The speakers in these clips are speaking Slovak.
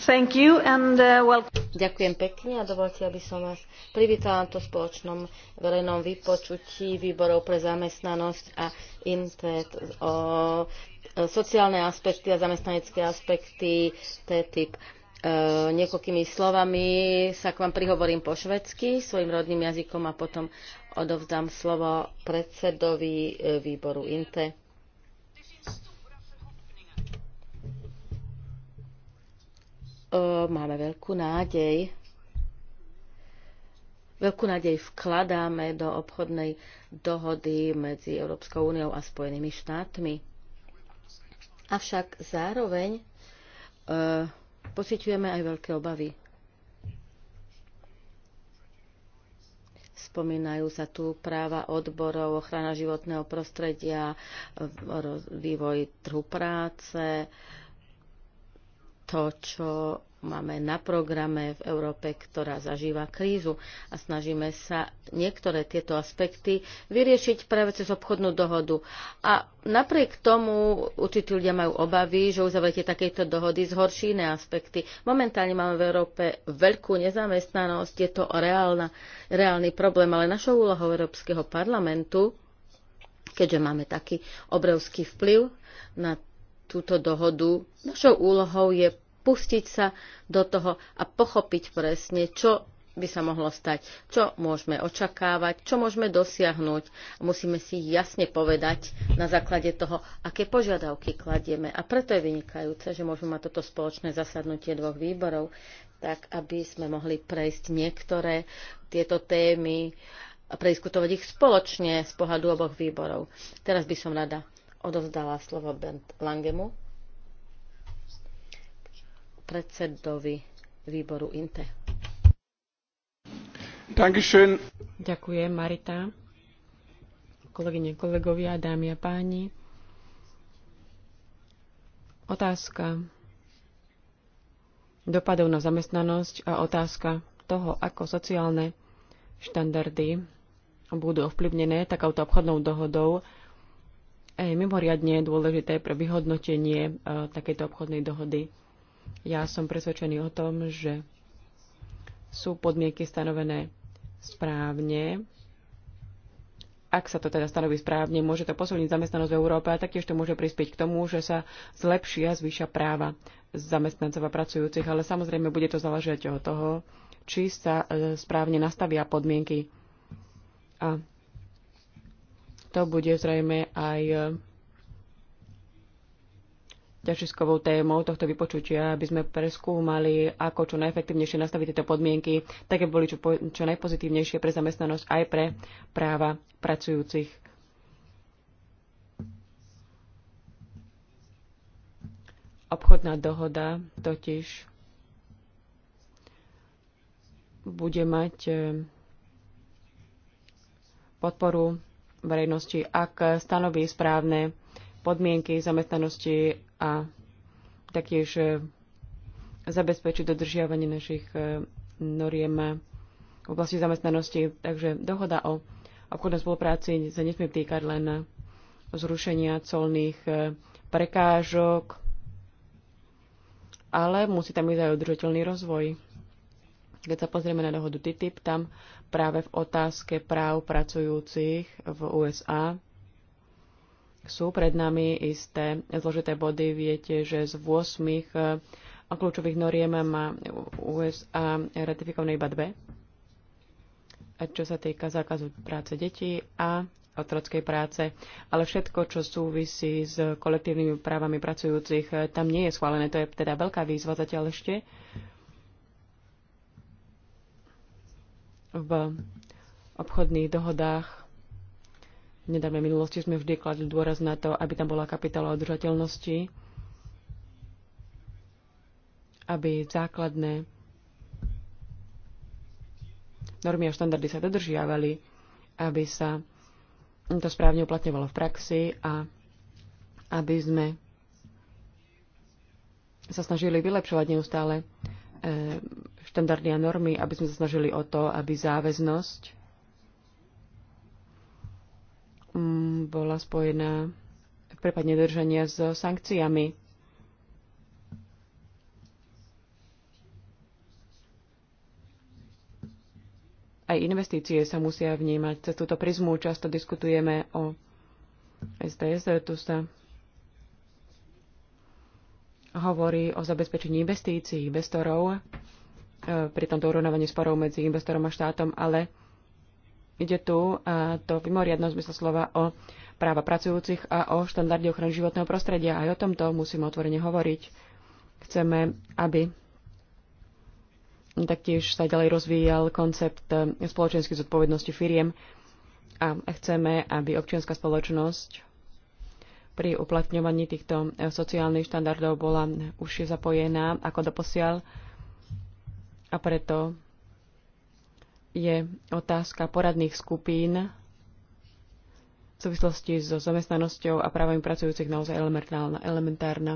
Uh, Ďakujem pekne a dovolte, aby som vás privítala na to spoločnom verejnom vypočutí výborov pre zamestnanosť a INTET o e, sociálne aspekty a zamestnanecké aspekty TTIP. Uh, e, niekoľkými slovami sa k vám prihovorím po švedsky, svojim rodným jazykom a potom odovzdám slovo predsedovi e, výboru INTE. E, máme veľkú nádej. Veľkú nádej vkladáme do obchodnej dohody medzi Európskou úniou a Spojenými štátmi. Avšak zároveň uh, pociťujeme aj veľké obavy. Spomínajú sa tu práva odborov, ochrana životného prostredia, e, vývoj trhu práce, uh, to, čo máme na programe v Európe, ktorá zažíva krízu a snažíme sa niektoré tieto aspekty vyriešiť práve cez obchodnú dohodu. A napriek tomu určití ľudia majú obavy, že uzavretie takejto dohody zhorší iné aspekty. Momentálne máme v Európe veľkú nezamestnanosť, je to reálna, reálny problém, ale našou úlohou Európskeho parlamentu keďže máme taký obrovský vplyv na túto dohodu, našou úlohou je pustiť sa do toho a pochopiť presne, čo by sa mohlo stať, čo môžeme očakávať, čo môžeme dosiahnuť. Musíme si jasne povedať na základe toho, aké požiadavky kladieme. A preto je vynikajúce, že môžeme mať toto spoločné zasadnutie dvoch výborov, tak aby sme mohli prejsť niektoré tieto témy a prediskutovať ich spoločne z pohľadu oboch výborov. Teraz by som rada odovzdala slovo Bent Langemu, predsedovi výboru INTE. Dankeschön. Ďakujem, Marita. Kolegyne, kolegovia, dámy a páni. Otázka dopadov na zamestnanosť a otázka toho, ako sociálne štandardy budú ovplyvnené takouto obchodnou dohodou, je mimoriadne dôležité pre vyhodnotenie e, takejto obchodnej dohody. Ja som presvedčený o tom, že sú podmienky stanovené správne. Ak sa to teda stanoví správne, môže to posilniť zamestnanosť v Európe a taktiež to môže prispieť k tomu, že sa zlepšia, a zvýšia práva zamestnancov a pracujúcich, ale samozrejme bude to záležať od toho, či sa e, správne nastavia podmienky. A to bude zrejme aj e, ťažiskovou témou tohto vypočutia, aby sme preskúmali, ako čo najefektívnejšie nastaviť tieto podmienky, tak aby boli čo, čo najpozitívnejšie pre zamestnanosť aj pre práva pracujúcich. Obchodná dohoda totiž bude mať e, podporu verejnosti, ak stanoví správne podmienky zamestnanosti a taktiež eh, zabezpečiť dodržiavanie našich eh, noriem v oblasti zamestnanosti. Takže dohoda o obchodnej spolupráci sa nesmie týkať len zrušenia colných eh, prekážok, ale musí tam ísť aj udržateľný rozvoj. Keď sa pozrieme na dohodu TTIP, tam práve v otázke práv pracujúcich v USA sú pred nami isté zložité body. Viete, že z 8 e, kľúčových noriem má USA ratifikované iba dve, e, čo sa týka zákazu práce detí a otrockej práce, ale všetko, čo súvisí s kolektívnymi právami pracujúcich, e, tam nie je schválené. To je teda veľká výzva zatiaľ ešte. v obchodných dohodách v nedávnej minulosti sme vždy kladli dôraz na to, aby tam bola kapitála udržateľnosti, aby základné normy a štandardy sa dodržiavali, aby sa to správne uplatňovalo v praxi a aby sme sa snažili vylepšovať neustále eh, štandardy a normy, aby sme sa snažili o to, aby záväznosť mm, bola spojená v prípade nedržania s sankciami. Aj investície sa musia vnímať cez túto prizmu. Často diskutujeme o SDS, tu sa hovorí o zabezpečení investícií investorov. E, pri tomto urovnávaní sporov medzi investorom a štátom, ale ide tu a e, to v mimoriadnom zmysle slova o práva pracujúcich a o štandarde ochrany životného prostredia. Aj o tomto musíme otvorene hovoriť. Chceme, aby taktiež sa ďalej rozvíjal koncept e, spoločenskej zodpovednosti firiem a chceme, aby občianská spoločnosť pri uplatňovaní týchto sociálnych štandardov bola už zapojená ako doposiaľ. posiaľ a preto je otázka poradných skupín v súvislosti so zamestnanosťou a právami pracujúcich naozaj elementárna. elementárna.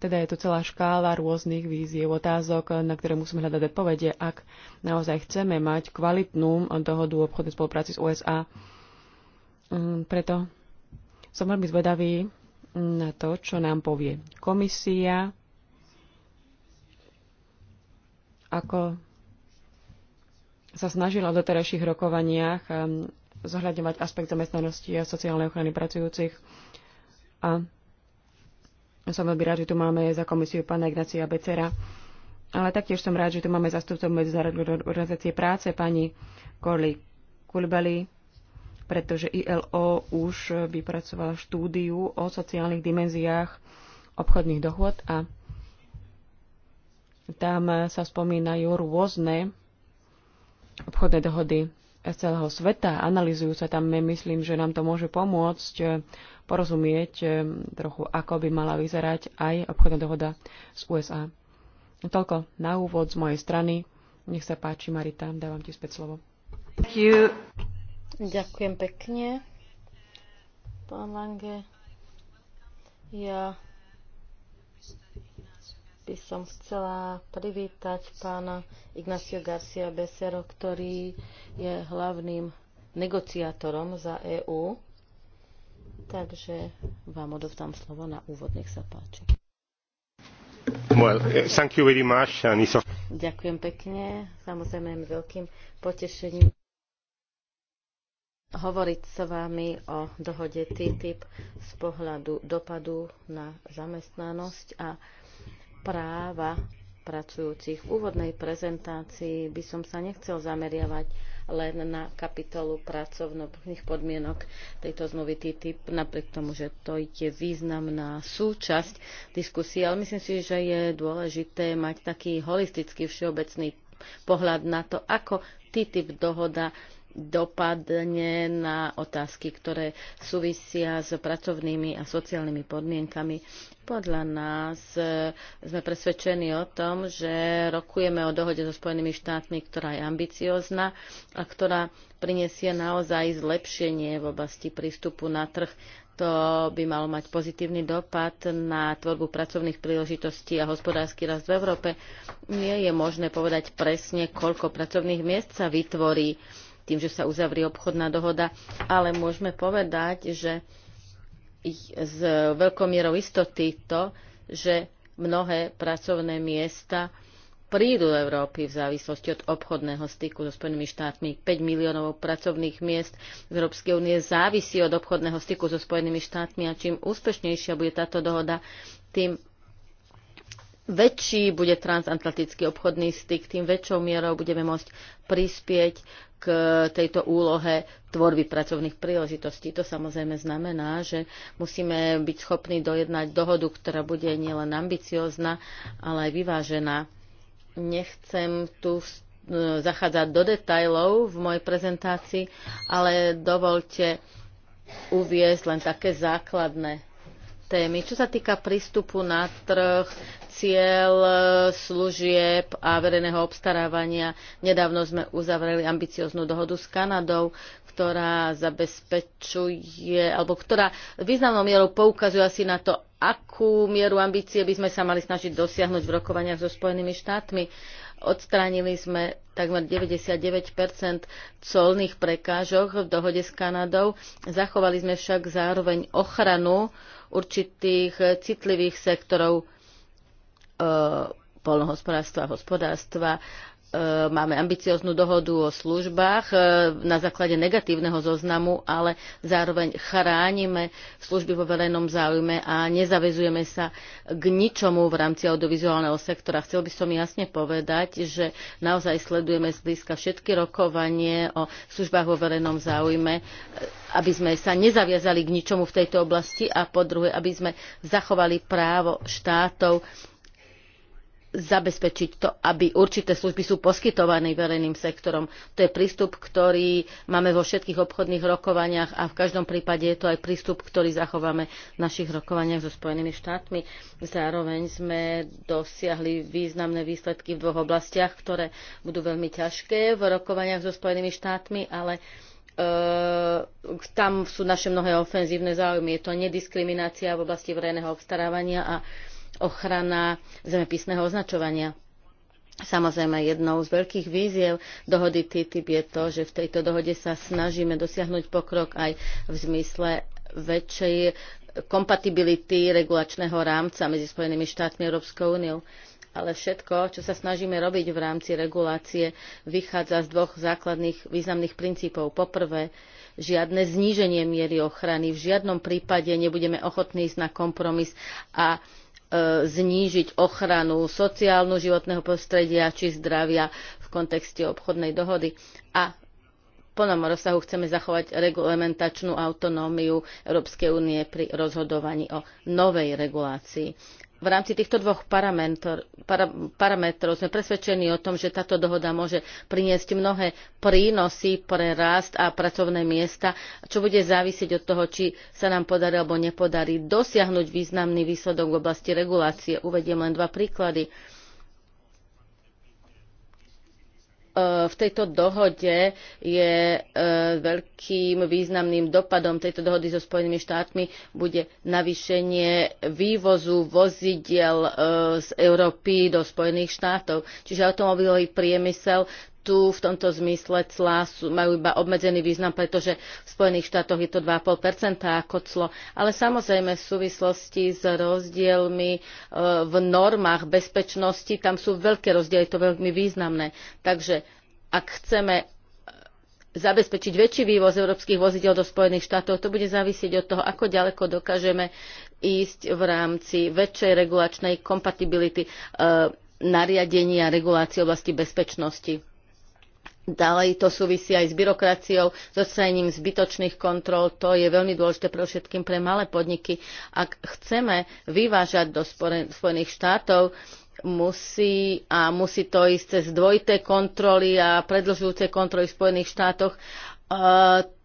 Teda je tu celá škála rôznych víziev, otázok, na ktoré musíme hľadať odpovede, ak naozaj chceme mať kvalitnú dohodu o obchodnej spolupráci s USA. Mm, preto som veľmi zvedavý na to, čo nám povie komisia ako sa snažila v doterajších rokovaniach um, zohľadňovať aspekt zamestnanosti a sociálnej ochrany pracujúcich. A som veľmi rád, že tu máme za komisiu pána Ignácia Becera. Ale taktiež som rád, že tu máme zastupcov Medzinárodnej organizácie práce pani Korli Kulbeli, pretože ILO už vypracovala štúdiu o sociálnych dimenziách obchodných dohôd a tam eh, sa spomínajú rôzne obchodné dohody z celého sveta, analizujú sa tam, myslím, že nám to môže pomôcť eh, porozumieť eh, trochu, ako by mala vyzerať aj obchodná dohoda z USA. No, toľko na úvod z mojej strany. Nech sa páči, Marita, dávam ti späť slovo. Ďakujem pekne, pán Lange. Ja by som chcela privítať pána Ignacio Garcia Besero, ktorý je hlavným negociátorom za EÚ. Takže vám odovzdám slovo na úvod, nech sa páči. Well, thank you very much. Ďakujem pekne. Samozrejme, veľkým potešením hovoriť s vami o dohode TTIP z pohľadu dopadu na zamestnanosť a práva pracujúcich. V úvodnej prezentácii by som sa nechcel zameriavať len na kapitolu pracovných podmienok tejto zmluvy TTIP, napriek tomu, že to je významná súčasť diskusie, ale myslím si, že je dôležité mať taký holistický všeobecný pohľad na to, ako TTIP dohoda dopadne na otázky, ktoré súvisia s pracovnými a sociálnymi podmienkami. Podľa nás e, sme presvedčení o tom, že rokujeme o dohode so Spojenými štátmi, ktorá je ambiciozna a ktorá prinesie naozaj zlepšenie v oblasti prístupu na trh to by malo mať pozitívny dopad na tvorbu pracovných príležitostí a hospodársky rast v Európe. Nie je možné povedať presne, koľko pracovných miest sa vytvorí tým, že sa uzavrie obchodná dohoda, ale môžeme povedať, že ich s veľkou mierou istoty to, že mnohé pracovné miesta prídu do Európy v závislosti od obchodného styku so Spojenými štátmi. 5 miliónov pracovných miest z Európskej únie závisí od obchodného styku so Spojenými štátmi a čím úspešnejšia bude táto dohoda, tým väčší bude transatlantický obchodný styk, tým väčšou mierou budeme môcť prispieť k tejto úlohe tvorby pracovných príležitostí. To samozrejme znamená, že musíme byť schopní dojednať dohodu, ktorá bude nielen ambiciózna, ale aj vyvážená. Nechcem tu e, zachádzať do detajlov v mojej prezentácii, ale dovolte uviezť len také základné témy. Čo sa týka prístupu na trh, cieľ e, služieb a verejného obstarávania, nedávno sme uzavreli ambicioznú dohodu s Kanadou, ktorá zabezpečuje, alebo ktorá významnou mierou poukazuje asi na to, akú mieru ambície by sme sa mali snažiť dosiahnuť v rokovaniach so Spojenými štátmi. Odstránili sme takmer 99 colných prekážok v dohode s Kanadou. Zachovali sme však zároveň ochranu určitých citlivých sektorov e, poľnohospodárstva a hospodárstva E, máme ambicioznú dohodu o službách e, na základe negatívneho zoznamu, ale zároveň chránime služby vo verejnom záujme a nezavezujeme sa k ničomu v rámci audiovizuálneho sektora. Chcel by som jasne povedať, že naozaj sledujeme zblízka všetky rokovanie o službách vo verejnom záujme, e, aby sme sa nezaviazali k ničomu v tejto oblasti a po druhé, aby sme zachovali právo štátov zabezpečiť to, aby určité služby sú poskytované verejným sektorom. To je prístup, ktorý máme vo všetkých obchodných rokovaniach a v každom prípade je to aj prístup, ktorý zachováme v našich rokovaniach so Spojenými štátmi. Zároveň sme dosiahli významné výsledky v dvoch oblastiach, ktoré budú veľmi ťažké v rokovaniach so Spojenými štátmi, ale e, tam sú naše mnohé ofenzívne záujmy. Je to nediskriminácia v oblasti verejného obstarávania a ochrana zemepisného označovania. Samozrejme, jednou z veľkých víziev dohody TTIP je to, že v tejto dohode sa snažíme dosiahnuť pokrok aj v zmysle väčšej kompatibility regulačného rámca medzi Spojenými štátmi a Európskou úniou ale všetko, čo sa snažíme robiť v rámci regulácie, vychádza z dvoch základných významných princípov. Poprvé, žiadne zníženie miery ochrany. V žiadnom prípade nebudeme ochotní ísť na kompromis a znížiť ochranu sociálnu životného prostredia či zdravia v kontexte obchodnej dohody. A v plnom rozsahu chceme zachovať reglementačnú autonómiu Európskej únie pri rozhodovaní o novej regulácii v rámci týchto dvoch parametrov sme presvedčení o tom, že táto dohoda môže priniesť mnohé prínosy pre rast a pracovné miesta, čo bude závisieť od toho, či sa nám podarí alebo nepodarí dosiahnuť významný výsledok v oblasti regulácie. Uvediem len dva príklady. v tejto dohode je e, veľkým významným dopadom tejto dohody so Spojenými štátmi bude navýšenie vývozu vozidiel e, z Európy do Spojených štátov. Čiže automobilový priemysel tu v tomto zmysle clá majú iba obmedzený význam, pretože v Spojených štátoch je to 2,5% ako clo. Ale samozrejme v súvislosti s rozdielmi e, v normách bezpečnosti, tam sú veľké rozdiely, to veľmi významné. Takže ak chceme e, zabezpečiť väčší vývoz európskych vozidel do Spojených štátov. To bude závisieť od toho, ako ďaleko dokážeme ísť v rámci väčšej regulačnej kompatibility e, nariadenia a regulácie oblasti bezpečnosti Ďalej to súvisí aj s byrokraciou, s odstránením zbytočných kontrol. To je veľmi dôležité pre všetkým pre malé podniky. Ak chceme vyvážať do Spojených štátov, musí a musí to ísť cez dvojité kontroly a predlžujúce kontroly v Spojených štátoch. E,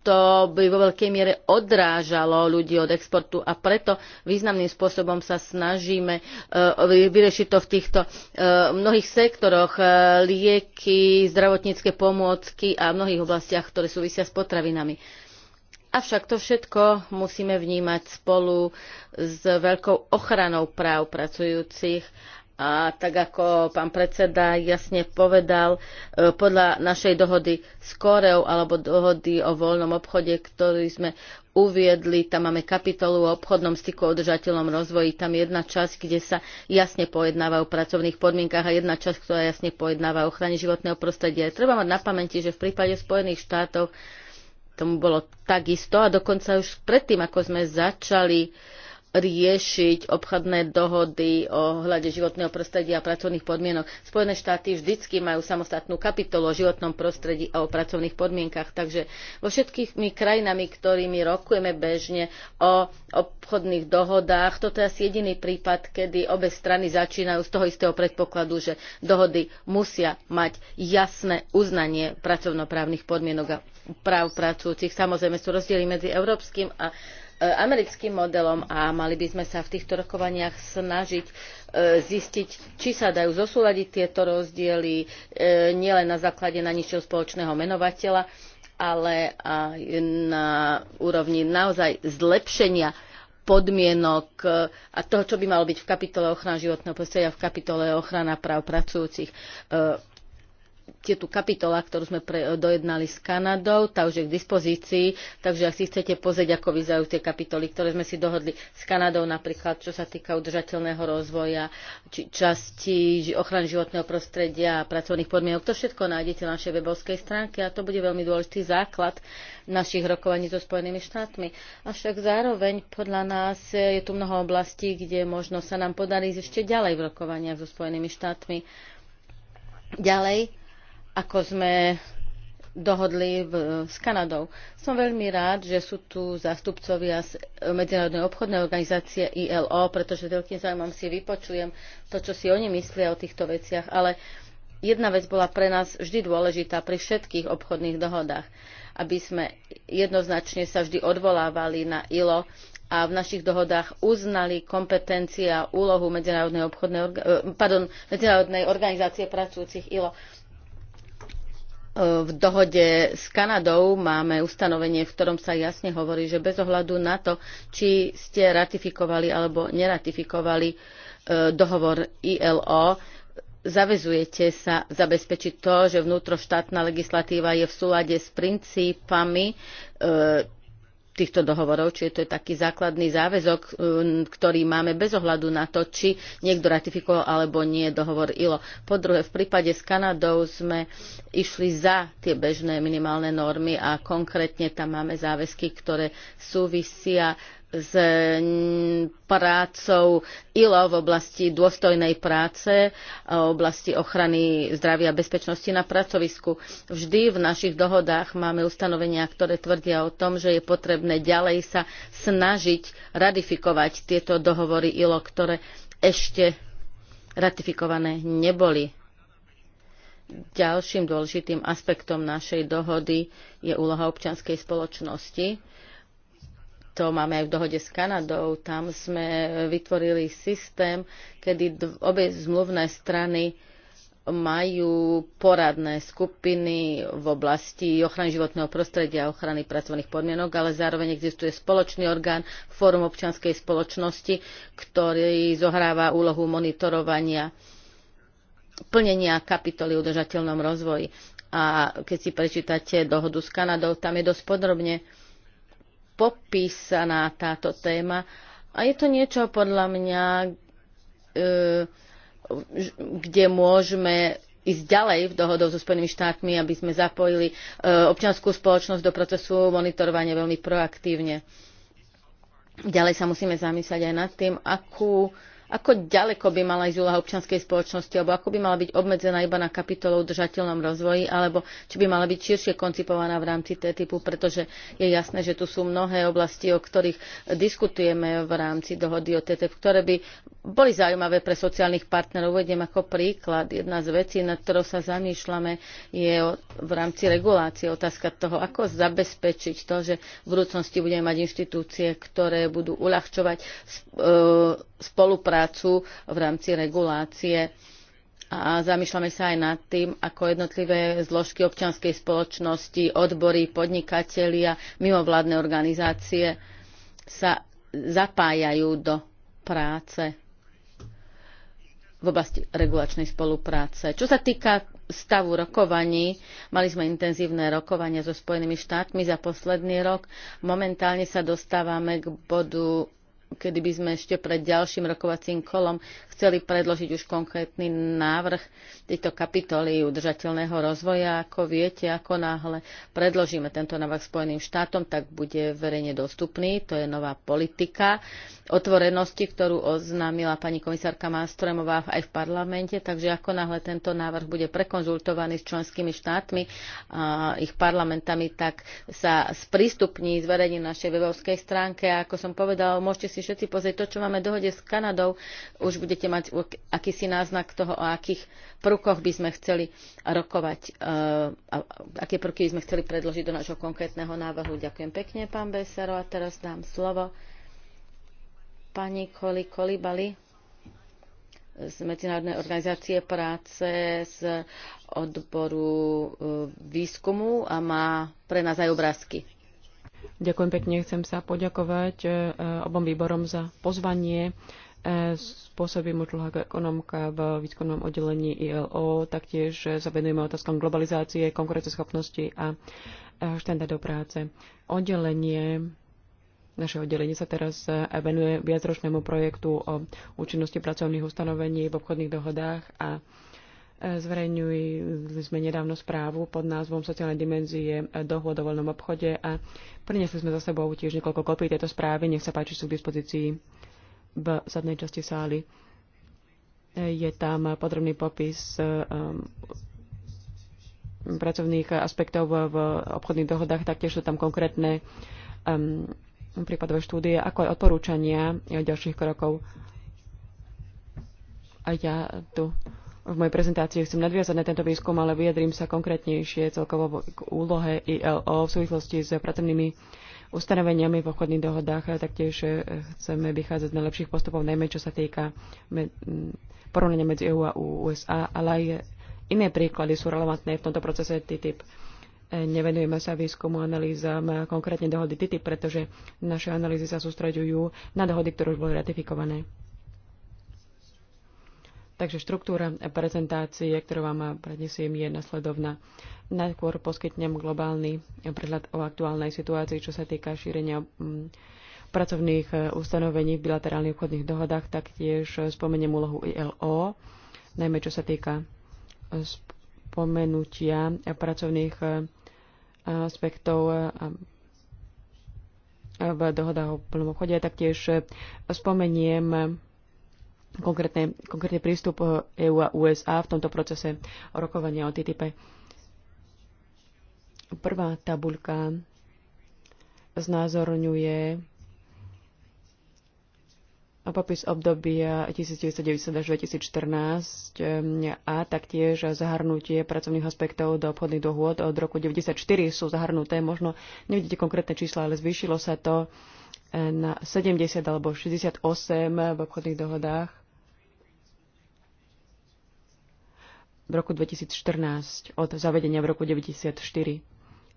to by vo veľkej miere odrážalo ľudí od exportu a preto významným spôsobom sa snažíme eh, vyriešiť to v týchto eh, mnohých sektoroch eh, lieky, zdravotnícke pomôcky a v mnohých oblastiach, ktoré súvisia s potravinami. Avšak to všetko musíme vnímať spolu s veľkou ochranou práv pracujúcich a tak ako pán predseda jasne povedal, e, podľa našej dohody s Koreou alebo dohody o voľnom obchode, ktorý sme uviedli, tam máme kapitolu o obchodnom styku o držateľom rozvoji, tam je jedna časť, kde sa jasne pojednáva o pracovných podmienkach a jedna časť, ktorá jasne pojednáva o ochrane životného prostredia. Treba mať na pamäti, že v prípade Spojených štátov tomu bolo takisto a dokonca už predtým, ako sme začali uh, riešiť obchodné dohody o hľade životného prostredia a pracovných podmienok. Spojené štáty vždycky majú samostatnú kapitolu o životnom prostredí a o pracovných podmienkach, takže vo všetkými krajinami, ktorými rokujeme bežne o obchodných dohodách, toto je asi jediný prípad, kedy obe strany začínajú z toho istého predpokladu, že dohody musia mať jasné uznanie pracovnoprávnych podmienok a práv pracujúcich. Samozrejme sú rozdiely medzi európskym a E, americkým modelom a mali by sme sa v týchto rokovaniach snažiť e, zistiť, či sa dajú zosúľadiť tieto rozdiely e, nielen na základe najnižšieho spoločného menovateľa, ale aj na úrovni naozaj zlepšenia podmienok a toho, čo by malo byť v kapitole ochrana životného prostredia, v kapitole ochrana práv pracujúcich je tu kapitola, ktorú sme pre, dojednali s Kanadou, tá už je k dispozícii, takže ak si chcete pozrieť, ako vyzerajú tie kapitoly, ktoré sme si dohodli s Kanadou, napríklad čo sa týka udržateľného rozvoja, či časti ochrany životného prostredia a pracovných podmienok, to všetko nájdete na našej webovskej stránke a to bude veľmi dôležitý základ našich rokovaní so Spojenými štátmi. Avšak zároveň podľa nás je tu mnoho oblastí, kde možno sa nám podarí ísť ešte ďalej v rokovaniach so Spojenými štátmi. Ďalej, ako sme dohodli v, s Kanadou. Som veľmi rád, že sú tu zástupcovia z Medzinárodnej obchodnej organizácie ILO, pretože veľkým zaujímavom si vypočujem to, čo si oni myslia o týchto veciach, ale jedna vec bola pre nás vždy dôležitá pri všetkých obchodných dohodách, aby sme jednoznačne sa vždy odvolávali na ILO a v našich dohodách uznali kompetencie a úlohu Medzinárodnej, obchodnej, eh, pardon, Medzinárodnej organizácie pracujúcich ILO v dohode s Kanadou máme ustanovenie, v ktorom sa jasne hovorí, že bez ohľadu na to, či ste ratifikovali alebo neratifikovali e, dohovor ILO, zavezujete sa zabezpečiť to, že vnútroštátna legislatíva je v súlade s princípami e, týchto dohovorov, čiže to je taký základný záväzok, um, ktorý máme bez ohľadu na to, či niekto ratifikoval alebo nie dohovor ILO. Po druhé, v prípade s Kanadou sme išli za tie bežné minimálne normy a konkrétne tam máme záväzky, ktoré súvisia s prácou ILO v oblasti dôstojnej práce a oblasti ochrany zdravia a bezpečnosti na pracovisku. Vždy v našich dohodách máme ustanovenia, ktoré tvrdia o tom, že je potrebné ďalej sa snažiť ratifikovať tieto dohovory ILO, ktoré ešte ratifikované neboli. Ďalším dôležitým aspektom našej dohody je úloha občianskej spoločnosti to máme aj v dohode s Kanadou. Tam sme vytvorili systém, kedy obe zmluvné strany majú poradné skupiny v oblasti ochrany životného prostredia a ochrany pracovných podmienok, ale zároveň existuje spoločný orgán Fórum občianskej spoločnosti, ktorý zohráva úlohu monitorovania plnenia kapitoly o udržateľnom rozvoji. A keď si prečítate dohodu s Kanadou, tam je dosť podrobne popísaná táto téma a je to niečo podľa mňa, e, kde môžeme ísť ďalej v dohodou so Spojenými štátmi, aby sme zapojili e, občianskú spoločnosť do procesu monitorovania veľmi proaktívne. Ďalej sa musíme zamyslieť aj nad tým, akú ako ďaleko by mala ísť úloha občianskej spoločnosti, alebo ako by mala byť obmedzená iba na kapitolu o držateľnom rozvoji, alebo či by mala byť širšie koncipovaná v rámci TTIPu, pretože je jasné, že tu sú mnohé oblasti, o ktorých diskutujeme v rámci dohody o TTIP, ktoré by boli zaujímavé pre sociálnych partnerov. Uvediem ako príklad. Jedna z vecí, nad ktorou sa zamýšľame, je v rámci regulácie otázka toho, ako zabezpečiť to, že v budúcnosti budeme mať inštitúcie, ktoré budú uľahčovať e, spoluprácu prácu v rámci regulácie a zamýšľame sa aj nad tým, ako jednotlivé zložky občianskej spoločnosti, odbory, podnikatelia, mimovládne organizácie sa zapájajú do práce v oblasti regulačnej spolupráce. Čo sa týka stavu rokovaní, mali sme intenzívne rokovania so Spojenými štátmi za posledný rok. Momentálne sa dostávame k bodu kedy by sme ešte pred ďalším rokovacím kolom chceli predložiť už konkrétny návrh tejto kapitoly udržateľného rozvoja. Ako viete, ako náhle predložíme tento návrh Spojeným štátom, tak bude verejne dostupný. To je nová politika otvorenosti, ktorú oznámila pani komisárka Mástromová aj v parlamente. Takže ako náhle tento návrh bude prekonzultovaný s členskými štátmi a ich parlamentami, tak sa sprístupní zverejne našej webovskej stránke. A ako som povedal, môžete si si všetci pozrieť to, čo máme dohode s Kanadou. Už budete mať akýsi náznak toho, o akých prukoch by sme chceli rokovať, e, a aké prvky by sme chceli predložiť do nášho konkrétneho návrhu. Ďakujem pekne, pán Besaro, a teraz dám slovo pani Koli Kolibali z Medzinárodnej organizácie práce z odboru e, výskumu a má pre nás aj obrázky. Ďakujem pekne, chcem sa poďakovať e, obom výborom za pozvanie. E, spôsobí Mutlhák ekonomka v výskumnom oddelení ILO, taktiež e, sa venujeme otázkom globalizácie, konkurenceschopnosti a štandardov práce. Oddelenie naše oddelenie sa teraz venuje viacročnému projektu o účinnosti pracovných ustanovení v obchodných dohodách a Zverejňujú sme nedávno správu pod názvom Sociálne dimenzie dohôd o voľnom obchode a priniesli sme za sebou tiež niekoľko kopí tejto správy. Nech sa páči, sú k dispozícii v zadnej časti sály. Je tam podrobný popis um, pracovných aspektov v obchodných dohodách, taktiež sú tam konkrétne um, prípadové štúdie, ako aj odporúčania ďalších krokov. A ja tu v mojej prezentácii chcem nadviazať na tento výskum, ale vyjadrím sa konkrétnejšie celkovo k úlohe ILO v súvislosti s pracovnými ustanoveniami v obchodných dohodách. Taktiež eh, chceme vychádzať z najlepších postupov, najmä čo sa týka mm, porovnania medzi EU a USA, ale aj iné príklady sú relevantné v tomto procese TTIP. Eh, nevenujeme sa výskumu analýzam konkrétne dohody TTIP, pretože naše analýzy sa sústreďujú na dohody, ktoré už boli ratifikované. Takže štruktúra prezentácie, ktorú vám prednesiem, je nasledovná. Najskôr poskytnem globálny prehľad o aktuálnej situácii, čo sa týka šírenia mm, pracovných e, ustanovení v bilaterálnych obchodných dohodách, taktiež spomeniem úlohu ILO, najmä čo sa týka e, spomenutia pracovných e, aspektov v dohodách o plnom obchode. Taktiež spomeniem konkrétne, konkrétne prístup EÚ eh, e a USA v tomto procese rokovania o TTIP. Prvá tabuľka znázorňuje popis obdobia 1990 až 2014 eh, a taktiež zahrnutie pracovných aspektov do obchodných dohôd od roku 1994 sú zahrnuté. Možno nevidíte konkrétne čísla, ale zvýšilo sa to eh, na 70 alebo 68 v obchodných dohodách v roku 2014 od zavedenia v roku 1994.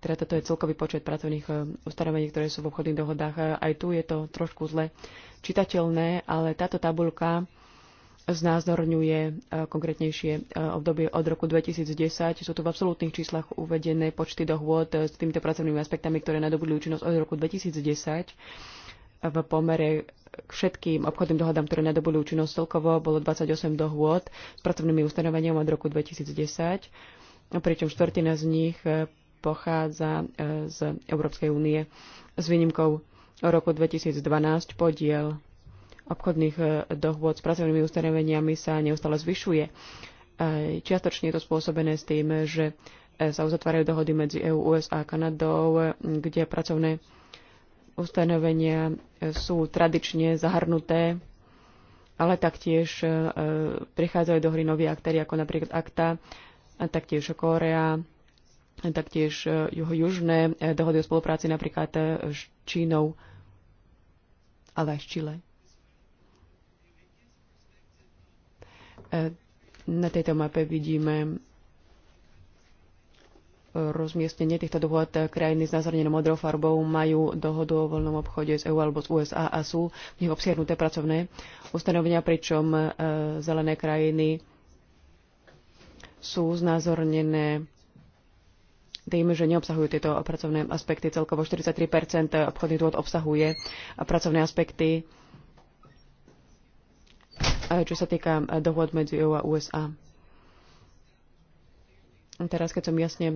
Teda toto je celkový počet pracovných e, ustanovení, ktoré sú v obchodných dohodách. E, aj tu je to trošku zle čitateľné, ale táto tabulka znázorňuje e, konkrétnejšie obdobie od roku 2010. Sú tu v absolútnych číslach uvedené počty dohôd s týmito pracovnými aspektami, ktoré nadobudli účinnosť od roku 2010 v pomere k všetkým obchodným dohodám, ktoré nadobudli účinnosť celkovo, bolo 28 dohôd s pracovnými ustanoveniami od roku 2010, pričom štvrtina z nich e, pochádza e, z Európskej únie. S výnimkou roku 2012 podiel obchodných e, dohôd s pracovnými ustanoveniami sa neustále zvyšuje. Čiastočne je to spôsobené s tým, že sa uzatvárajú dohody medzi EU, USA a Kanadou, kde pracovné ustanovenia e, sú tradične zahrnuté, ale taktiež e, prichádzajú do hry noví aktéry, ako napríklad akta, a taktiež Korea, a taktiež e, juho-južné dohody o spolupráci napríklad s Čínou, ale aj s Čile. Na tejto mape vidíme rozmiestnenie týchto dohôd eh, krajiny s názornenou modrou farbou majú dohodu o voľnom obchode z EU alebo z USA a sú v nich obsiahnuté pracovné ustanovenia, pričom eh, zelené krajiny sú znázornené tým, že neobsahujú tieto pracovné aspekty. Celkovo 43 obchodných dôvod obsahuje pracovné aspekty, eh, čo sa týka dohod medzi EU a USA teraz, keď som jasne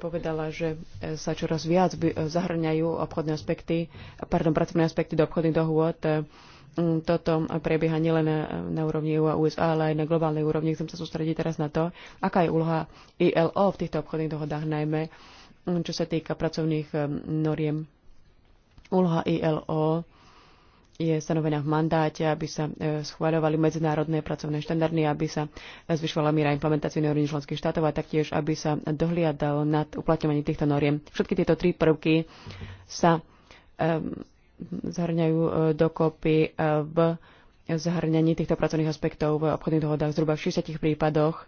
povedala, že e, sa čoraz viac e, zahrňajú obchodné aspekty, pardon, pracovné aspekty do obchodných dohôd, e, toto prebieha nielen na úrovni EU a USA, ale aj na globálnej úrovni. Chcem sa sústrediť teraz na to, aká je úloha ILO v týchto obchodných dohodách, najmä čo sa týka pracovných noriem. Úloha ILO je stanovená v mandáte, aby sa e, schváľovali medzinárodné pracovné štandardy, aby sa e, zvyšovala míra implementácie na úrovni členských štátov a taktiež, aby sa dohliadal nad uplatňovaním týchto noriem. Všetky tieto tri prvky sa um, e, zahrňajú dokopy v zahrňaní týchto pracovných aspektov v obchodných dohodách zhruba v 60 prípadoch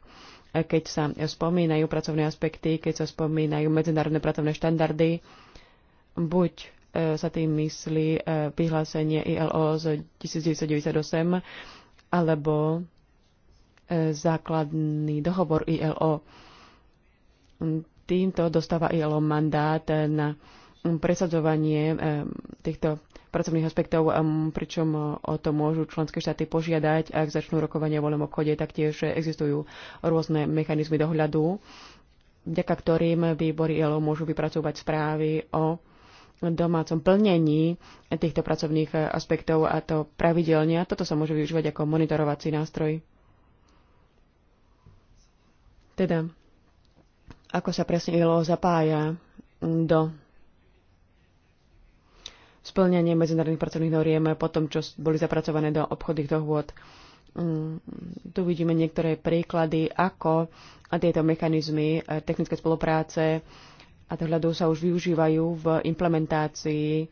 keď sa spomínajú pracovné aspekty, keď sa spomínajú medzinárodné pracovné štandardy, buď E, sa tým myslí e, vyhlásenie ILO z 1998 alebo e, základný dohovor ILO. Týmto dostáva ILO mandát na presadzovanie týchto pracovných aspektov, pričom o to môžu členské štáty požiadať, ak začnú rokovania o voľnom obchode, taktiež existujú rôzne mechanizmy dohľadu, vďaka ktorým výbory ILO môžu vypracovať správy o domácom plnení týchto pracovných eh, aspektov a to pravidelne. A toto sa môže využívať ako monitorovací nástroj. Teda, ako sa presne ILO zapája do splnenia medzinárodných pracovných noriem po tom, čo boli zapracované do obchodných dohôd. Mm, tu vidíme niektoré príklady, ako tieto mechanizmy eh, technické spolupráce a hľadov sa už využívajú v implementácii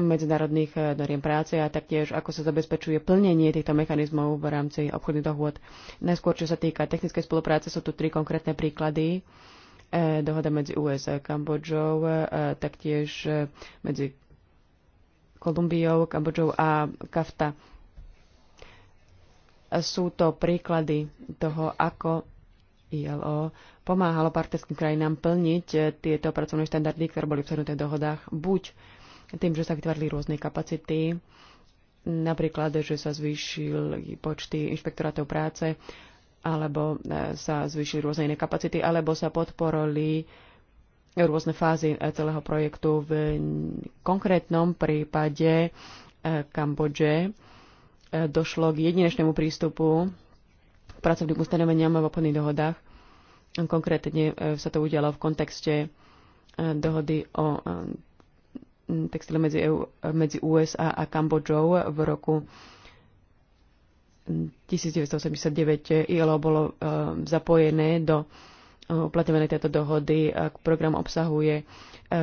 medzinárodných eh, noriem práce a taktiež ako sa zabezpečuje plnenie týchto mechanizmov v rámci obchodných dohôd. Najskôr, čo sa týka technickej spolupráce, sú tu tri konkrétne príklady. E, dohoda medzi US a Kambodžou, e, taktiež e, medzi Kolumbiou, Kambodžou a Kafta. Sú to príklady toho, ako ILO pomáhalo partnerským krajinám plniť eh, tieto pracovné štandardy, ktoré boli obsahnuté v dohodách, buď tým, že sa vytvorili rôzne kapacity, napríklad, že sa zvýšili počty inšpektorátov práce, alebo eh, sa zvýšili rôzne iné kapacity, alebo sa podporili rôzne fázy eh, celého projektu. V konkrétnom prípade Kambodže došlo k jedinečnému prístupu pracovným ustanoveniam v obchodných dohodách. Konkrétne e, sa to udialo v kontexte e, dohody o e, textile medzi, EU, medzi USA a Kambodžou v roku 1989 ILO bolo zapojené do uplatňované tejto dohody. Program obsahuje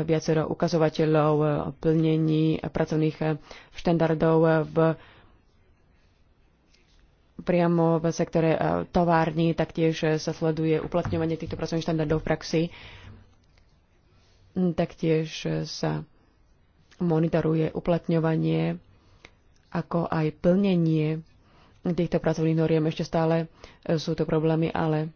viacero ukazovateľov plnení pracovných štandardov v priamo v sektore eh, továrny, taktiež eh, sa sleduje uplatňovanie týchto pracovných štandardov v praxi. Mm, taktiež eh, sa monitoruje uplatňovanie ako aj plnenie týchto pracovných noriem. Ešte stále sú to problémy, ale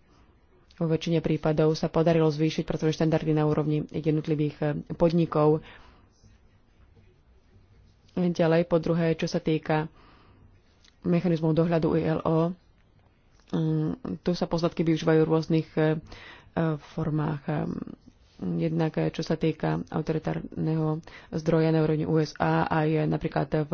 vo väčšine prípadov sa podarilo zvýšiť pracovné štandardy na úrovni jednotlivých podnikov. Ďalej, po druhé, čo sa týka mechanizmov dohľadu ILO. Mm, tu sa poznatky využívajú v rôznych e, e, formách. Mm, jednak, e, čo sa týka autoritárneho zdroja na úrovni USA, aj napríklad v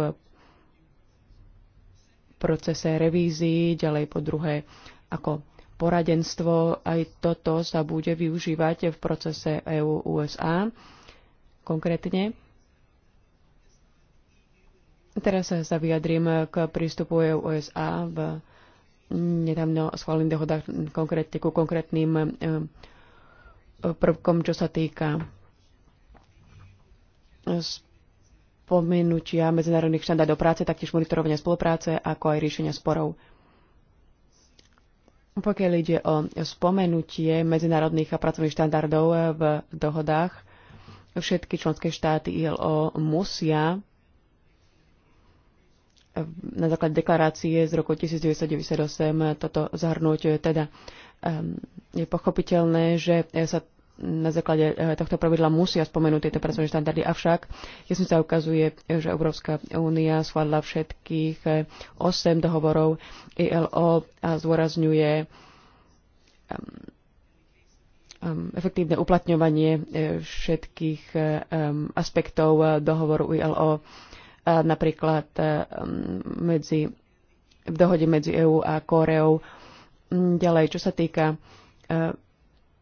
procese revízií, ďalej po druhé ako poradenstvo. Aj toto sa bude využívať v procese EU-USA konkrétne. Teraz sa vyjadrím k prístupu USA v nedávno schválených dohodách konkrétne ku konkrétnym e, prvkom, čo sa týka spomenutia medzinárodných štandardov práce, taktiež monitorovania spolupráce, ako aj riešenia sporov. Pokiaľ ide o spomenutie medzinárodných a pracovných štandardov v dohodách, všetky členské štáty ILO musia na základe deklarácie z roku 1998 toto zahrnúť. Teda ehm, je pochopiteľné, že sa na základe eh, tohto pravidla musia spomenúť tieto pracovné štandardy. Avšak jasne sa ukazuje, že Európska únia schválila všetkých 8 eh, dohovorov ILO a zdôrazňuje ehm, ehm, efektívne uplatňovanie eh, všetkých aspektov dohovoru ILO napríklad e, medzi, v dohode medzi EÚ a Kóreou. Ďalej, čo sa týka e,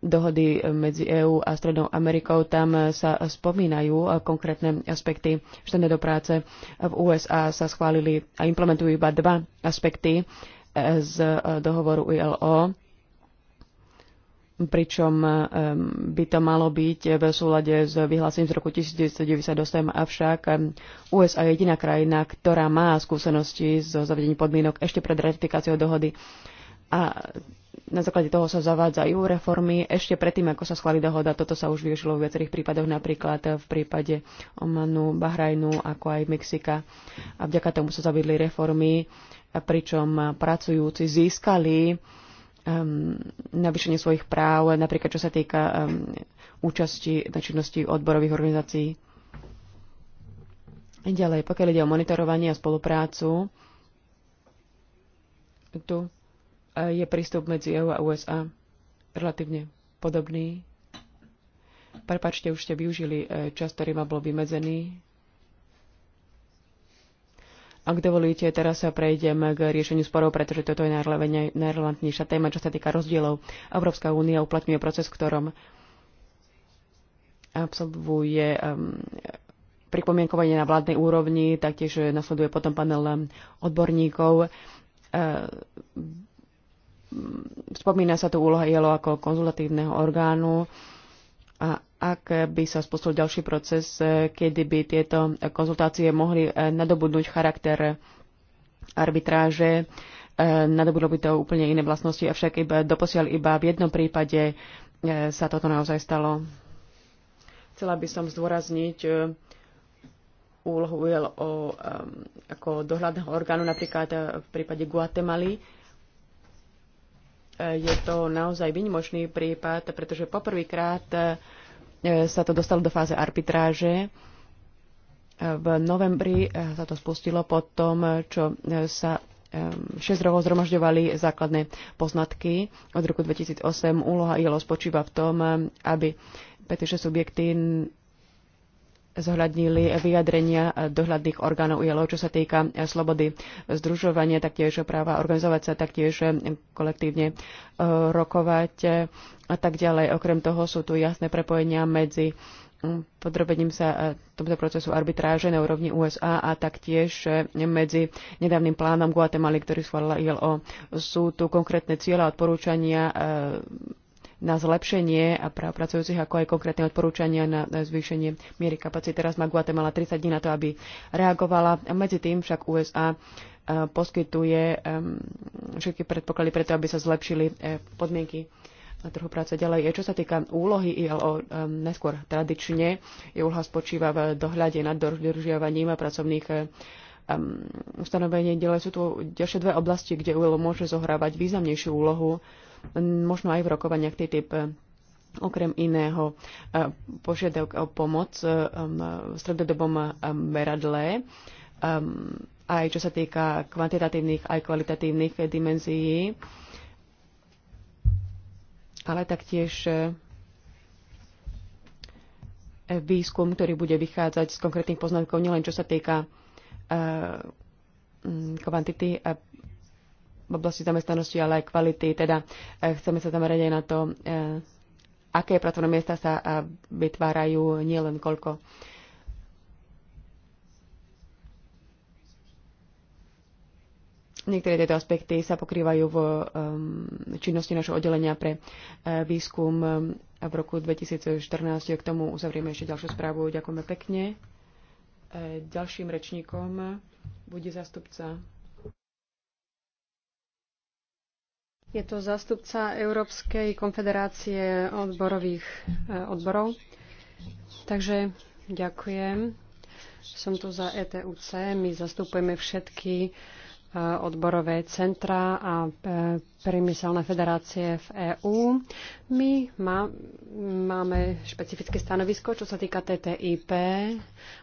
dohody medzi EÚ a Strednou Amerikou, tam e, sa spomínajú konkrétne aspekty štandardov do práce. V USA sa schválili a implementujú iba dva aspekty z dohovoru ILO pričom by to malo byť v súlade s vyhlásením z roku 1998, avšak USA je jediná krajina, ktorá má skúsenosti so zavedením podmienok ešte pred ratifikáciou dohody. A na základe toho sa zavádzajú reformy ešte predtým, ako sa schváli dohoda. Toto sa už využilo v viacerých prípadoch, napríklad v prípade Omanu, Bahrajnu, ako aj Mexika. A vďaka tomu sa zaviedli reformy, pričom pracujúci získali um, navýšenie svojich práv, napríklad čo sa týka um, účasti na činnosti odborových organizácií. Ďalej, pokiaľ ide o monitorovanie a spoluprácu, tu e, je prístup medzi EU a USA relatívne podobný. Prepačte, už ste využili e, čas, ktorý ma bol vymedzený. Ak dovolíte, teraz sa prejdem k riešeniu sporov, pretože toto je najrelevantnejšia téma, čo sa týka rozdielov. Európska únia uplatňuje proces, v ktorom absolvuje um, pripomienkovanie na vládnej úrovni, taktiež nasleduje potom panel um, odborníkov. Uh, spomína sa tu úloha ILO ako konzultatívneho orgánu a ak by sa spustil ďalší proces, eh, kedy by tieto konzultácie mohli eh, nadobudnúť charakter arbitráže, eh, nadobudlo by to úplne iné vlastnosti, avšak iba, doposiaľ iba v jednom prípade sa toto naozaj stalo. Chcela by som zdôrazniť úlohu ako dohľadného orgánu napríklad v prípade Guatemaly, je to naozaj výnimočný prípad, pretože poprvýkrát e, sa to dostalo do fáze arbitráže. E, v novembri e, sa to spustilo po tom, čo sa 6 rokov zhromažďovali základné poznatky. Od roku 2008 úloha ILO spočíva v tom, aby petičné subjekty zohľadnili vyjadrenia dohľadných orgánov ILO, čo sa týka e, slobody združovania, taktiež práva organizovať sa, taktiež e, kolektívne e, rokovať a tak ďalej. Okrem toho sú tu jasné prepojenia medzi podrobením sa tomto procesu arbitráže na úrovni USA a taktiež medzi nedávnym plánom Guatemaly, ktorý schválila ILO. Sú tu konkrétne cieľa odporúčania na zlepšenie a práv pracujúcich, ako aj konkrétne odporúčania na zvýšenie miery kapacity. Teraz má Guatemala 30 dní na to, aby reagovala. Medzi tým však USA e, poskytuje všetky predpoklady preto, aby sa zlepšili e, podmienky na trhu práce ďalej. E, čo sa týka úlohy ILO, neskôr tradične je úloha spočíva v dohľade nad dodržiavaním pracovných ustanovení Ďalej sú tu ďalšie dve oblasti, kde ULO môže zohrávať významnejšiu úlohu možno aj v rokovaniach typ, okrem iného e, požiadavka o pomoc e, v stredodobom e, meradle, aj čo sa týka kvantitatívnych, aj kvalitatívnych dimenzií, ale taktiež výskum, ktorý bude vychádzať z konkrétnych poznatkov, nielen čo sa týka kvantity v oblasti zamestnanosti, ale aj kvality. Teda e, chceme sa zamerať aj na to, e, aké pracovné miesta sa e, vytvárajú, nielen koľko. Niektoré tieto aspekty sa pokrývajú v činnosti našho oddelenia pre výskum v roku 2014. K tomu uzavrieme ešte ďalšiu správu. Ďakujeme pekne. Ďalším rečníkom bude zastupca. Je to zástupca Európskej konfederácie odborových eh, odborov. Takže ďakujem. Som tu za ETUC. My zastupujeme všetky odborové centra a e, priemyselné federácie v EÚ. My má, máme špecifické stanovisko, čo sa týka TTIP.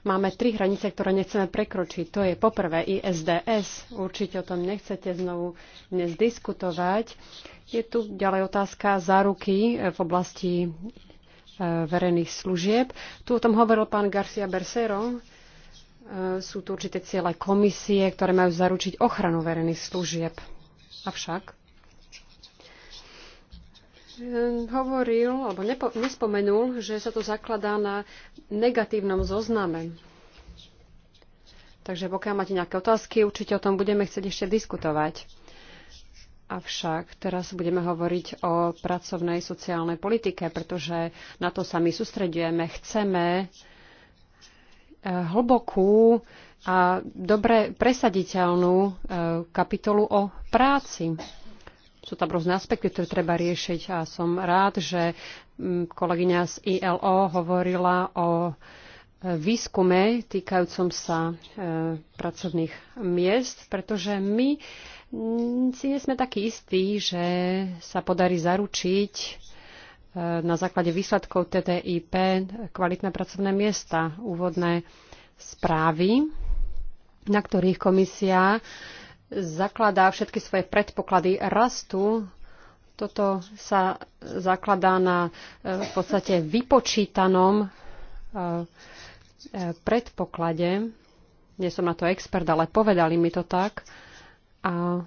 Máme tri hranice, ktoré nechceme prekročiť. To je poprvé ISDS. Určite o tom nechcete znovu dnes diskutovať. Je tu ďalej otázka záruky v oblasti e, verejných služieb. Tu o tom hovoril pán Garcia Bercero. E, sú tu určité ciele komisie, ktoré majú zaručiť ochranu verejných služieb. Avšak e, hovoril, alebo nepo, nespomenul, že sa to zakladá na negatívnom zozname. Takže pokiaľ máte nejaké otázky, určite o tom budeme chcieť ešte diskutovať. Avšak teraz budeme hovoriť o pracovnej sociálnej politike, pretože na to sa my sústredujeme. Chceme hlbokú a dobre presaditeľnú e, kapitolu o práci. Sú tam rôzne aspekty, ktoré treba riešiť a som rád, že mm, kolegyňa z ILO hovorila o e, výskume týkajúcom sa e, pracovných miest, pretože my mm, si nie sme takí istí, že sa podarí zaručiť na základe výsledkov TTIP kvalitné pracovné miesta, úvodné správy, na ktorých komisia zakladá všetky svoje predpoklady rastu. Toto sa zakladá na eh, v podstate vypočítanom eh, predpoklade. Nie som na to expert, ale povedali mi to tak. A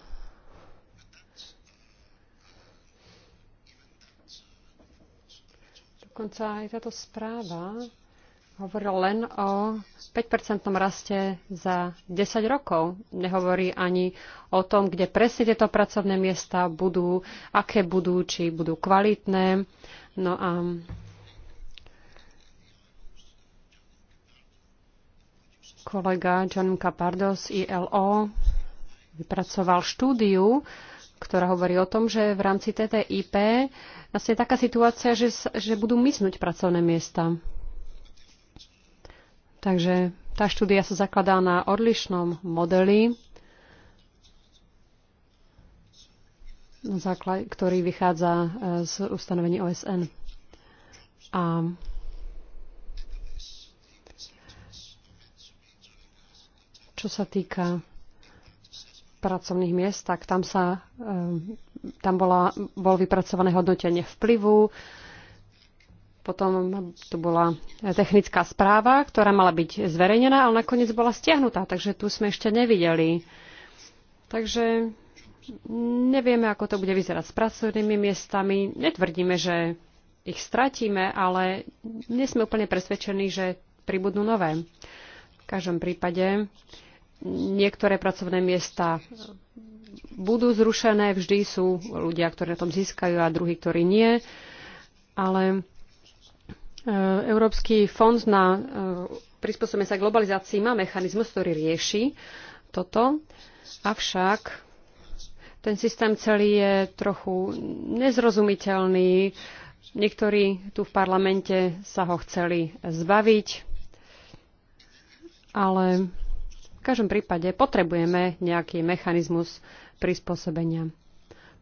Dokonca aj táto správa hovorí len o 5-percentnom raste za 10 rokov. Nehovorí ani o tom, kde presne tieto pracovné miesta budú, aké budú, či budú kvalitné. No a kolega John Capardo z ILO vypracoval štúdiu, ktorá hovorí o tom, že v rámci TTIP vlastne je taká situácia, že, že budú mysnúť pracovné miesta. Takže tá štúdia sa zakladá na odlišnom modeli, ktorý vychádza e, z ustanovení OSN. A čo sa týka pracovných miest, tak tam, sa, eh, tam bola, bol vypracované hodnotenie vplyvu, potom tu bola technická správa, ktorá mala byť zverejnená, ale nakoniec bola stiahnutá, takže tu sme ešte nevideli. Takže nevieme, ako to bude vyzerať s pracovnými miestami. Netvrdíme, že ich stratíme, ale nie sme úplne presvedčení, že pribudnú nové. V každom prípade niektoré pracovné miesta budú zrušené, vždy sú ľudia, ktorí na tom získajú a druhí, ktorí nie. Ale e, Európsky fond na e, prispôsobenie sa globalizácii má mechanizmus, ktorý rieši toto. Avšak ten systém celý je trochu nezrozumiteľný. Niektorí tu v parlamente sa ho chceli zbaviť, ale v každom prípade potrebujeme nejaký mechanizmus prispôsobenia.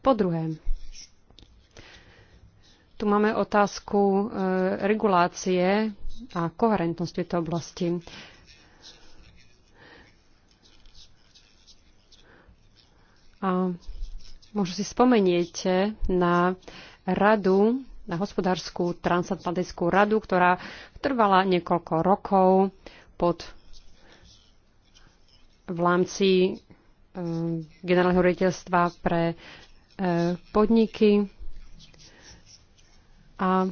Po druhé, tu máme otázku e, regulácie a koherentnosť tejto oblasti. A možno si spomeniete na radu, na hospodárskú transatlantickú radu, ktorá trvala niekoľko rokov pod v rámci eh, generálneho riaditeľstva pre eh, podniky a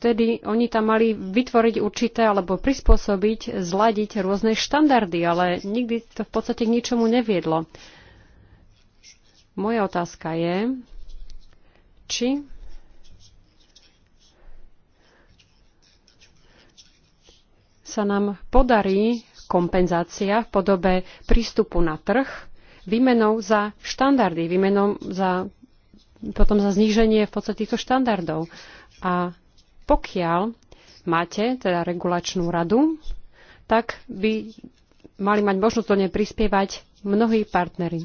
vtedy oni tam mali vytvoriť určité alebo prispôsobiť, zladiť rôzne štandardy, ale nikdy to v podstate k ničomu neviedlo. Moja otázka je, či sa nám podarí kompenzácia v podobe prístupu na trh výmenou za štandardy, výmenou za, potom za zníženie v podstate týchto štandardov. A pokiaľ máte teda regulačnú radu, tak by mali mať možnosť do nej prispievať mnohí partnery.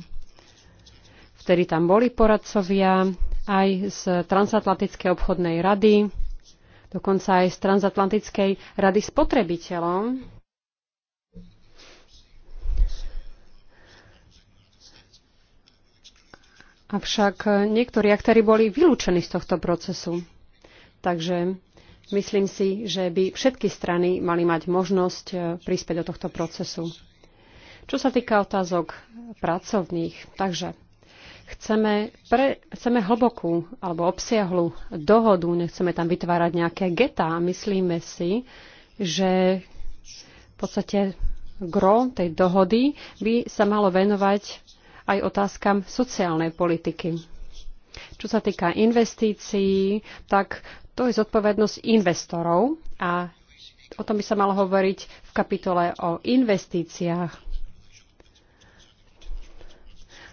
Vtedy tam boli poradcovia aj z Transatlantickej obchodnej rady, dokonca aj z transatlantickej rady spotrebiteľom. Avšak niektorí aktéry boli vylúčení z tohto procesu. Takže myslím si, že by všetky strany mali mať možnosť e, prispieť do tohto procesu. Čo sa týka otázok pracovných, takže Chceme, pre, chceme hlbokú alebo obsiahlu dohodu, nechceme tam vytvárať nejaké getá. Myslíme si, že v podstate gro tej dohody by sa malo venovať aj otázkam sociálnej politiky. Čo sa týka investícií, tak to je zodpovednosť investorov a o tom by sa malo hovoriť v kapitole o investíciách.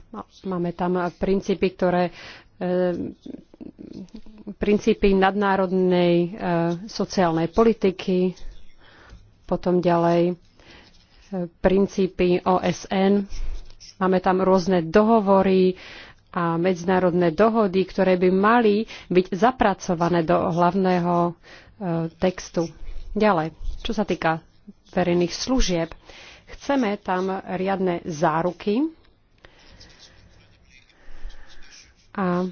No, máme tam princípy, ktoré e, princípy nadnárodnej e, sociálnej politiky, potom ďalej e, princípy OSN. Máme tam rôzne dohovory a medzinárodné dohody, ktoré by mali byť zapracované do hlavného textu. Ďalej, čo sa týka verejných služieb, chceme tam riadne záruky A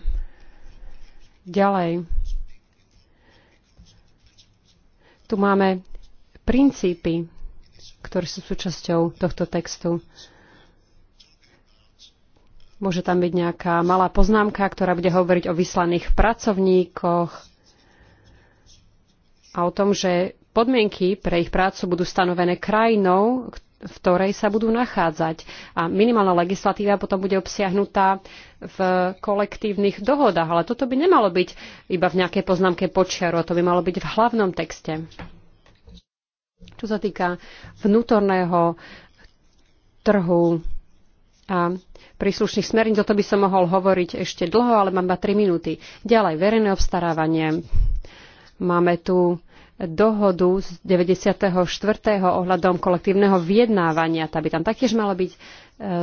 ďalej. Tu máme princípy, ktoré sú súčasťou tohto textu. Môže tam byť nejaká malá poznámka, ktorá bude hovoriť o vyslaných pracovníkoch a o tom, že podmienky pre ich prácu budú stanovené krajinou, v ktorej sa budú nachádzať. A minimálna legislatíva potom bude obsiahnutá v kolektívnych dohodách. Ale toto by nemalo byť iba v nejakej poznámke počiaru, to by malo byť v hlavnom texte. Čo sa týka vnútorného trhu a príslušných smerníc, o to by som mohol hovoriť ešte dlho, ale mám iba 3 minúty. Ďalej, verejné obstarávanie. Máme tu dohodu z 94. ohľadom kolektívneho vyjednávania. Tá by tam taktiež mala byť e,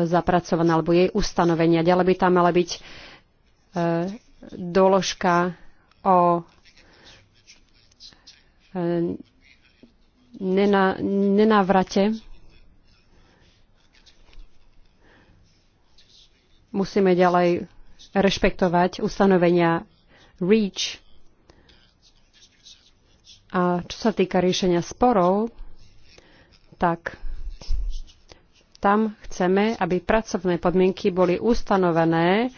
zapracovaná, alebo jej ustanovenia. Ďalej by tam mala byť e, doložka o e, nenávrate. Musíme ďalej rešpektovať ustanovenia REACH a čo sa týka riešenia sporov, tak tam chceme, aby pracovné podmienky boli ustanovené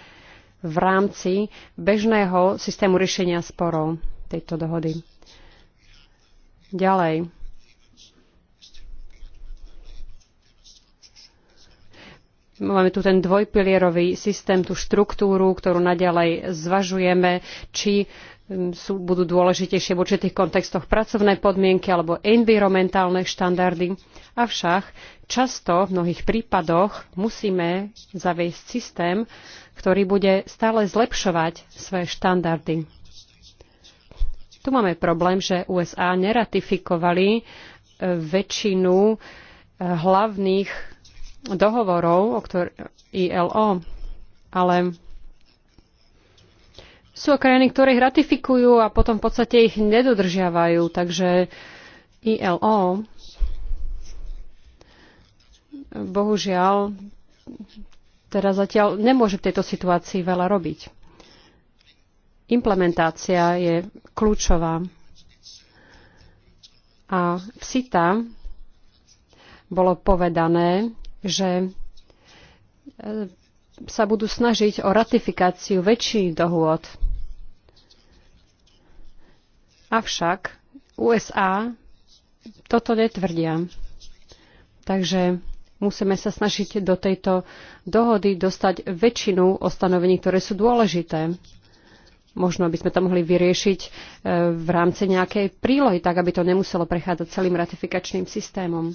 v rámci bežného systému riešenia sporov tejto dohody. Ďalej. Máme tu ten dvojpilierový systém, tú štruktúru, ktorú naďalej zvažujeme, či Ehm, sú, budú dôležitejšie v určitých kontextoch pracovné podmienky alebo environmentálne štandardy. Avšak často v mnohých prípadoch musíme zaviesť systém, ktorý bude stále zlepšovať svoje štandardy. Tu máme problém, že USA neratifikovali e, väčšinu e, hlavných dohovorov o ktor- ILO, ale sú krajiny, ktoré ich ratifikujú a potom v podstate ich nedodržiavajú. Takže ILO bohužiaľ teda zatiaľ nemôže v tejto situácii veľa robiť. Implementácia je kľúčová. A v SITA bolo povedané, že e, sa budú snažiť o ratifikáciu väčších dohôd Avšak USA toto netvrdia. Takže musíme sa snažiť do tejto dohody dostať väčšinu ostanovení, ktoré sú dôležité. Možno by sme to mohli vyriešiť e, v rámci nejakej prílohy, tak aby to nemuselo prechádzať celým ratifikačným systémom.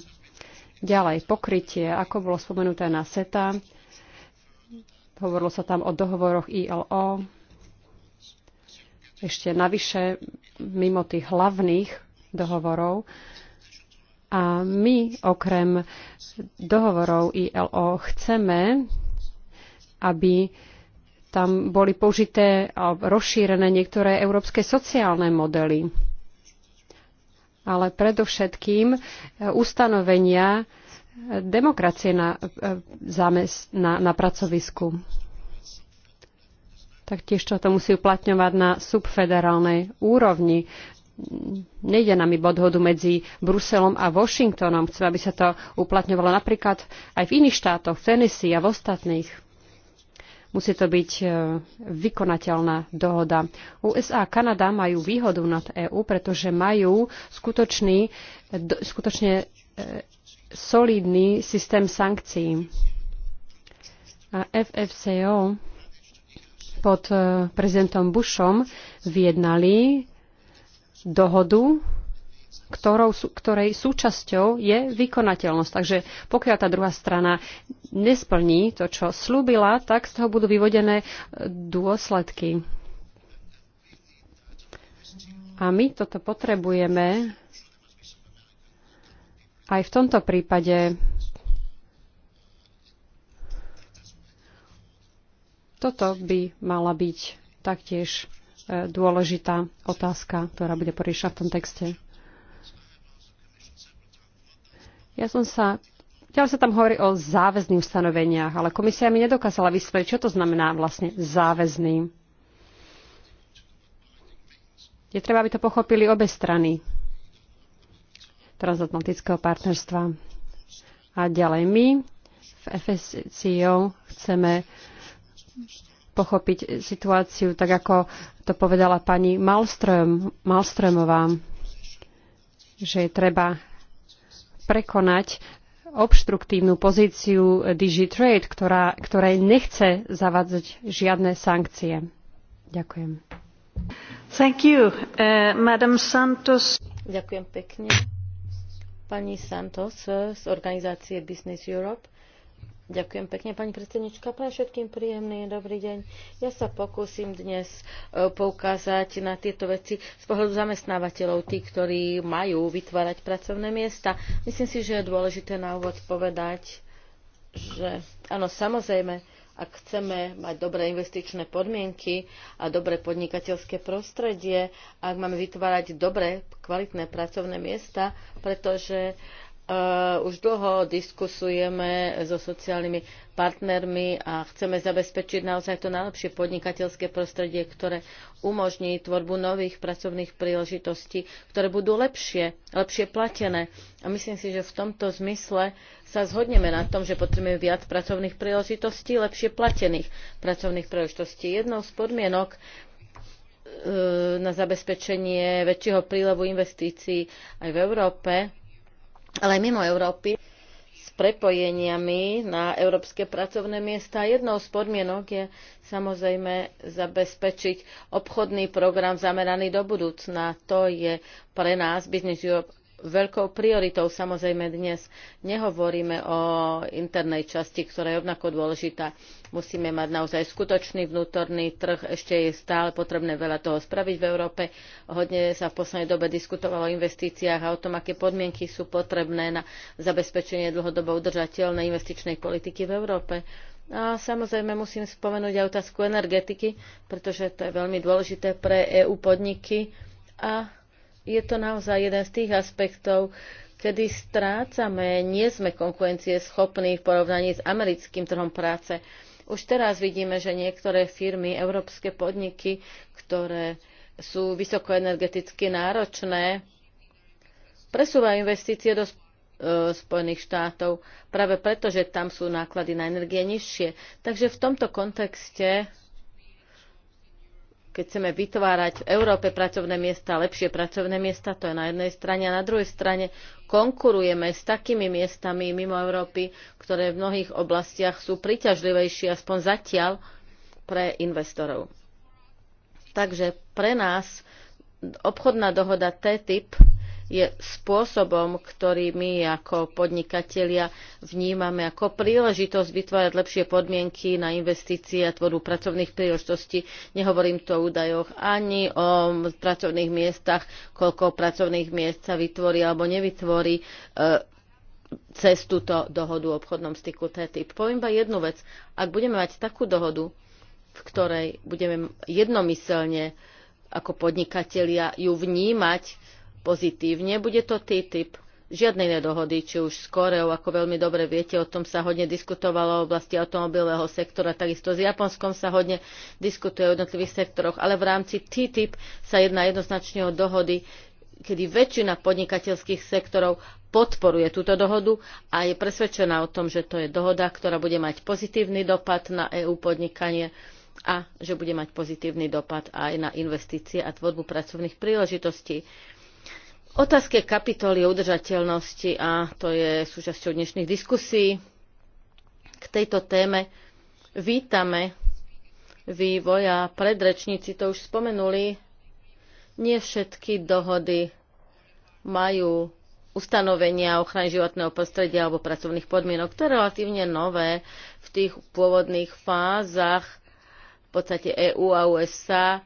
Ďalej, pokrytie, ako bolo spomenuté na SETA. Hovorilo sa tam o dohovoroch ILO. Ešte navyše mimo tých hlavných dohovorov. A my okrem dohovorov ILO chceme, aby tam boli použité a rozšírené niektoré európske sociálne modely. Ale predovšetkým e, ustanovenia demokracie na, e, na, na pracovisku tak tiež to musí uplatňovať na subfederálnej úrovni. Nejde nám iba odhodu medzi Bruselom a Washingtonom. Chcem, aby sa to uplatňovalo napríklad aj v iných štátoch, v Tennessee a v ostatných. Musí to byť e, vykonateľná dohoda. USA a Kanada majú výhodu nad EÚ, pretože majú skutočný, skutočne e, solidný systém sankcií. A FFCO pod eh, prezidentom Bushom vyjednali dohodu, ktorou, ktorej súčasťou je vykonateľnosť. Takže pokiaľ tá druhá strana nesplní to, čo slúbila, tak z toho budú vyvodené eh, dôsledky. A my toto potrebujeme aj v tomto prípade Toto by mala byť taktiež e, dôležitá otázka, ktorá bude poriešená v tom texte. Ja som sa... Ďalej sa tam hovorí o záväzných ustanoveniach, ale komisia mi nedokázala vysvetliť, čo to znamená vlastne záväzný. Je treba, aby to pochopili obe strany transatlantického partnerstva. A ďalej my v FSCO chceme pochopiť situáciu, tak ako to povedala pani Malström, Malströmová, že je treba prekonať obštruktívnu pozíciu DigiTrade, ktorá, ktorej nechce zavádzať žiadne sankcie. Ďakujem. Thank you, uh, Madam Santos. Ďakujem pekne. Pani Santos z organizácie Business Europe. Ďakujem pekne, pani predsednička. Pre všetkým príjemný dobrý deň. Ja sa pokúsim dnes e, poukázať na tieto veci z pohľadu zamestnávateľov, tí, ktorí majú vytvárať pracovné miesta. Myslím si, že je dôležité na úvod povedať, že áno, samozrejme, ak chceme mať dobré investičné podmienky a dobré podnikateľské prostredie, ak máme vytvárať dobré, kvalitné pracovné miesta, pretože Eh, už dlho diskusujeme so sociálnymi partnermi a chceme zabezpečiť naozaj to najlepšie podnikateľské prostredie, ktoré umožní tvorbu nových pracovných príležitostí, ktoré budú lepšie, lepšie platené. A myslím si, že v tomto zmysle sa zhodneme na tom, že potrebujeme viac pracovných príležitostí, lepšie platených pracovných príležitostí. Jednou z podmienok eh, na zabezpečenie väčšieho prílevu investícií aj v Európe ale aj mimo Európy s prepojeniami na európske pracovné miesta. Jednou z podmienok je samozrejme zabezpečiť obchodný program zameraný do budúcna. To je pre nás Business Europe veľkou prioritou samozrejme dnes. Nehovoríme o internej časti, ktorá je rovnako dôležitá. Musíme mať naozaj skutočný vnútorný trh, ešte je stále potrebné veľa toho spraviť v Európe. Hodne sa v poslednej dobe diskutovalo o investíciách a o tom, aké podmienky sú potrebné na zabezpečenie dlhodobo udržateľnej investičnej politiky v Európe. A samozrejme musím spomenúť aj otázku energetiky, pretože to je veľmi dôležité pre EU podniky a je to naozaj jeden z tých aspektov, kedy strácame, nie sme konkurencie schopní v porovnaní s americkým trhom práce. Už teraz vidíme, že niektoré firmy, európske podniky, ktoré sú vysokoenergeticky náročné, presúvajú investície do e, Spojených štátov práve preto, že tam sú náklady na energie nižšie. Takže v tomto kontexte keď chceme vytvárať v Európe pracovné miesta, lepšie pracovné miesta, to je na jednej strane, a na druhej strane konkurujeme s takými miestami mimo Európy, ktoré v mnohých oblastiach sú príťažlivejšie, aspoň zatiaľ, pre investorov. Takže pre nás obchodná dohoda TTIP je spôsobom, ktorý my ako podnikatelia vnímame ako príležitosť vytvárať lepšie podmienky na investície a tvorbu pracovných príležitostí. Nehovorím tu o údajoch ani o pracovných miestach, koľko pracovných miest sa vytvorí alebo nevytvorí e, cez túto dohodu o obchodnom styku TTIP. Poviem iba jednu vec. Ak budeme mať takú dohodu, v ktorej budeme jednomyselne ako podnikatelia ju vnímať pozitívne, bude to TTIP. Žiadnej iné dohody, či už s Koreou, ako veľmi dobre viete, o tom sa hodne diskutovalo v oblasti automobilového sektora, takisto s Japonskom sa hodne diskutuje o jednotlivých sektoroch, ale v rámci TTIP sa jedná jednoznačne o dohody, kedy väčšina podnikateľských sektorov podporuje túto dohodu a je presvedčená o tom, že to je dohoda, ktorá bude mať pozitívny dopad na EÚ podnikanie a že bude mať pozitívny dopad aj na investície a tvorbu pracovných príležitostí otázke kapitoly udržateľnosti a to je súčasťou dnešných diskusí. K tejto téme vítame vývoj a predrečníci to už spomenuli. Nie všetky dohody majú ustanovenia ochrany životného prostredia alebo pracovných podmienok. To je relatívne nové v tých pôvodných fázach v podstate EU a USA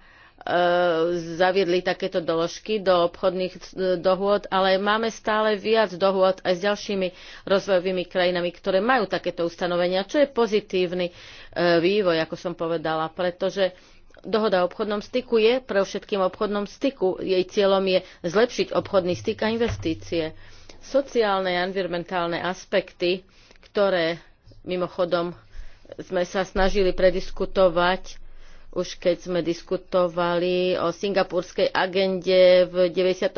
zaviedli takéto doložky do obchodných e, dohôd, ale máme stále viac dohôd aj s ďalšími rozvojovými krajinami, ktoré majú takéto ustanovenia, čo je pozitívny e, vývoj, ako som povedala, pretože dohoda o obchodnom styku je pre všetkým obchodnom styku. Jej cieľom je zlepšiť obchodný styk a investície. Sociálne a environmentálne aspekty, ktoré mimochodom sme sa snažili prediskutovať už keď sme diskutovali o singapurskej agende v 96.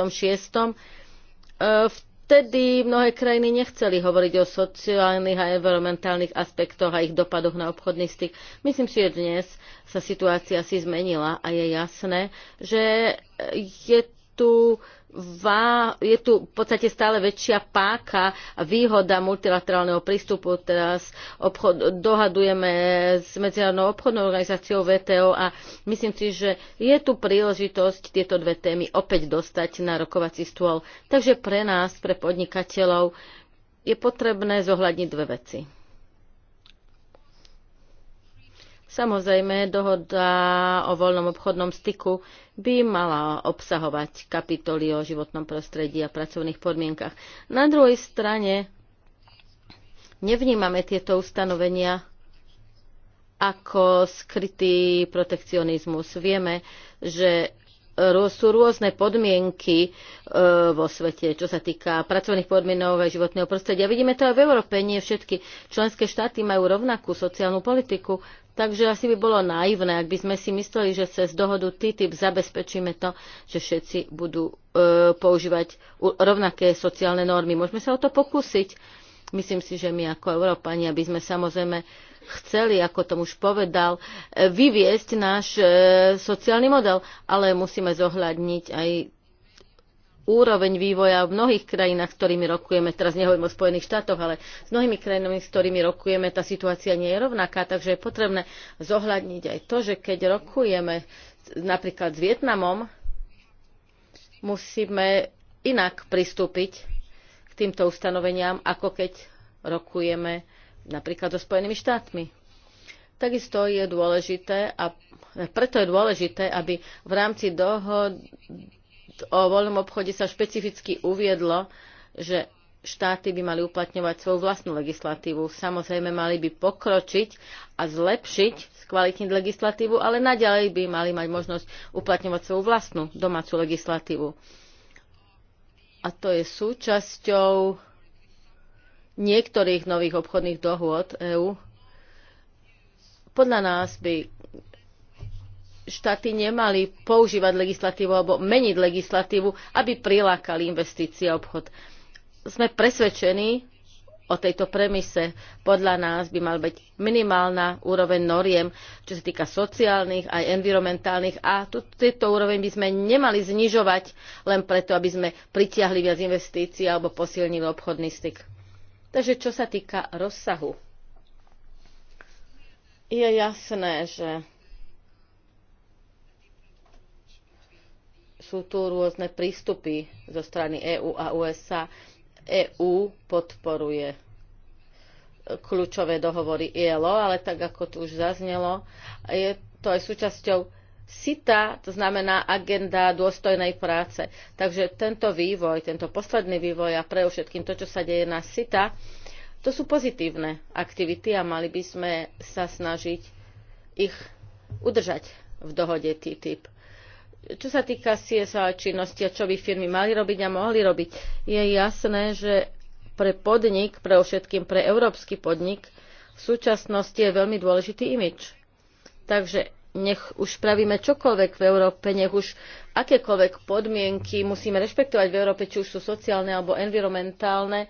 Eh, vtedy mnohé krajiny nechceli hovoriť o sociálnych a environmentálnych aspektoch a ich dopadoch na obchodný styk. Myslím si, že dnes sa situácia si zmenila a je jasné, že je tu vá, je tu v podstate stále väčšia páka a výhoda multilaterálneho prístupu. Teraz obchod, dohadujeme s Medzinárodnou obchodnou organizáciou VTO a myslím si, že je tu príležitosť tieto dve témy opäť dostať na rokovací stôl. Takže pre nás, pre podnikateľov, je potrebné zohľadniť dve veci Samozrejme, dohoda o voľnom obchodnom styku by mala obsahovať kapitoly o životnom prostredí a pracovných podmienkach. Na druhej strane nevnímame tieto ustanovenia ako skrytý protekcionizmus. Vieme, že sú rôzne podmienky e, vo svete, čo sa týka pracovných podmienov a životného prostredia. Vidíme to aj v Európe. Nie všetky členské štáty majú rovnakú sociálnu politiku. Takže asi by bolo naivné, ak by sme si mysleli, že cez dohodu TTIP zabezpečíme to, že všetci budú e, používať rovnaké sociálne normy. Môžeme sa o to pokúsiť. Myslím si, že my ako Európani, aby sme samozrejme chceli, ako tom už povedal, e, vyviesť náš e, sociálny model, ale musíme zohľadniť aj úroveň vývoja v mnohých krajinách, s ktorými rokujeme, teraz nehovorím o Spojených štátoch, ale s mnohými krajinami, s ktorými rokujeme, tá situácia nie je rovnaká, takže je potrebné zohľadniť aj to, že keď rokujeme napríklad s Vietnamom, musíme inak pristúpiť k týmto ustanoveniam, ako keď rokujeme napríklad so Spojenými štátmi. Takisto je dôležité a preto je dôležité, aby v rámci dohod o voľnom obchode sa špecificky uviedlo, že štáty by mali uplatňovať svoju vlastnú legislatívu. Samozrejme mali by pokročiť a zlepšiť, skvalitniť legislatívu, ale naďalej by mali mať možnosť uplatňovať svoju vlastnú domácu legislatívu. A to je súčasťou niektorých nových obchodných dohôd EÚ. Podľa nás by štáty nemali používať legislatívu alebo meniť legislatívu, aby prilákali investície a obchod. Sme presvedčení o tejto premise. Podľa nás by mal byť minimálna úroveň noriem, čo sa týka sociálnych aj environmentálnych a tieto úroveň by sme nemali znižovať len preto, aby sme pritiahli viac investícií alebo posilnili obchodný styk. Takže čo sa týka rozsahu. Je jasné, že sú tu rôzne prístupy zo strany EÚ a USA. EÚ podporuje e, kľúčové dohovory ILO, ale tak ako tu už zaznelo, je to aj súčasťou SITA, to znamená agenda dôstojnej práce. Takže tento vývoj, tento posledný vývoj a pre všetkým to, čo sa deje na SITA, to sú pozitívne aktivity a mali by sme sa snažiť ich udržať v dohode TTIP. Čo sa týka CSA činnosti a čo by firmy mali robiť a mohli robiť, je jasné, že pre podnik, pre všetkým pre európsky podnik, v súčasnosti je veľmi dôležitý imič. Takže nech už spravíme čokoľvek v Európe, nech už akékoľvek podmienky musíme rešpektovať v Európe, či už sú sociálne alebo environmentálne, eh,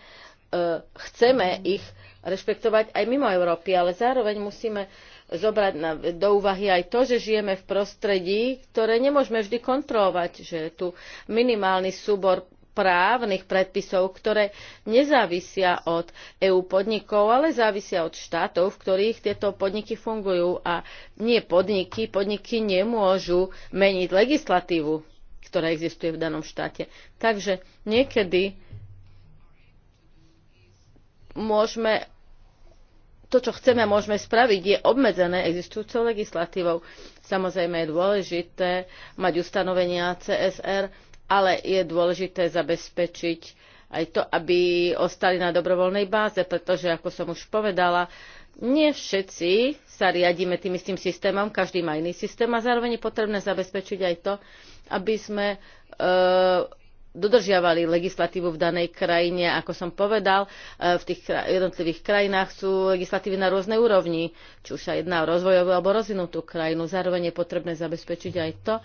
chceme ich rešpektovať aj mimo Európy, ale zároveň musíme zobrať do úvahy aj to, že žijeme v prostredí, ktoré nemôžeme vždy kontrolovať, že je tu minimálny súbor právnych predpisov, ktoré nezávisia od EÚ podnikov, ale závisia od štátov, v ktorých tieto podniky fungujú. A nie podniky, podniky nemôžu meniť legislatívu, ktorá existuje v danom štáte. Takže niekedy môžeme to, čo chceme a môžeme spraviť, je obmedzené existujúcou legislatívou. Samozrejme je dôležité mať ustanovenia CSR, ale je dôležité zabezpečiť aj to, aby ostali na dobrovoľnej báze, pretože, ako som už povedala, nie všetci sa riadíme tým istým systémom, každý má iný systém a zároveň je potrebné zabezpečiť aj to, aby sme e, dodržiavali legislatívu v danej krajine. Ako som povedal, e, v tých jednotlivých krajinách sú legislatívy na rôznej úrovni, či už sa jedná o rozvojovú alebo rozvinutú krajinu. Zároveň je potrebné zabezpečiť aj to,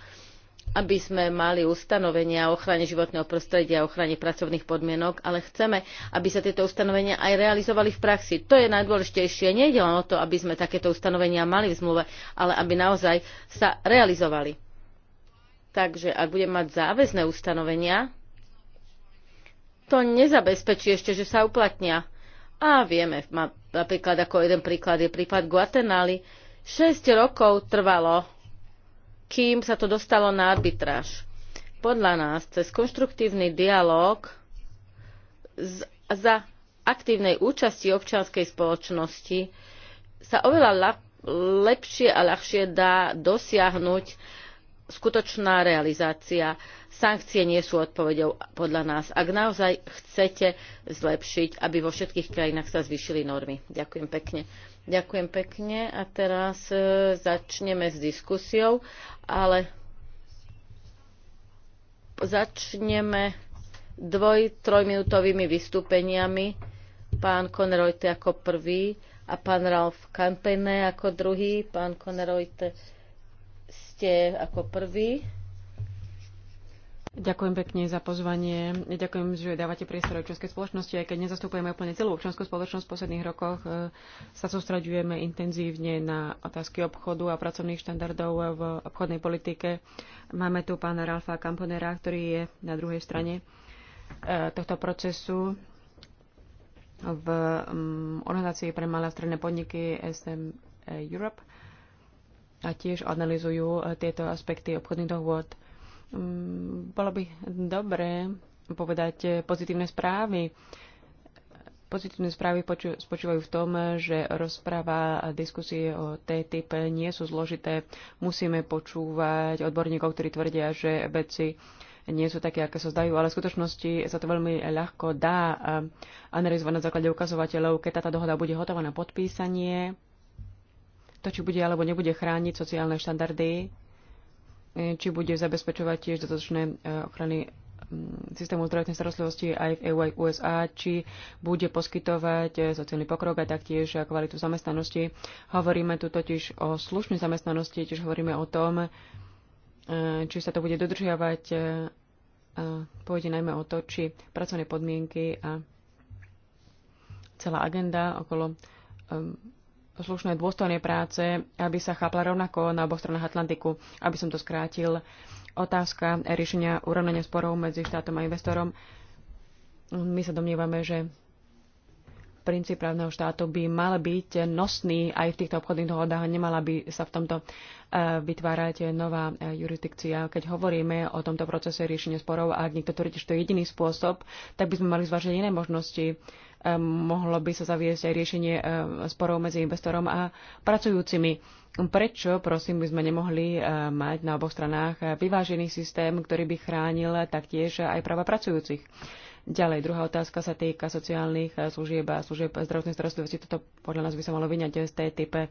aby sme mali ustanovenia o ochrane životného prostredia a ochrane pracovných podmienok, ale chceme, aby sa tieto ustanovenia aj realizovali v praxi. To je najdôležitejšie. Nejde len o to, aby sme takéto ustanovenia mali v zmluve, ale aby naozaj sa realizovali. Takže ak budem mať záväzné ustanovenia, to nezabezpečí ešte, že sa uplatnia. A vieme, napríklad ako jeden príklad je prípad Guatenály. 6 rokov trvalo, kým sa to dostalo na arbitráž. Podľa nás, cez konštruktívny dialog z, za aktívnej účasti občianskej spoločnosti sa oveľa lepšie a ľahšie dá dosiahnuť skutočná realizácia. Sankcie nie sú odpoveďou podľa nás. Ak naozaj chcete zlepšiť, aby vo všetkých krajinách sa zvýšili normy. Ďakujem pekne. Ďakujem pekne a teraz e, začneme s diskusiou, ale začneme dvoj, trojminútovými vystúpeniami. Pán Konerojte ako prvý a pán Ralf Kampene ako druhý. Pán Konerojte ste ako prvý. Ďakujem pekne za pozvanie. Ďakujem, že dávate priestor občianskej spoločnosti. Aj keď nezastupujeme úplne celú občianskú spoločnosť v posledných rokoch, e, sa sústraďujeme intenzívne na otázky obchodu a pracovných štandardov v obchodnej politike. Máme tu pána Ralfa Camponera, ktorý je na druhej strane e, tohto procesu v mm, organizácii pre malé a stredné podniky SM e Europe a tiež analizujú e, tieto aspekty obchodných dohôd. Mm, bolo by dobré povedať e, pozitívne správy. Pozitívne správy spočívajú v tom, že rozpráva a diskusie o TTIP nie sú zložité. Musíme počúvať odborníkov, ktorí tvrdia, že veci nie sú také, aké sa zdajú, ale v skutočnosti sa to veľmi ľahko dá analyzovať na základe ukazovateľov. Keď táto dohoda bude hotová na podpísanie, to, či bude alebo nebude chrániť sociálne štandardy, e, či bude zabezpečovať tiež dostatočné e, ochrany mm, systému zdravotnej starostlivosti aj v EU aj v USA, či bude poskytovať e, sociálny pokrok a taktiež kvalitu zamestnanosti. Hovoríme tu totiž o slušnej zamestnanosti, tiež hovoríme o tom, či sa to bude dodržiavať. Pôjde najmä o to, či pracovné podmienky a celá agenda okolo slušnej dôstojnej práce, aby sa chápla rovnako na oboch stranách Atlantiku, aby som to skrátil. Otázka riešenia urovnania sporov medzi štátom a investorom. My sa domnievame, že princíp právneho štátu by mal byť nosný aj v týchto obchodných dohodách a nemala by sa v tomto e, vytvárať nová e, jurisdikcia. Keď hovoríme o tomto procese riešenia sporov a ak niekto tvrdí, že to je jediný spôsob, tak by sme mali zvážiť iné možnosti mohlo by sa zaviesť aj riešenie e, sporov medzi investorom a pracujúcimi. Prečo, prosím, by sme nemohli e, mať na oboch stranách e, vyvážený systém, ktorý by chránil taktiež aj práva pracujúcich? Ďalej, druhá otázka sa týka sociálnych eh, služieb a služieb zdravotnej starostlivosti. Toto podľa nás by sa malo vyňať z tej type. Eh,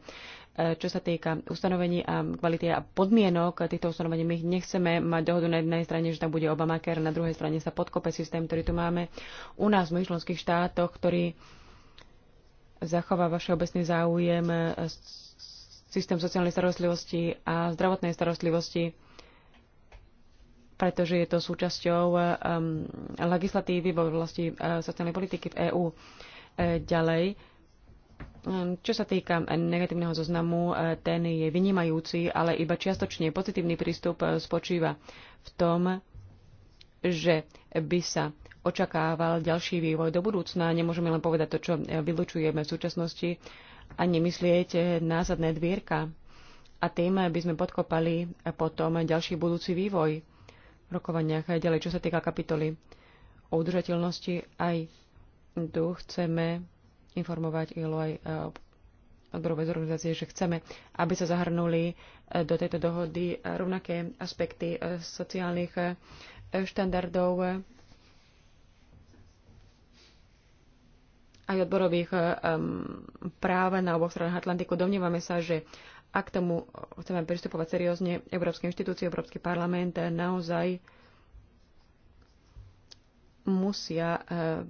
čo sa týka ustanovení a kvality a podmienok týchto ustanovení, my nechceme mať dohodu na jednej strane, že tam bude Obamacare, na druhej strane sa podkope systém, ktorý tu máme u nás v myšlenských štátoch, ktorý zachová vaše obecný záujem eh, systém sociálnej starostlivosti a zdravotnej starostlivosti pretože je to súčasťou um, legislatívy vo oblasti uh, sociálnej politiky v EÚ. E, eh, ďalej, um, čo sa týka negatívneho zoznamu, uh, ten je vynímajúci, ale iba čiastočne pozitívny prístup uh, spočíva v tom, že by sa očakával ďalší vývoj do budúcna. Nemôžeme len povedať to, čo vylučujeme v súčasnosti a nemyslieť názadné dvierka. A tým by sme podkopali potom ďalší budúci vývoj rokovaniach. Aj ďalej, čo sa týka kapitoly o udržateľnosti, aj tu chceme informovať ILO aj e, odborové organizácie, že chceme, aby sa zahrnuli e, do tejto dohody e, rovnaké aspekty sociálnych štandardov aj odborových práv na oboch stranách Atlantiku. Domnievame sa, že ak tomu chceme pristupovať seriózne, Európske inštitúcie, Európsky parlament naozaj musia eh,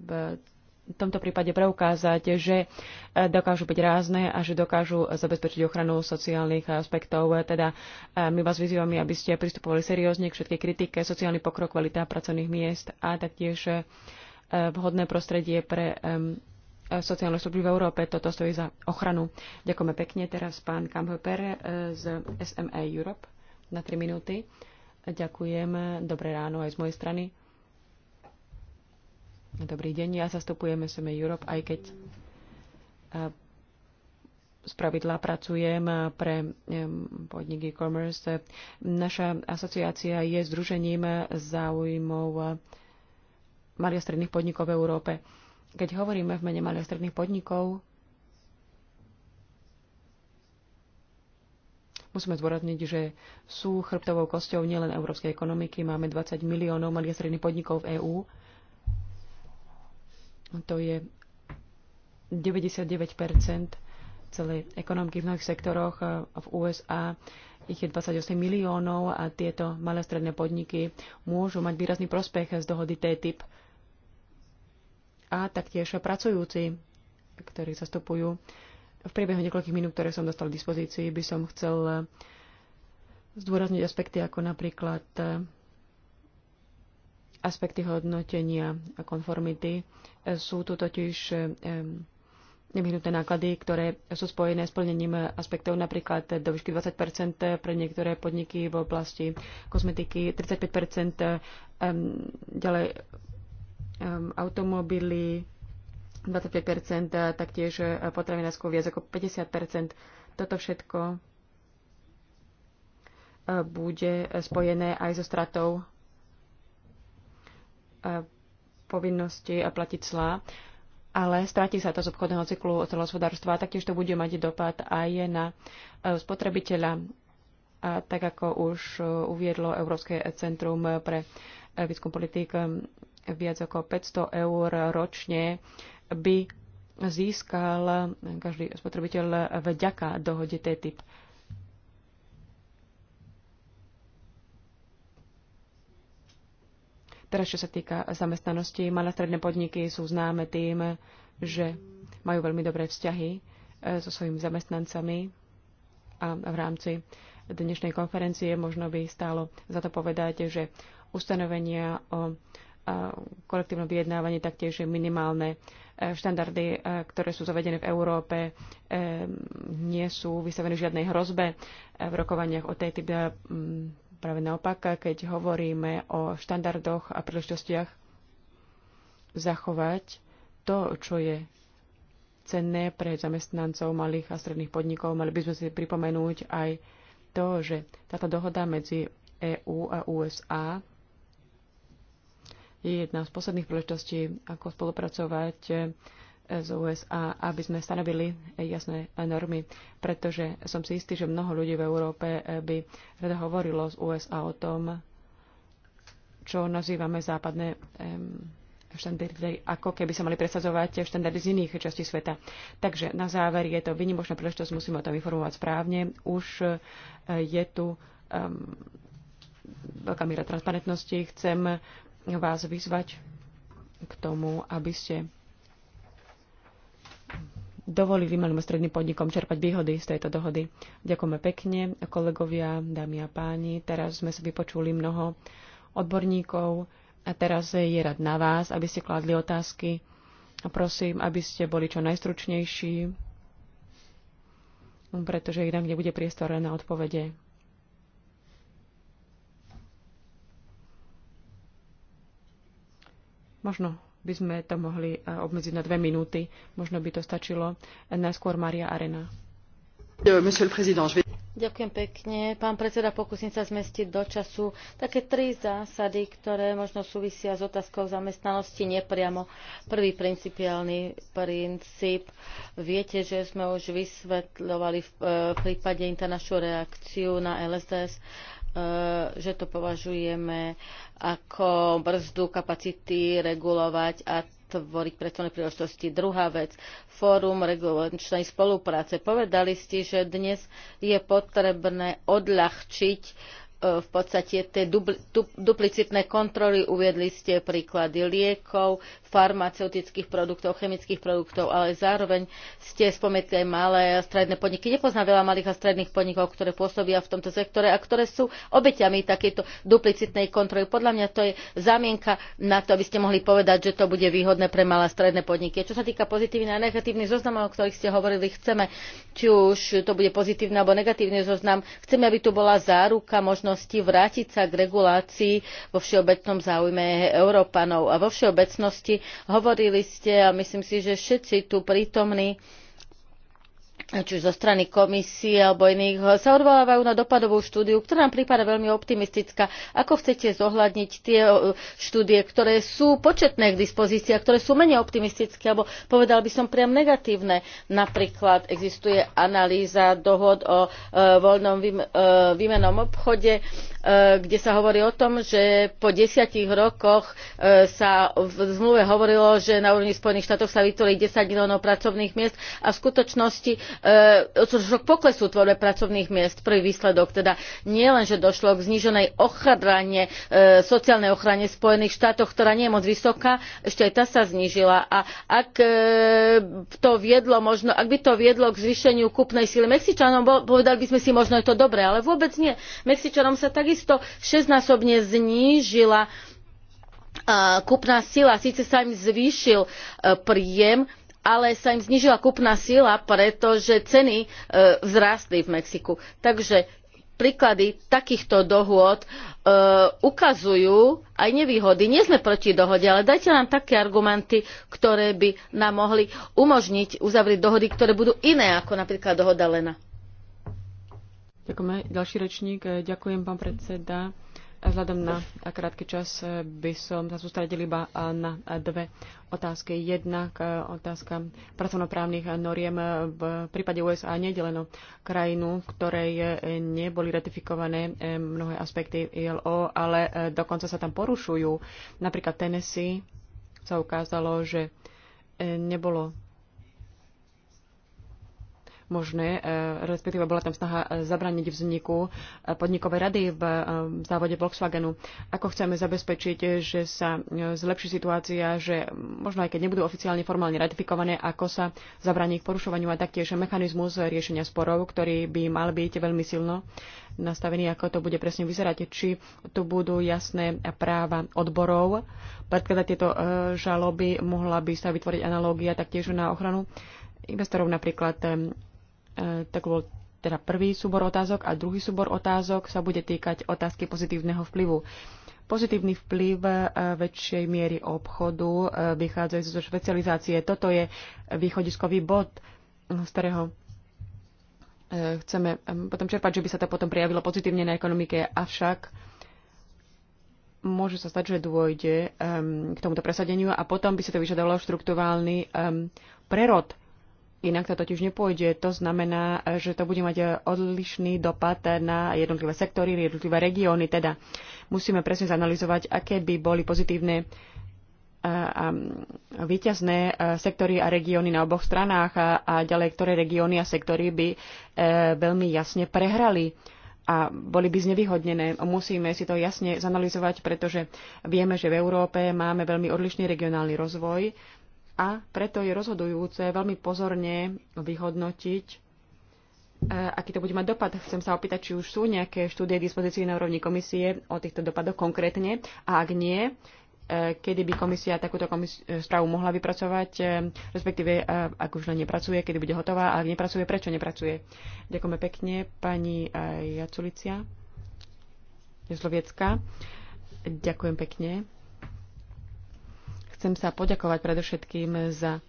v tomto prípade preukázať, že eh, dokážu byť rázne a že dokážu zabezpečiť ochranu sociálnych aspektov. Teda eh, my vás vyzývame, aby ste pristupovali seriózne k všetkej kritike, sociálny pokrok, kvalita pracovných miest a taktiež vhodné prostredie pre E, sociálne služby v Európe. Toto stojí za ochranu. Ďakujeme pekne. Teraz pán Kamhoper e, z SMA Europe na 3 minúty. Ďakujem. Dobré ráno aj z mojej strany. Dobrý deň. Ja zastupujem SMA Europe, aj keď e, z pravidla pracujem pre podnik e-commerce. Naša asociácia je združením záujmov malých a stredných podnikov v Európe. Keď hovoríme v mene malých stredných podnikov, musíme zdôrazniť, že sú chrbtovou kosťou nielen európskej ekonomiky. Máme 20 miliónov malých stredných podnikov v EÚ. To je 99 celej ekonomiky v mnohých sektoroch v USA. Ich je 28 miliónov a tieto malé stredné podniky môžu mať výrazný prospech z dohody T typ a taktiež pracujúci, ktorí zastupujú. V priebehu niekoľkých minút, ktoré som dostal k dispozícii, by som chcel zdôrazniť aspekty ako napríklad e, aspekty hodnotenia a konformity. E, sú tu totiž e, nevyhnuté náklady, ktoré sú spojené s plnením aspektov napríklad do výšky 20 pre niektoré podniky v oblasti kozmetiky, 35 ďalej automobily 25%, taktiež e, potravinárskú viac ako 50%. Toto všetko e, bude spojené aj so stratou e, povinnosti platiť clá, ale stráti sa to z obchodného cyklu hospodárstva a taktiež to bude mať dopad aj na spotrebiteľa, a tak ako už uviedlo Európske centrum pre výskum politik viac ako 500 eur ročne by získal každý spotrebiteľ vďaka dohode TTIP. Teraz, čo sa týka zamestnanosti, malé stredné podniky sú známe tým, že majú veľmi dobré vzťahy eh, so svojimi zamestnancami a v rámci dnešnej konferencie možno by stálo za to povedať, že ustanovenia o kolektívnom vyjednávanie taktiež minimálne e, štandardy, e, ktoré sú zavedené v Európe, e, nie sú vystavené žiadnej hrozbe v rokovaniach o tej typ práve naopak, keď hovoríme o štandardoch a príležitostiach zachovať to, čo je cenné pre zamestnancov malých a stredných podnikov. Mali by sme si pripomenúť aj to, že táto dohoda medzi EÚ a USA je jedna z posledných príležitostí, ako spolupracovať eh, z USA, aby sme stanovili eh, jasné eh, normy, pretože som si istý, že mnoho ľudí v Európe by rada hovorilo z USA o tom, čo nazývame západné štandardy, ako keby sa mali presadzovať štandardy z iných častí sveta. Takže na záver je to vynimočná príležitosť, musíme o tom informovať správne. Už je tu um, veľká míra transparentnosti. Chcem vás vyzvať k tomu, aby ste dovolili malým stredným podnikom čerpať výhody z tejto dohody. Ďakujeme pekne, kolegovia, dámy a páni. Teraz sme si vypočuli mnoho odborníkov a teraz je rad na vás, aby ste kladli otázky. A prosím, aby ste boli čo najstručnejší, pretože inak nebude priestor na odpovede. Možno by sme to mohli e, obmedziť na dve minúty. Možno by to stačilo. Najskôr Maria Arena. Ďakujem pekne. Pán predseda, pokúsim sa zmestiť do času také tri zásady, ktoré možno súvisia s otázkou zamestnanosti nepriamo. Prvý principiálny princíp. Viete, že sme už vysvetľovali v e, prípade internašu reakciu na LSDS E, že to považujeme ako brzdu kapacity regulovať a tvoriť pracovné príležitosti. Druhá vec, fórum regulačnej spolupráce. Povedali ste, že dnes je potrebné odľahčiť E, v podstate tie duplicitné kontroly, uviedli ste príklady liekov, farmaceutických produktov, chemických produktov, ale zároveň ste spomenuli aj malé a stredné podniky. Nepoznám veľa malých a stredných podnikov, ktoré pôsobia v tomto sektore a ktoré sú obeťami takéto duplicitnej kontroly. Podľa mňa to je zamienka na to, aby ste mohli povedať, že to bude výhodné pre malé a stredné podniky. Čo sa týka pozitívnych a negatívnych zoznamov, o ktorých ste hovorili, chceme, či už to bude pozitívny alebo negatívny zoznam, chceme, aby tu bola záruka možno možnosti vrátiť sa k regulácii vo všeobecnom záujme Európanov. A vo všeobecnosti hovorili ste, a myslím si, že všetci tu prítomní, či už zo strany komisie alebo iných, eh, sa odvolávajú na dopadovú štúdiu, ktorá nám prípada veľmi optimistická. Ako chcete zohľadniť tie eh, štúdie, ktoré sú početné k dispozícii a ktoré sú menej optimistické, alebo povedal by som priam negatívne. Napríklad existuje analýza dohod o eh, voľnom výmenom obchode, kde sa hovorí o tom, že po desiatich rokoch sa v zmluve hovorilo, že na úrovni Spojených štátov sa vytvorí 10 miliónov pracovných miest a v skutočnosti E, došlo k poklesu tvorbe pracovných miest. Prvý výsledok teda nie len, že došlo k zníženej ochrane, e, sociálnej ochrane v Spojených štátoch, ktorá nie je moc vysoká, ešte aj tá sa znížila. A ak e, to viedlo možno, ak by to viedlo k zvýšeniu kúpnej síly Mexičanom, povedali by sme si, možno je to dobré, ale vôbec nie. Mexičanom sa takisto šestnásobne znížila kúpna sila, síce sa im zvýšil príjem, ale sa im znížila kúpna sila, pretože ceny e, vzrástli v Mexiku. Takže príklady takýchto dohôd e, ukazujú aj nevýhody. Nie sme proti dohode, ale dajte nám také argumenty, ktoré by nám mohli umožniť uzavrieť dohody, ktoré budú iné ako napríklad dohoda Lena. Ďakujeme. Ďalší rečník. Ďakujem, pán predseda. Vzhľadom na krátky čas eh, by som sa sústredil iba eh, na eh, dve otázky. Jednak otázka pracovnoprávnych noriem v prípade USA nedeleno krajinu, v ktorej neboli ratifikované mnohé aspekty ILO, ale dokonca sa tam porušujú. Napríklad Tennessee sa ukázalo, že nebolo možné, e, respektíve bola tam snaha e, zabrániť vzniku e, podnikovej rady v závode Volkswagenu. Ako chceme zabezpečiť, že sa zlepší situácia, že možno aj keď nebudú oficiálne formálne ratifikované, ako sa zabráni ich porušovaniu a taktiež mechanizmus riešenia sporov, ktorý by mal byť veľmi silno nastavený, ako to bude presne vyzerať, či tu budú jasné práva odborov. Predkladať tieto žaloby mohla by sa vytvoriť analógia taktiež na ochranu investorov napríklad E, tak bol teda prvý súbor otázok a druhý súbor otázok sa bude týkať otázky pozitívneho vplyvu. Pozitívny vplyv e, väčšej miery obchodu e, vychádza zo špecializácie. Toto je východiskový bod, z ktorého chceme potom čerpať, že by sa to potom prijavilo pozitívne na ekonomike. Avšak môže sa stať, že dôjde k tomuto presadeniu a potom by sa to vyžadovalo štruktúrálny prerod Inak to totiž nepôjde. To znamená, že to bude mať odlišný dopad na jednotlivé sektory, jednotlivé regióny. Teda musíme presne zanalizovať, aké by boli pozitívne a výťazné sektory a regióny na oboch stranách a, a ďalej, ktoré regióny a sektory by e, veľmi jasne prehrali a boli by znevýhodnené. Musíme si to jasne zanalizovať, pretože vieme, že v Európe máme veľmi odlišný regionálny rozvoj a preto je rozhodujúce veľmi pozorne vyhodnotiť, e, aký to bude mať dopad. Chcem sa opýtať, či už sú nejaké štúdie k na úrovni komisie o týchto dopadoch konkrétne. A ak nie, e, kedy by komisia takúto komis- e, správu mohla vypracovať, respektíve ak už len nepracuje, kedy bude hotová a ak nepracuje, prečo nepracuje. Ďakujeme pekne pani Jaculicia Jezloviecka. Ďakujem pekne. Chcem sa poďakovať predovšetkým za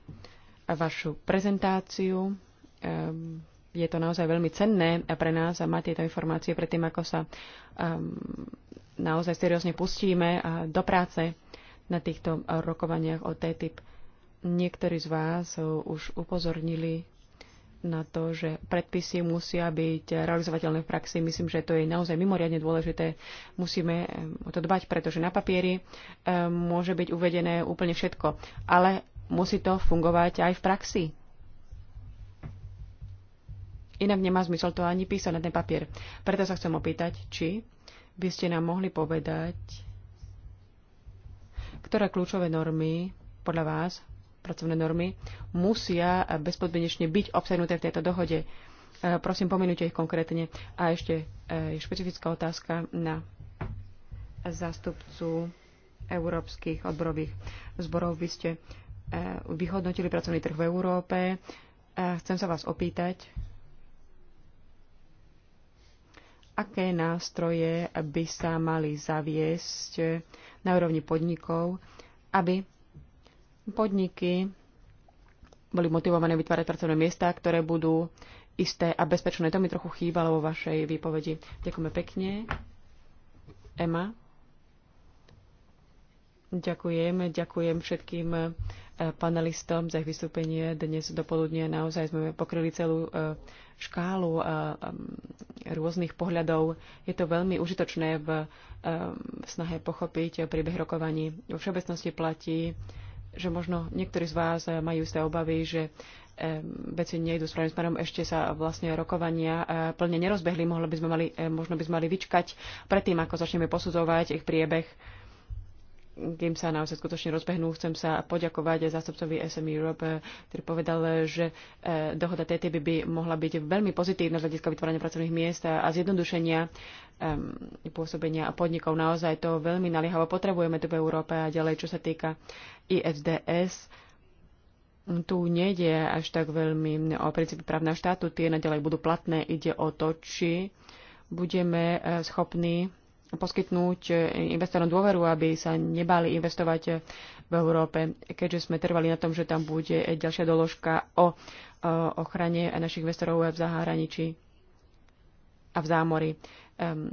vašu prezentáciu. Ehm, je to naozaj veľmi cenné pre nás a mať tieto informácie tým, ako sa ehm, naozaj seriózne pustíme do práce na týchto rokovaniach o TTIP. Niektorí z vás už upozornili na to, že predpisy musia byť realizovateľné v praxi. Myslím, že to je naozaj mimoriadne dôležité. Musíme o to dbať, pretože na papieri môže byť uvedené úplne všetko, ale musí to fungovať aj v praxi. Inak nemá zmysel to ani písať na ten papier. Preto sa chcem opýtať, či by ste nám mohli povedať, ktoré kľúčové normy podľa vás pracovné normy musia bezpodmienečne byť obsahnuté v tejto dohode. E, prosím, pomenujte ich konkrétne. A ešte e, je špecifická otázka na zástupcu európskych odborových zborov. Vy ste e, vyhodnotili pracovný trh v Európe. Chcem sa vás opýtať, aké nástroje by sa mali zaviesť na úrovni podnikov, aby Podniky boli motivované vytvárať pracovné miesta, ktoré budú isté a bezpečné. To mi trochu chýbalo vo vašej výpovedi. Ďakujeme pekne. Ema. Ďakujem, ďakujem všetkým e, panelistom za ich vystúpenie. Dnes dopoludne naozaj sme pokryli celú e, škálu e, rôznych pohľadov. Je to veľmi užitočné v snahe pochopiť príbeh rokovaní. Vo všeobecnosti platí, že možno niektorí z vás eh, majú isté obavy, že eh, veci nejdu správnym smerom, ešte sa vlastne rokovania eh, plne nerozbehli, mohli by sme mali, možno by sme mali vyčkať predtým, ako začneme posudzovať ich priebeh kým sa naozaj skutočne rozbehnú, chcem sa poďakovať zástupcovi SM Europe, ktorý povedal, že eh, dohoda TTIP by mohla byť veľmi pozitívna z hľadiska vytvorenia pracovných miest a zjednodušenia ehm, pôsobenia podnikov. Naozaj to veľmi naliehavo potrebujeme tu v Európe a ďalej, čo sa týka ISDS. Tu nejde až tak veľmi o princípy právneho štátu, tie naďalej budú platné. Ide o to, či budeme eh, schopní poskytnúť eh, investorom dôveru, aby sa nebali investovať eh, v Európe, keďže sme trvali na tom, že tam bude eh, ďalšia doložka o ochrane našich investorov v zahraničí a v zámori. Um,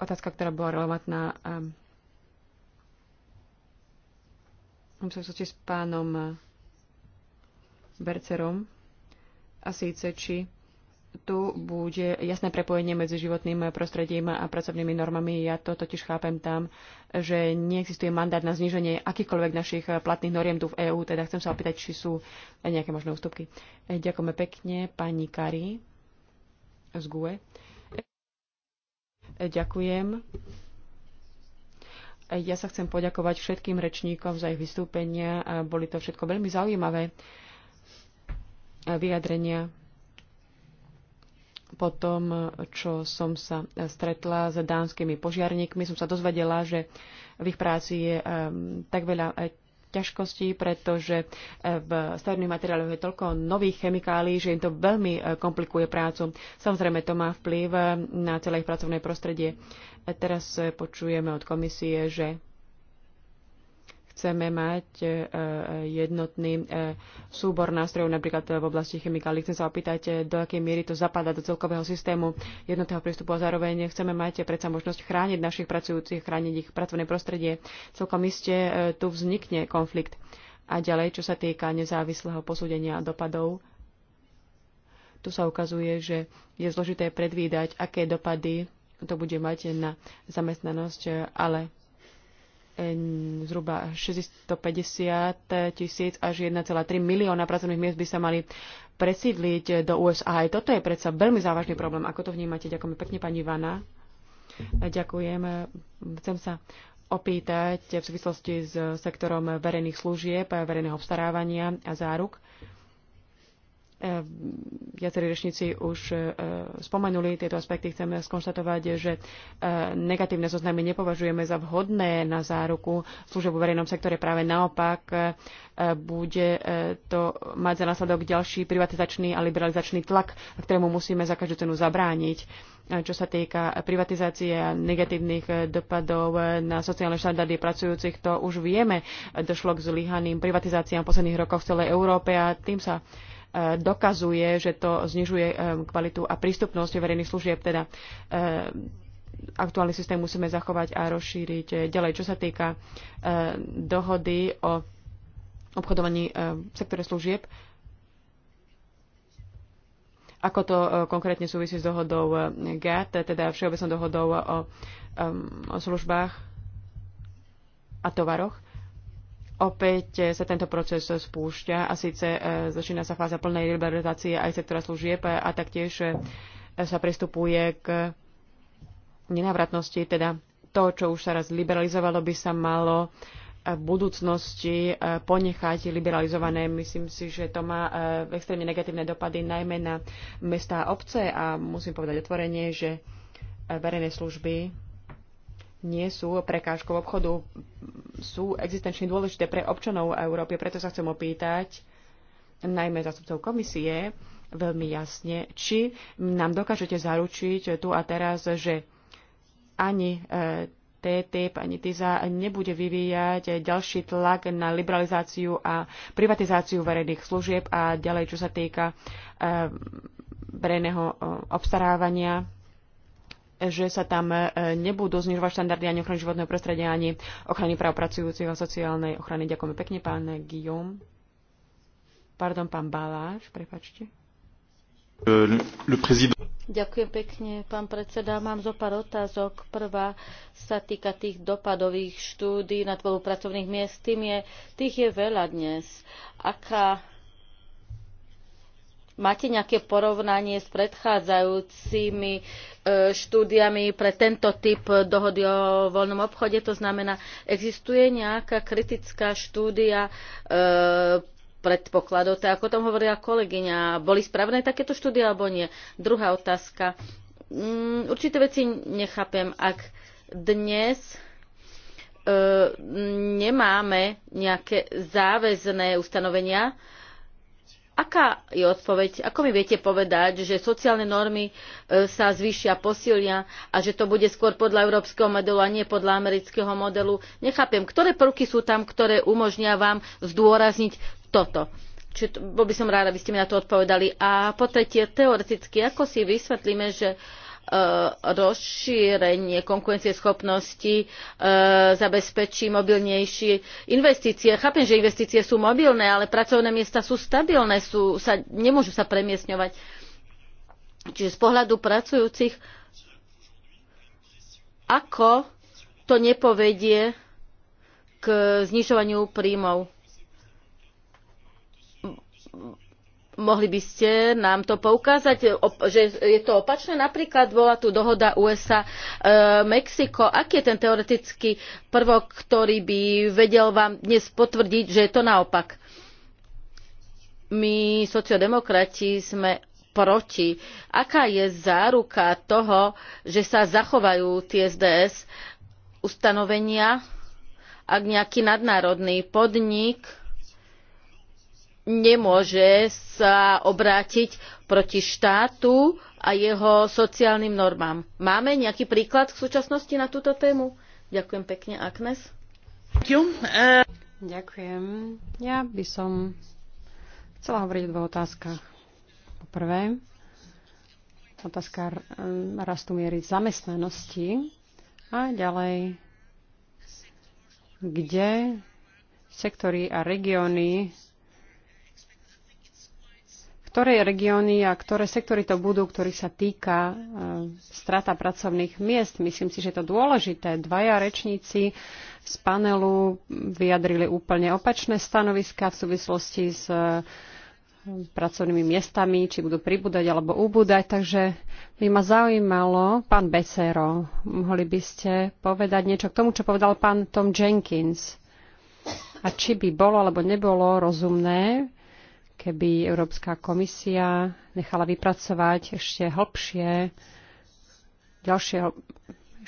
otázka, ktorá bola relevantná um, som sa s pánom Bercerom a síce, či tu bude jasné prepojenie medzi životným prostredím a pracovnými normami. Ja to totiž chápem tam, že neexistuje mandát na zníženie akýchkoľvek našich platných noriem tu v EÚ, teda chcem sa opýtať, či sú nejaké možné ústupky. Ďakujeme pekne pani Kari z GUE. Ďakujem. Ja sa chcem poďakovať všetkým rečníkom za ich vystúpenia. Boli to všetko veľmi zaujímavé vyjadrenia po tom, čo som sa stretla s dánskymi požiarníkmi, som sa dozvedela, že v ich práci je eh, tak veľa eh, ťažkostí, pretože eh, v stavebných materiáloch je toľko nových chemikálií, že im to veľmi komplikuje prácu. Samozrejme, to má vplyv na celé ich pracovné prostredie. Teraz počujeme od komisie, že chceme mať e, e, jednotný e, súbor nástrojov napríklad v oblasti chemikálií. Chcem sa opýtať, do akej miery to zapadá do celkového systému jednotného prístupu a zároveň chceme mať predsa možnosť chrániť našich pracujúcich, chrániť ich pracovné prostredie. Celkom iste tu vznikne konflikt. A ďalej, čo sa týka nezávislého posúdenia dopadov, tu sa ukazuje, že je zložité predvídať, aké dopady to bude mať na zamestnanosť, ale zhruba 650 tisíc až 1,3 milióna pracovných miest by sa mali presídliť do USA. Aj toto je predsa veľmi závažný problém. Ako to vnímate? Ďakujem pekne, pani Ivana. Ďakujem. Chcem sa opýtať v súvislosti s sektorom verejných služieb, verejného obstarávania a záruk. Ehm, viacerí rečníci už e, spomenuli tieto aspekty. Chceme skonštatovať, že e, negatívne zoznamy nepovažujeme za vhodné na záruku služeb v verejnom sektore. Práve naopak e, bude to mať za následok ďalší privatizačný a liberalizačný tlak, ktorému musíme za každú cenu zabrániť čo sa týka privatizácie a negatívnych dopadov na sociálne štandardy pracujúcich, to už vieme. Došlo k zlyhaným privatizáciám v posledných rokoch v celej Európe a tým sa dokazuje, že to znižuje eh, kvalitu a prístupnosť verejných služieb. Teda eh, aktuálny systém musíme zachovať a rozšíriť ďalej. Čo sa týka eh, dohody o obchodovaní v sektore služieb, ako to konkrétne súvisí s dohodou GATT, teda všeobecnou dohodou o, o službách a tovaroch. Opäť eh, sa tento proces spúšťa a síce eh, začína sa fáza plnej liberalizácie aj sektora služieb a taktiež eh, sa pristupuje k nenávratnosti, teda to, čo už sa raz liberalizovalo, by sa malo v budúcnosti ponechať liberalizované. Myslím si, že to má extrémne negatívne dopady najmä na mesta a obce a musím povedať otvorenie, že verejné služby nie sú prekážkou obchodu, sú existenčne dôležité pre občanov Európy. Preto sa chcem opýtať, najmä zastupcov komisie, veľmi jasne, či nám dokážete zaručiť tu a teraz, že ani e, TTIP, ani TISA nebude vyvíjať ďalší tlak na liberalizáciu a privatizáciu verejných služieb a ďalej, čo sa týka e, verejného e, obstarávania že sa tam e, nebudú znižovať štandardy ani ochrany životného prostredia, ani ochrany práv pracujúcich a sociálnej ochrany. Ďakujem pekne, pán Guillaume. Pardon, pán Baláš, prepačte. Ďakujem pekne, pán predseda. Mám zo pár otázok. Prvá sa týka tých dopadových štúdí na tvorbu pracovných miest. Tým je, tých je veľa dnes. Aká Máte nejaké porovnanie s predchádzajúcimi e, štúdiami pre tento typ dohody o voľnom obchode? To znamená, existuje nejaká kritická štúdia e, predpokladov, tak ako tam hovorila kolegyňa. Boli správne takéto štúdie alebo nie? Druhá otázka. Mm, určité veci nechápem, ak dnes e, nemáme nejaké záväzné ustanovenia, Aká je odpoveď? Ako mi viete povedať, že sociálne normy e, sa zvýšia, posilnia a že to bude skôr podľa európskeho modelu a nie podľa amerického modelu? Nechápem, ktoré prvky sú tam, ktoré umožnia vám zdôrazniť toto? Čiže bol by som ráda, aby ste mi na to odpovedali. A po tretie, teoreticky, ako si vysvetlíme, že uh, E, rozšírenie konkurencieschopnosti e, zabezpečí mobilnejšie investície. Chápem, že investície sú mobilné, ale pracovné miesta sú stabilné, sú, sa, nemôžu sa premiesňovať. Čiže z pohľadu pracujúcich, ako to nepovedie k znižovaniu príjmov Mohli by ste nám to poukázať, že je to opačné? Napríklad bola tu dohoda USA-Mexiko. E, Aký je ten teoretický prvok, ktorý by vedel vám dnes potvrdiť, že je to naopak? My, sociodemokrati, sme proti. Aká je záruka toho, že sa zachovajú tie SDS ustanovenia, ak nejaký nadnárodný podnik nemôže sa obrátiť proti štátu a jeho sociálnym normám. Máme nejaký príklad v súčasnosti na túto tému? Ďakujem pekne, Agnes. Uh, Ďakujem. Ja by som chcela hovoriť o dvoch otázkach. Po prvé, otázka rastu miery zamestnanosti a ďalej, kde sektory a regióny ktoré regióny a ktoré sektory to budú, ktorý sa týka e, strata pracovných miest. Myslím si, že je to dôležité. Dvaja rečníci z panelu vyjadrili úplne opačné stanoviska v súvislosti s e, pracovnými miestami, či budú pribúdať alebo ubúdať. Takže by ma zaujímalo, pán Becero, mohli by ste povedať niečo k tomu, čo povedal pán Tom Jenkins. A či by bolo alebo nebolo rozumné keby Európska komisia nechala vypracovať ešte hlbšie ďalšie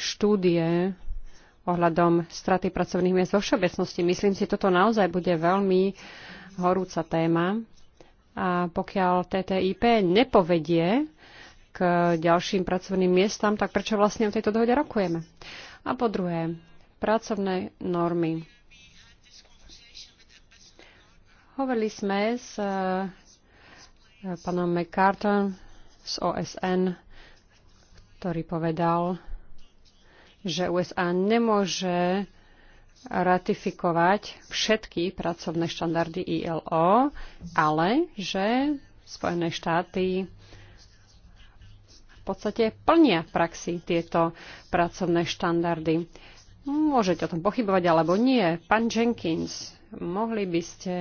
štúdie ohľadom straty pracovných miest vo všeobecnosti. Myslím si, toto naozaj bude veľmi horúca téma. A pokiaľ TTIP nepovedie k ďalším pracovným miestam, tak prečo vlastne o tejto dohode rokujeme? A po druhé, pracovné normy. Hovorili sme s e, pánom McCarton z OSN, ktorý povedal, že USA nemôže ratifikovať všetky pracovné štandardy ILO, ale že Spojené štáty v podstate plnia v praxi tieto pracovné štandardy. Môžete o tom pochybovať alebo nie. Pán Jenkins, mohli by ste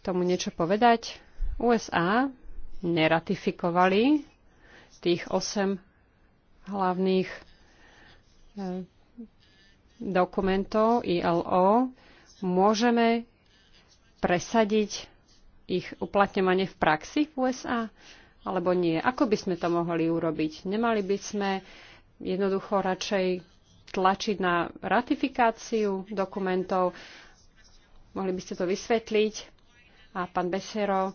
tomu niečo povedať? USA neratifikovali tých 8 hlavných e, dokumentov ILO. Môžeme presadiť ich uplatňovanie v praxi v USA? Alebo nie? Ako by sme to mohli urobiť? Nemali by sme jednoducho radšej tlačiť na ratifikáciu dokumentov. Mohli by ste to vysvetliť? a pán Besero,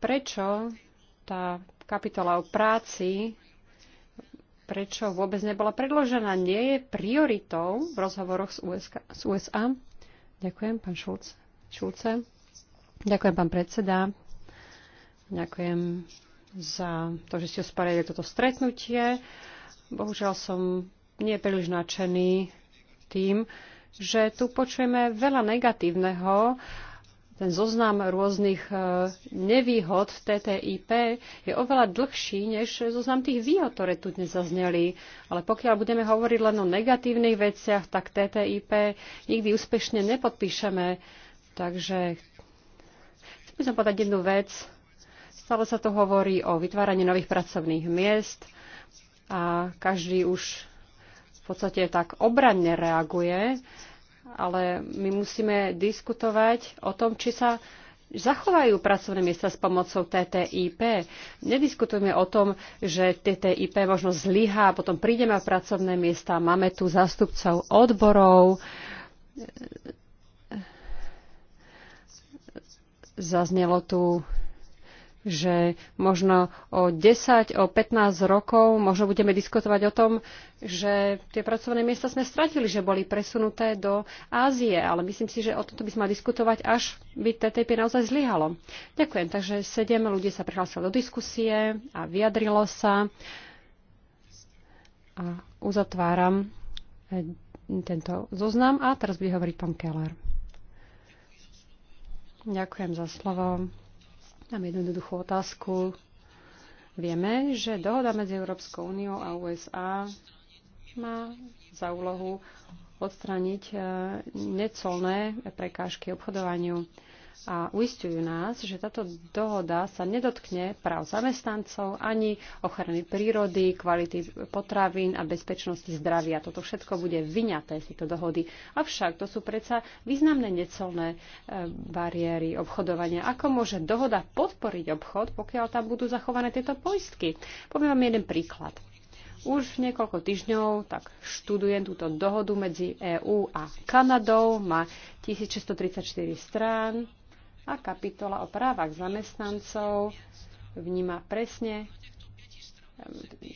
prečo tá kapitola o práci, prečo vôbec nebola predložená, nie je prioritou v rozhovoroch s, USA? s USA. Ďakujem, pán Šulc, Šulce. Ďakujem, pán predseda. Ďakujem za to, že ste usporiadali toto stretnutie. Bohužiaľ som nie príliš nadšený tým, že tu počujeme veľa negatívneho ten zoznam rôznych e, nevýhod v TTIP je oveľa dlhší než zoznam tých výhod, ktoré tu dnes zazneli. Ale pokiaľ budeme hovoriť len o negatívnych veciach, tak TTIP nikdy úspešne nepodpíšeme. Takže chcem som povedať jednu vec. Stále sa to hovorí o vytváraní nových pracovných miest a každý už v podstate tak obranne reaguje ale my musíme diskutovať o tom, či sa zachovajú pracovné miesta s pomocou TTIP. Nediskutujme o tom, že TTIP možno zlyhá, potom prídeme na pracovné miesta, máme tu zástupcov odborov, zaznelo tu že možno o 10, o 15 rokov možno budeme diskutovať o tom, že tie pracovné miesta sme stratili, že boli presunuté do Ázie, ale myslím si, že o tomto by sme mali diskutovať, až by TTIP naozaj zlyhalo. Ďakujem, takže sedem ľudí sa prihlásilo do diskusie a vyjadrilo sa a uzatváram e, tento zoznam a teraz bude hovoriť pán Keller. Ďakujem za slovo. Dám jednoduchú otázku. Vieme, že dohoda medzi Európskou úniou a USA má za úlohu odstrániť eh, necolné prekážky obchodovaniu a uistujú nás, že táto dohoda sa nedotkne práv zamestnancov ani ochrany prírody, kvality potravín a bezpečnosti zdravia. Toto všetko bude vyňaté z tejto dohody. Avšak to sú predsa významné necelné e, bariéry obchodovania. Ako môže dohoda podporiť obchod, pokiaľ tam budú zachované tieto poistky? Poviem vám jeden príklad. Už niekoľko týždňov tak študujem túto dohodu medzi EÚ a Kanadou. Má 1634 strán, a kapitola o právach zamestnancov vníma presne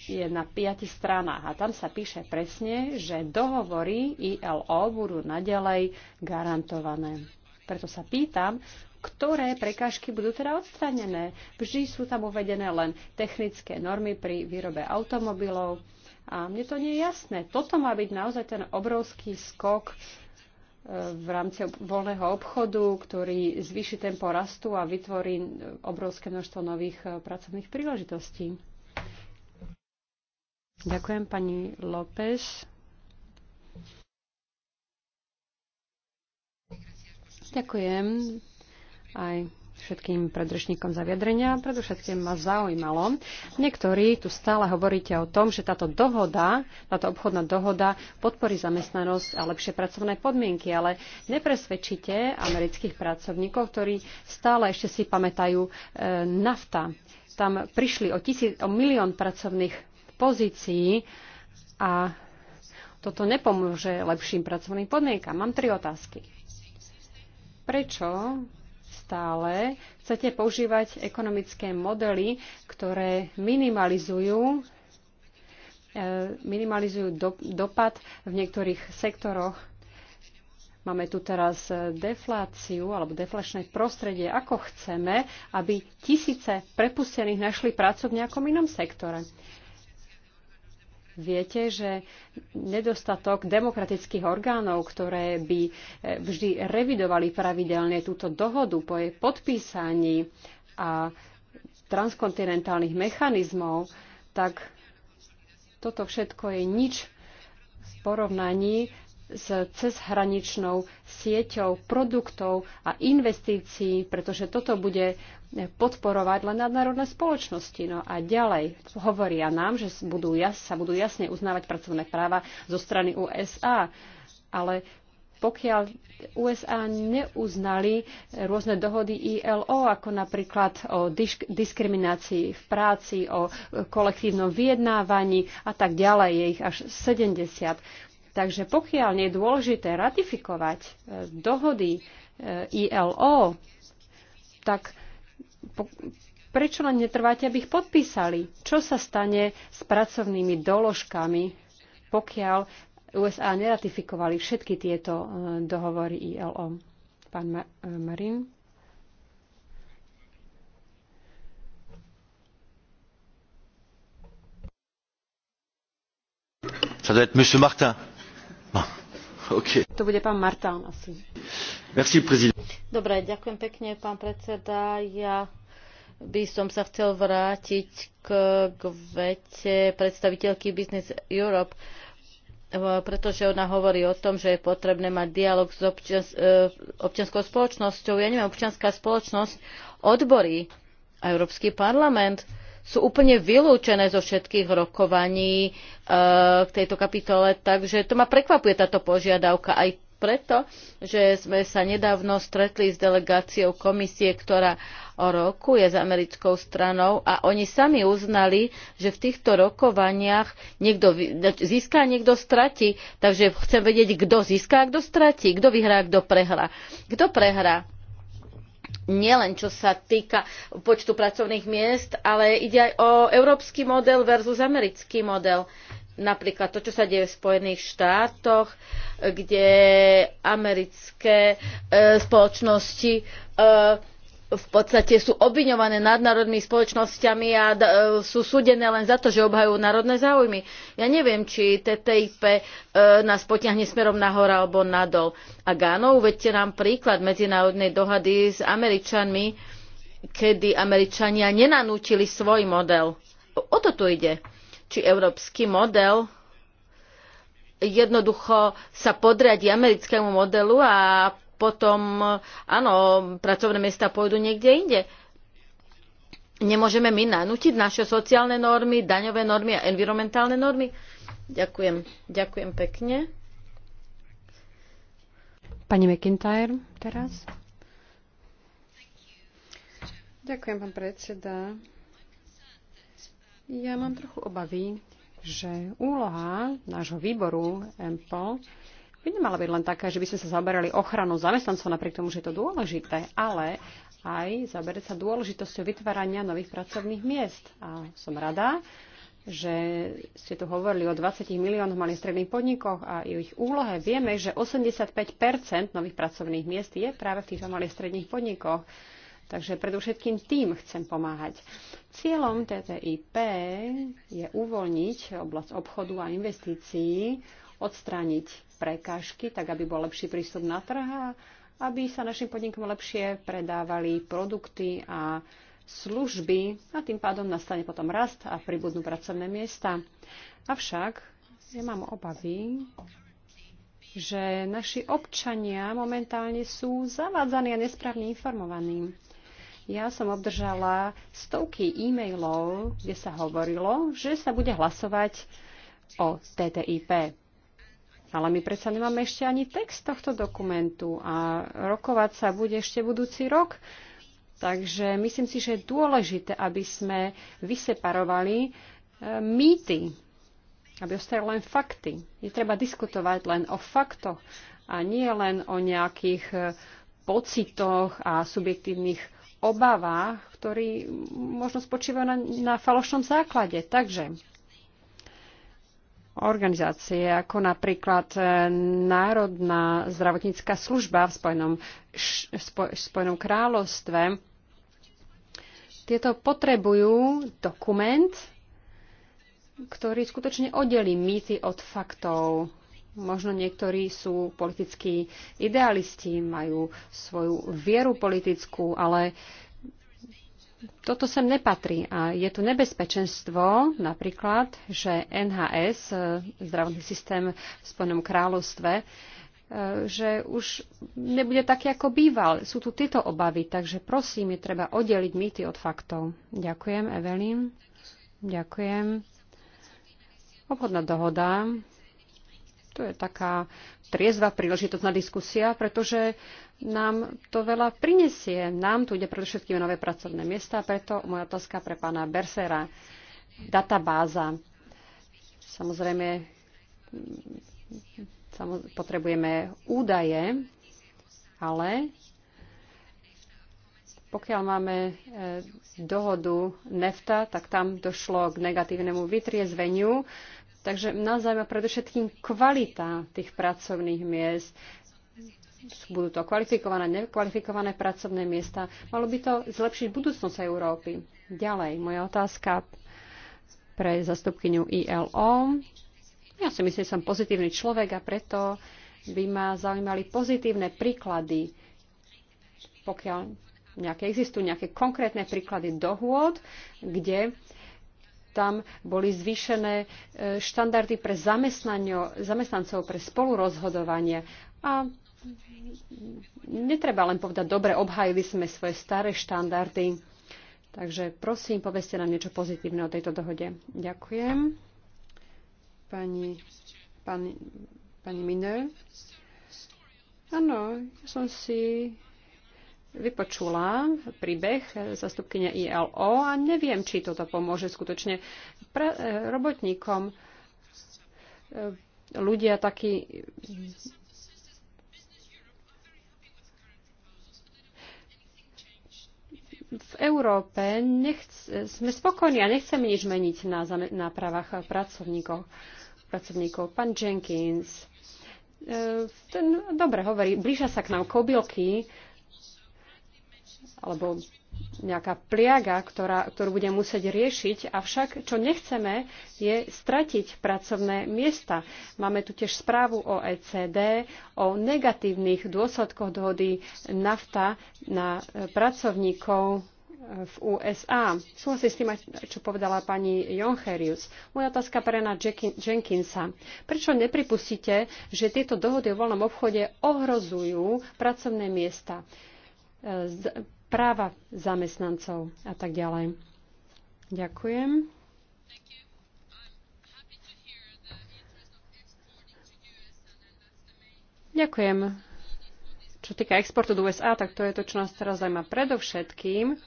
je na piatich stranách a tam sa píše presne, že dohovory ILO budú naďalej garantované. Preto sa pýtam, ktoré prekážky budú teda odstranené. Vždy sú tam uvedené len technické normy pri výrobe automobilov a mne to nie je jasné. Toto má byť naozaj ten obrovský skok v rámci voľného obchodu, ktorý zvýši tempo rastu a vytvorí obrovské množstvo nových eh, pracovných príležitostí. Ďakujem pani López. Ďakujem aj všetkým predrečníkom za vyjadrenia. Predovšetkým ma zaujímalo. Niektorí tu stále hovoríte o tom, že táto dohoda, táto obchodná dohoda podporí zamestnanosť a lepšie pracovné podmienky, ale nepresvedčíte amerických pracovníkov, ktorí stále ešte si pamätajú e, nafta. Tam prišli o, tisíc, o milión pracovných pozícií a toto nepomôže lepším pracovným podmienkam. Mám tri otázky. Prečo stále chcete používať ekonomické modely, ktoré minimalizujú e, minimalizujú dopad v niektorých sektoroch. Máme tu teraz e, defláciu alebo deflačné prostredie. Ako chceme, aby tisíce prepustených našli prácu v nejakom inom sektore? Viete, že nedostatok demokratických orgánov, ktoré by e, vždy revidovali pravidelne túto dohodu po jej podpísaní a transkontinentálnych mechanizmov, tak toto všetko je nič v porovnaní s cezhraničnou sieťou produktov a investícií, pretože toto bude podporovať len nadnárodné spoločnosti. No a ďalej hovoria nám, že budú jas, sa budú jasne uznávať pracovné práva zo strany USA. Ale pokiaľ USA neuznali rôzne dohody ILO, ako napríklad o diskriminácii v práci, o kolektívnom vyjednávaní a tak ďalej, je ich až 70. Takže pokiaľ nie je dôležité ratifikovať e, dohody e, ILO, tak prečo len netrváte, aby ich podpísali? Čo sa stane s pracovnými doložkami, pokiaľ USA neratifikovali všetky tieto e, dohovory ILO? Pán Ma- e, Marin. Ça doit être Monsieur Martin. Okay. To bude pán Martin asi. Merci, président. Dobre, ďakujem pekne, pán predseda. Ja by som sa chcel vrátiť k, k vete predstaviteľky Business Europe, pretože ona hovorí o tom, že je potrebné mať dialog s občans, e, občianskou spoločnosťou. Ja neviem, občianská spoločnosť, odbory a Európsky parlament sú úplne vylúčené zo všetkých rokovaní e, k tejto kapitole, takže to ma prekvapuje táto požiadavka. Aj preto, že sme sa nedávno stretli s delegáciou komisie, ktorá o roku je s americkou stranou a oni sami uznali, že v týchto rokovaniach niekto získa a niekto stratí. Takže chcem vedieť, kto získa a kto stratí, kto vyhrá a kto prehrá. Kto prehrá? nielen čo sa týka počtu pracovných miest, ale ide aj o európsky model versus americký model napríklad to, čo sa deje v Spojených štátoch, kde americké e, spoločnosti e, v podstate sú obviňované nadnárodnými spoločnosťami a e, sú súdené len za to, že obhajú národné záujmy. Ja neviem, či TTIP e, nás potiahne smerom nahor alebo nadol. A Gáno, uvedte nám príklad medzinárodnej dohady s Američanmi, kedy Američania nenanútili svoj model. O to tu ide či európsky model jednoducho sa podriadi americkému modelu a potom, áno, pracovné miesta pôjdu niekde inde. Nemôžeme my nanútiť naše sociálne normy, daňové normy a environmentálne normy. Ďakujem. Ďakujem pekne. Pani McIntyre teraz. Ďakujem, pán predseda. Ja mám trochu obavy, že úloha nášho výboru EMPO by nemala byť len taká, že by sme sa zaberali ochranu zamestnancov, napriek tomu, že je to dôležité, ale aj zaberať sa dôležitosťou vytvárania nových pracovných miest. A som rada, že ste tu hovorili o 20 miliónoch malých stredných podnikoch a ich úlohe. Vieme, že 85 nových pracovných miest je práve v týchto malých stredných podnikoch. Takže predovšetkým tým chcem pomáhať. Cieľom TTIP je uvoľniť oblasť obchodu a investícií, odstrániť prekážky, tak aby bol lepší prístup na trh a aby sa našim podnikom lepšie predávali produkty a služby a tým pádom nastane potom rast a pribudnú pracovné miesta. Avšak ja mám obavy, že naši občania momentálne sú zavádzaní a nesprávne informovaní. Ja som obdržala stovky e-mailov, kde sa hovorilo, že sa bude hlasovať o TTIP. Ale my predsa nemáme ešte ani text tohto dokumentu a rokovať sa bude ešte budúci rok. Takže myslím si, že je dôležité, aby sme vyseparovali e, mýty, aby ostali len fakty. Je treba diskutovať len o faktoch a nie len o nejakých e, pocitoch a subjektívnych obavách, ktorí možno spočívajú na, na falošnom základe. Takže organizácie ako napríklad e, Národná zdravotnícká služba v Spojenom, v Spojenom kráľovstve. Tieto potrebujú dokument, ktorý skutočne oddelí mýty od faktov. Možno niektorí sú politickí idealisti, majú svoju vieru politickú, ale toto sem nepatrí a je tu nebezpečenstvo napríklad, že NHS, e, zdravotný systém v Spojenom kráľovstve, e, že už nebude taký, ako býval. Sú tu tieto obavy, takže prosím, je treba oddeliť mýty od faktov. Ďakujem, Evelyn. Ďakujem. Obchodná dohoda to je taká triezva príležitosť na diskusia, pretože nám to veľa prinesie. Nám tu ide predovšetkým nové pracovné miesta, preto moja otázka pre pána Bersera. Databáza. Samozrejme, samozrejme potrebujeme údaje, ale pokiaľ máme eh, dohodu NEFTA, tak tam došlo k negatívnemu vytriezveniu Takže nás zaujíma predovšetkým kvalita tých pracovných miest. Budú to kvalifikované, nekvalifikované pracovné miesta. Malo by to zlepšiť budúcnosť Európy. Ďalej, moja otázka pre zastupkyňu ILO. Ja si myslím, že som pozitívny človek a preto by ma zaujímali pozitívne príklady, pokiaľ nejaké existujú nejaké konkrétne príklady dohôd, kde tam boli zvýšené e, štandardy pre zamestnancov, pre spolurozhodovanie. A netreba len povedať, dobre, obhajili sme svoje staré štandardy. Takže prosím, poveste nám niečo pozitívne o tejto dohode. Ďakujem. Pani, pani, pani Minel. Áno, ja som si vypočula príbeh zastupkynia ILO a neviem, či toto pomôže skutočne pre, eh, robotníkom. Eh, ľudia takí v Európe nechc, eh, sme spokojní a nechceme nič meniť na, na právach pracovníkov. pracovníkov. Pán Jenkins, ten, dobre hovorí, blíža sa k nám kobylky, alebo nejaká pliaga, ktorá, ktorú budem musieť riešiť. Avšak, čo nechceme, je stratiť pracovné miesta. Máme tu tiež správu o ECD, o negatívnych dôsledkoch dohody nafta na e, pracovníkov e, v USA. Súhlasím s tým, čo povedala pani Jonherius. Moja otázka pre na Jenkinsa. Prečo nepripustíte, že tieto dohody o voľnom obchode ohrozujú pracovné miesta? E, práva zamestnancov a tak ďalej. Ďakujem. Ďakujem. Čo týka exportu do USA, tak to je to, čo nás teraz zaujíma predovšetkým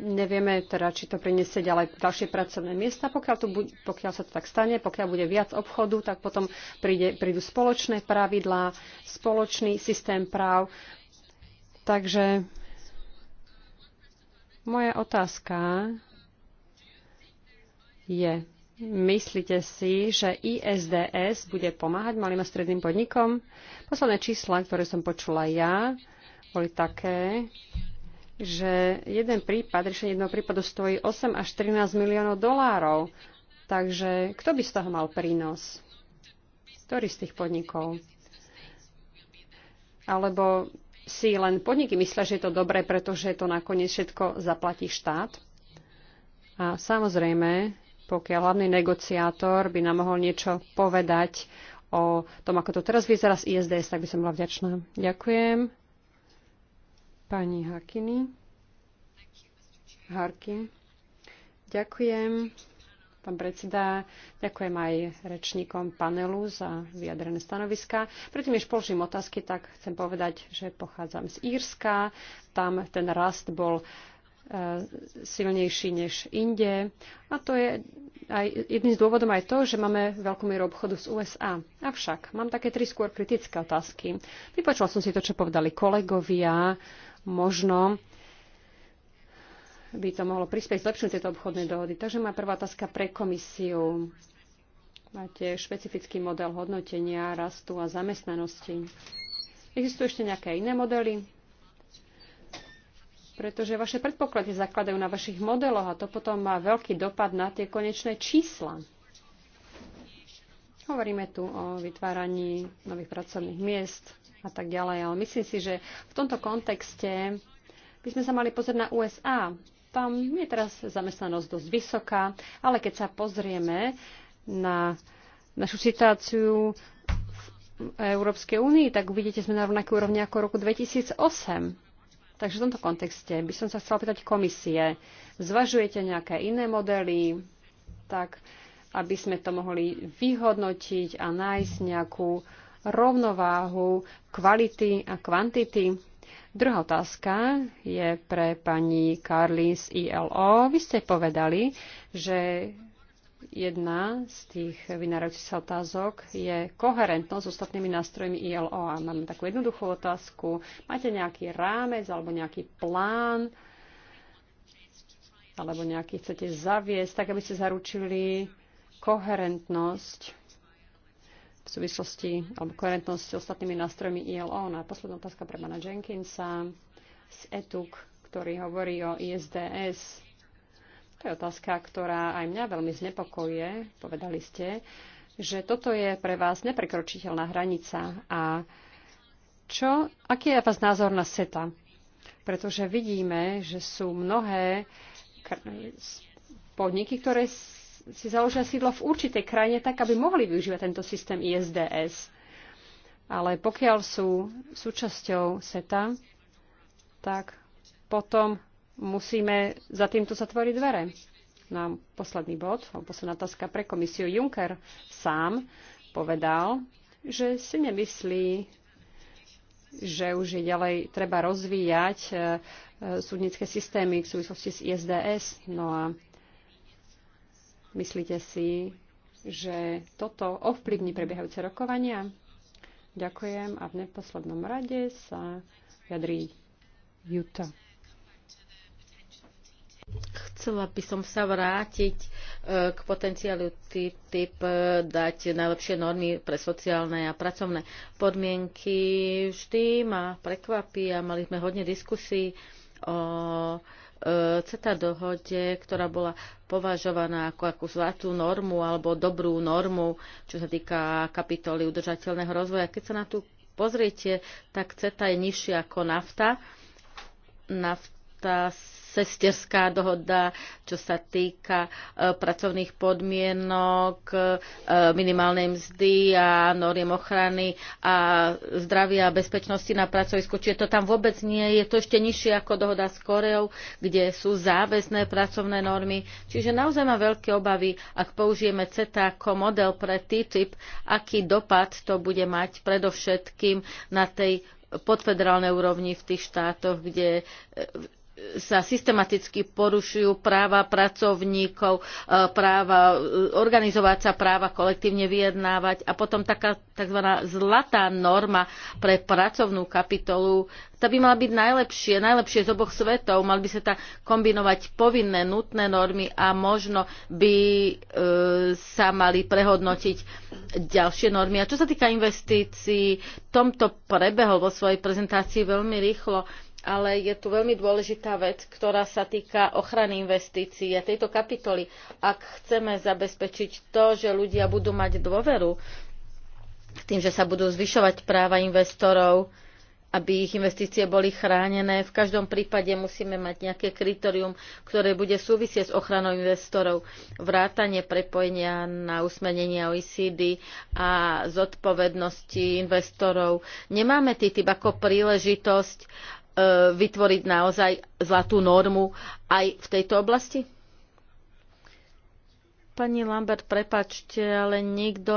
nevieme teda, či to priniesie ďalej ďalšie pracovné miesta. Pokiaľ, tu, pokiaľ sa to tak stane, pokiaľ bude viac obchodu, tak potom príde, prídu spoločné pravidlá, spoločný systém práv. Takže moja otázka je, myslíte si, že ISDS bude pomáhať malým a stredným podnikom? Posledné čísla, ktoré som počula ja, boli také, že jeden prípad, riešenie jedného prípadu stojí 8 až 13 miliónov dolárov. Takže kto by z toho mal prínos? Ktorý z tých podnikov? Alebo si len podniky myslia, že je to dobré, pretože to nakoniec všetko zaplatí štát. A samozrejme, pokiaľ hlavný negociátor by nám mohol niečo povedať o tom, ako to teraz vyzerá z ISDS, tak by som bola vďačná. Ďakujem. Pani Hakiny. Harkin. Ďakujem, pán predseda. Ďakujem aj rečníkom panelu za vyjadrené stanoviska. Predtým, než položím otázky, tak chcem povedať, že pochádzam z Írska. Tam ten rast bol e, silnejší než inde. A to je aj jedným z dôvodom aj to, že máme veľkú mieru obchodu z USA. Avšak mám také tri skôr kritické otázky. Vypočula som si to, čo povedali kolegovia možno by to mohlo prispieť k zlepšeniu tejto obchodnej dohody. Takže má prvá otázka pre komisiu. Máte špecifický model hodnotenia rastu a zamestnanosti. Existujú ešte nejaké iné modely? Pretože vaše predpoklady zakladajú na vašich modeloch a to potom má veľký dopad na tie konečné čísla. Hovoríme tu o vytváraní nových pracovných miest, a tak ďalej. Ale myslím si, že v tomto kontexte by sme sa mali pozrieť na USA. Tam je teraz zamestnanosť dosť vysoká, ale keď sa pozrieme na našu situáciu v Európskej únii, tak uvidíte, sme na rovnaké úrovni ako roku 2008. Takže v tomto kontexte by som sa chcela pýtať komisie, zvažujete nejaké iné modely, tak aby sme to mohli vyhodnotiť a nájsť nejakú rovnováhu kvality a kvantity. Druhá otázka je pre pani Karlin z ILO. Vy ste povedali, že jedna z tých vynárajúcich sa otázok je koherentnosť s ostatnými nástrojmi ILO. A mám takú jednoduchú otázku. Máte nejaký rámec alebo nejaký plán, alebo nejaký chcete zaviesť, tak aby ste zaručili koherentnosť v súvislosti alebo koherentnosť s ostatnými nástrojmi ILO. No a posledná otázka pre pana Jenkinsa z ETUK, ktorý hovorí o ISDS. To je otázka, ktorá aj mňa veľmi znepokojuje, povedali ste, že toto je pre vás neprekročiteľná hranica. A čo, aký je vás názor na SETA? Pretože vidíme, že sú mnohé podniky, ktoré si založia sídlo v určitej krajine tak, aby mohli využívať tento systém ISDS. Ale pokiaľ sú súčasťou SETA, tak potom musíme za týmto zatvoriť dvere. No a posledný bod, posledná otázka pre komisiu. Juncker sám povedal, že si nemyslí, že už je ďalej treba rozvíjať eh, súdnické systémy v súvislosti s ISDS. No a Myslíte si, že toto ovplyvní prebiehajúce rokovania? Ďakujem a v neposlednom rade sa jadrí Juta. Chcela by som sa vrátiť e, k potenciálu typ e, dať najlepšie normy pre sociálne a pracovné podmienky. Vždy ma prekvapí a mali sme hodne diskusí o E, CETA dohode, ktorá bola považovaná ako akú zlatú normu alebo dobrú normu, čo sa týka kapitoly udržateľného rozvoja. Keď sa na tú pozriete, tak CETA je nižšia ako nafta. Nafta tá sesterská dohoda, čo sa týka e, pracovných podmienok, e, minimálnej mzdy a noriem ochrany a zdravia a bezpečnosti na pracovisku. Čiže to tam vôbec nie je. To ešte nižšie ako dohoda s Koreou, kde sú záväzné pracovné normy. Čiže naozaj má veľké obavy, ak použijeme CETA ako model pre TTIP, aký dopad to bude mať predovšetkým na tej podfederálnej úrovni v tých štátoch, kde e, sa systematicky porušujú práva pracovníkov, e, práva e, organizovať sa, práva kolektívne vyjednávať a potom taká tzv. zlatá norma pre pracovnú kapitolu, tá by mala byť najlepšie, najlepšie z oboch svetov, mal by sa tam kombinovať povinné, nutné normy a možno by e, sa mali prehodnotiť ďalšie normy. A čo sa týka investícií, tomto prebehol vo svojej prezentácii veľmi rýchlo ale je tu veľmi dôležitá vec, ktorá sa týka ochrany investícií a tejto kapitoly. Ak chceme zabezpečiť to, že ľudia budú mať dôveru tým, že sa budú zvyšovať práva investorov, aby ich investície boli chránené. V každom prípade musíme mať nejaké kritérium, ktoré bude súvisieť s ochranou investorov, vrátanie prepojenia na usmenenia OECD a zodpovednosti investorov. Nemáme TTIP ako príležitosť E, vytvoriť naozaj zlatú normu aj v tejto oblasti? Pani Lambert, prepačte, ale nikto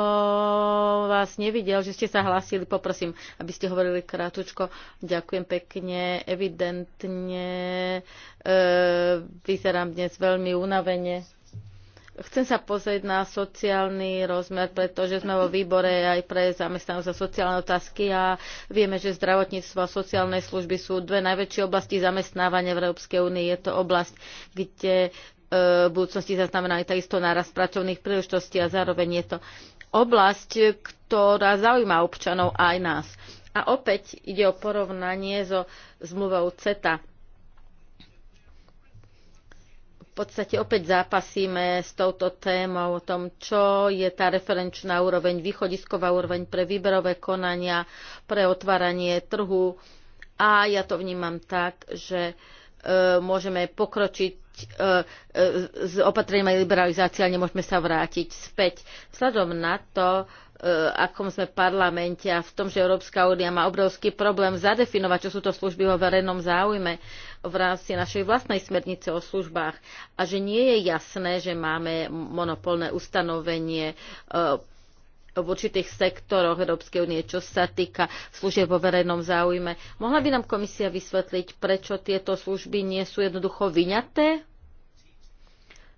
vás nevidel, že ste sa hlásili. Poprosím, aby ste hovorili krátučko. Ďakujem pekne. Evidentne e, vyzerám dnes veľmi unavene. Chcem sa pozrieť na sociálny rozmer, pretože sme vo výbore aj pre zamestnanosť a sociálne otázky a vieme, že zdravotníctvo a sociálne služby sú dve najväčšie oblasti zamestnávania v Európskej únii. Je to oblasť, kde e, v budúcnosti aj takisto nárast pracovných príležitostí a zároveň je to oblasť, ktorá zaujíma občanov aj nás. A opäť ide o porovnanie so zmluvou CETA v podstate opäť zápasíme s touto témou o tom, čo je tá referenčná úroveň, východisková úroveň pre výberové konania, pre otváranie trhu. A ja to vnímam tak, že e, môžeme pokročiť e, e, s opatrením liberalizácie, ale nemôžeme sa vrátiť späť. Vzhľadom na to, e, akom sme parlamente a v tom, že Európska únia má obrovský problém zadefinovať, čo sú to služby vo verejnom záujme, v rámci našej vlastnej smernice o službách a že nie je jasné, že máme monopolné ustanovenie e, v určitých sektoroch Európskej únie, čo sa týka služieb vo verejnom záujme. Mohla by nám komisia vysvetliť, prečo tieto služby nie sú jednoducho vyňaté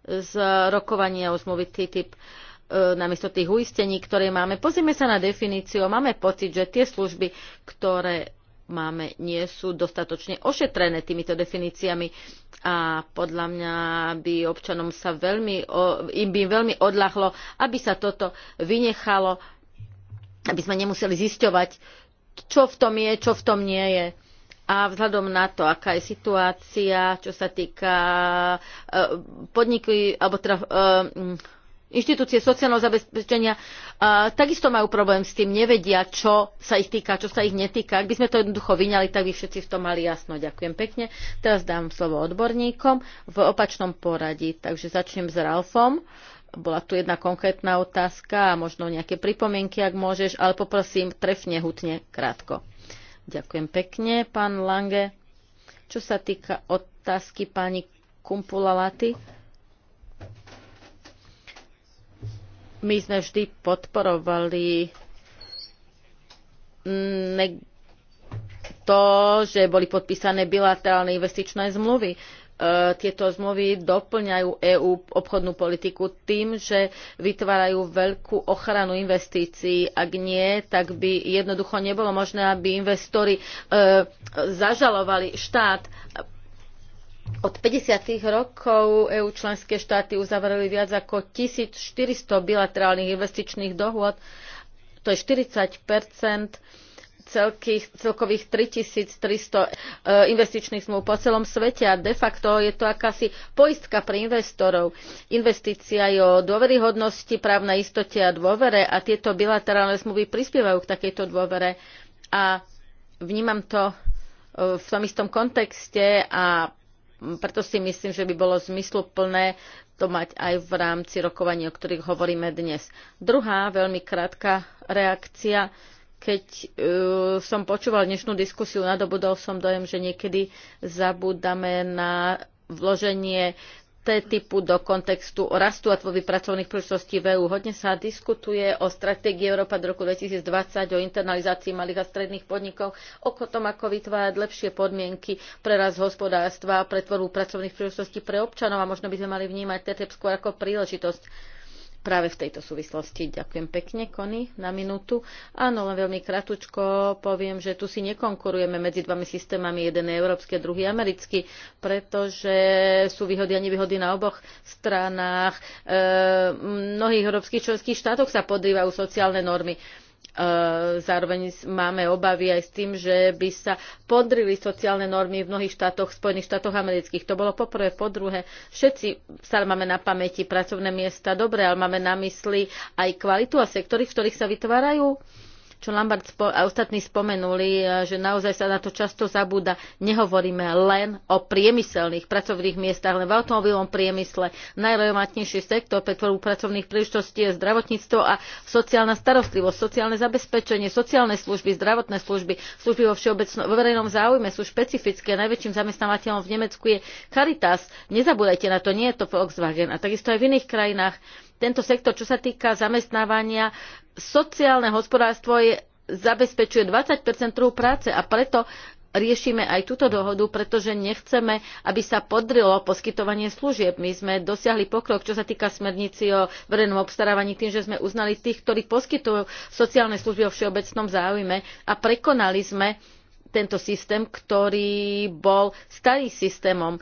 z rokovania o zmluvy TTIP e, namiesto tých uistení, ktoré máme. Pozrieme sa na definíciu. Máme pocit, že tie služby, ktoré máme, nie sú dostatočne ošetrené týmito definíciami a podľa mňa by občanom sa veľmi, im by veľmi odľahlo, aby sa toto vynechalo, aby sme nemuseli zisťovať, čo v tom je, čo v tom nie je. A vzhľadom na to, aká je situácia, čo sa týka eh, podniky, alebo teda eh, inštitúcie sociálneho zabezpečenia takisto majú problém s tým, nevedia, čo sa ich týka, čo sa ich netýka. Ak by sme to jednoducho vyňali, tak by všetci v tom mali jasno. Ďakujem pekne. Teraz dám slovo odborníkom v opačnom poradí. Takže začnem s Ralfom. Bola tu jedna konkrétna otázka a možno nejaké pripomienky, ak môžeš, ale poprosím, trefne, hutne, krátko. Ďakujem pekne, pán Lange. Čo sa týka otázky pani Kumpulalaty, my sme vždy podporovali mm, to, že boli podpísané bilaterálne investičné zmluvy. E, tieto zmluvy doplňajú EÚ obchodnú politiku tým, že vytvárajú veľkú ochranu investícií. Ak nie, tak by jednoducho nebolo možné, aby investori e, zažalovali štát od 50. rokov EU členské štáty uzavreli viac ako 1400 bilaterálnych investičných dohôd, to je 40 celkých, celkových 3300 e, investičných zmluv po celom svete a de facto je to akási poistka pre investorov. Investícia je o dôveryhodnosti, právnej istote a dôvere a tieto bilaterálne zmluvy prispievajú k takejto dôvere a vnímam to e, v tom istom kontexte a preto si myslím, že by bolo zmysluplné to mať aj v rámci rokovaní, o ktorých hovoríme dnes. Druhá veľmi krátka reakcia. Keď uh, som počúval dnešnú diskusiu, nadobudol som dojem, že niekedy zabudáme na vloženie typu do kontextu o rastu a tvorby pracovných príležitostí v EÚ. Hodne sa diskutuje o stratégii Európa do roku 2020, o internalizácii malých a stredných podnikov, o tom, ako vytvárať lepšie podmienky pre rast hospodárstva a pre tvorbu pracovných príležitostí pre občanov a možno by sme mali vnímať TTIP e skôr ako príležitosť práve v tejto súvislosti. Ďakujem pekne, Kony, na minútu. Áno, len veľmi kratučko poviem, že tu si nekonkurujeme medzi dvami systémami, jeden je európsky a druhý americký, pretože sú výhody a nevýhody na oboch stranách. E, mnohých európskych členských štátoch sa podrývajú sociálne normy. E, Zároveň máme obavy aj s tým, že by sa podrili sociálne normy v mnohých štátoch, Spojených štátoch amerických. To bolo poprvé. Po druhé, všetci sa máme na pamäti pracovné miesta dobre, ale máme na mysli aj kvalitu a sektory, v ktorých sa vytvárajú čo Lambert a ostatní spomenuli, e, že naozaj sa na to často zabúda. Nehovoríme len o priemyselných pracovných miestach, len v automobilovom priemysle. Najrelevantnejší sektor pre tvorbu pracovných príležitostí je zdravotníctvo a sociálna starostlivosť, sociálne zabezpečenie, sociálne služby, zdravotné služby, služby vo všeobecnom vo verejnom záujme sú špecifické. Najväčším zamestnávateľom v Nemecku je Caritas. Nezabúdajte na to, nie je to Volkswagen. A takisto aj v iných krajinách tento sektor, čo sa týka zamestnávania, sociálne hospodárstvo je, zabezpečuje 20 trhu práce a preto riešime aj túto dohodu, pretože nechceme, aby sa podrilo poskytovanie služieb. My sme dosiahli pokrok, čo sa týka smernici o verejnom obstarávaní, tým, že sme uznali tých, ktorí poskytujú sociálne služby o všeobecnom záujme a prekonali sme tento systém, ktorý bol starý systémom. E,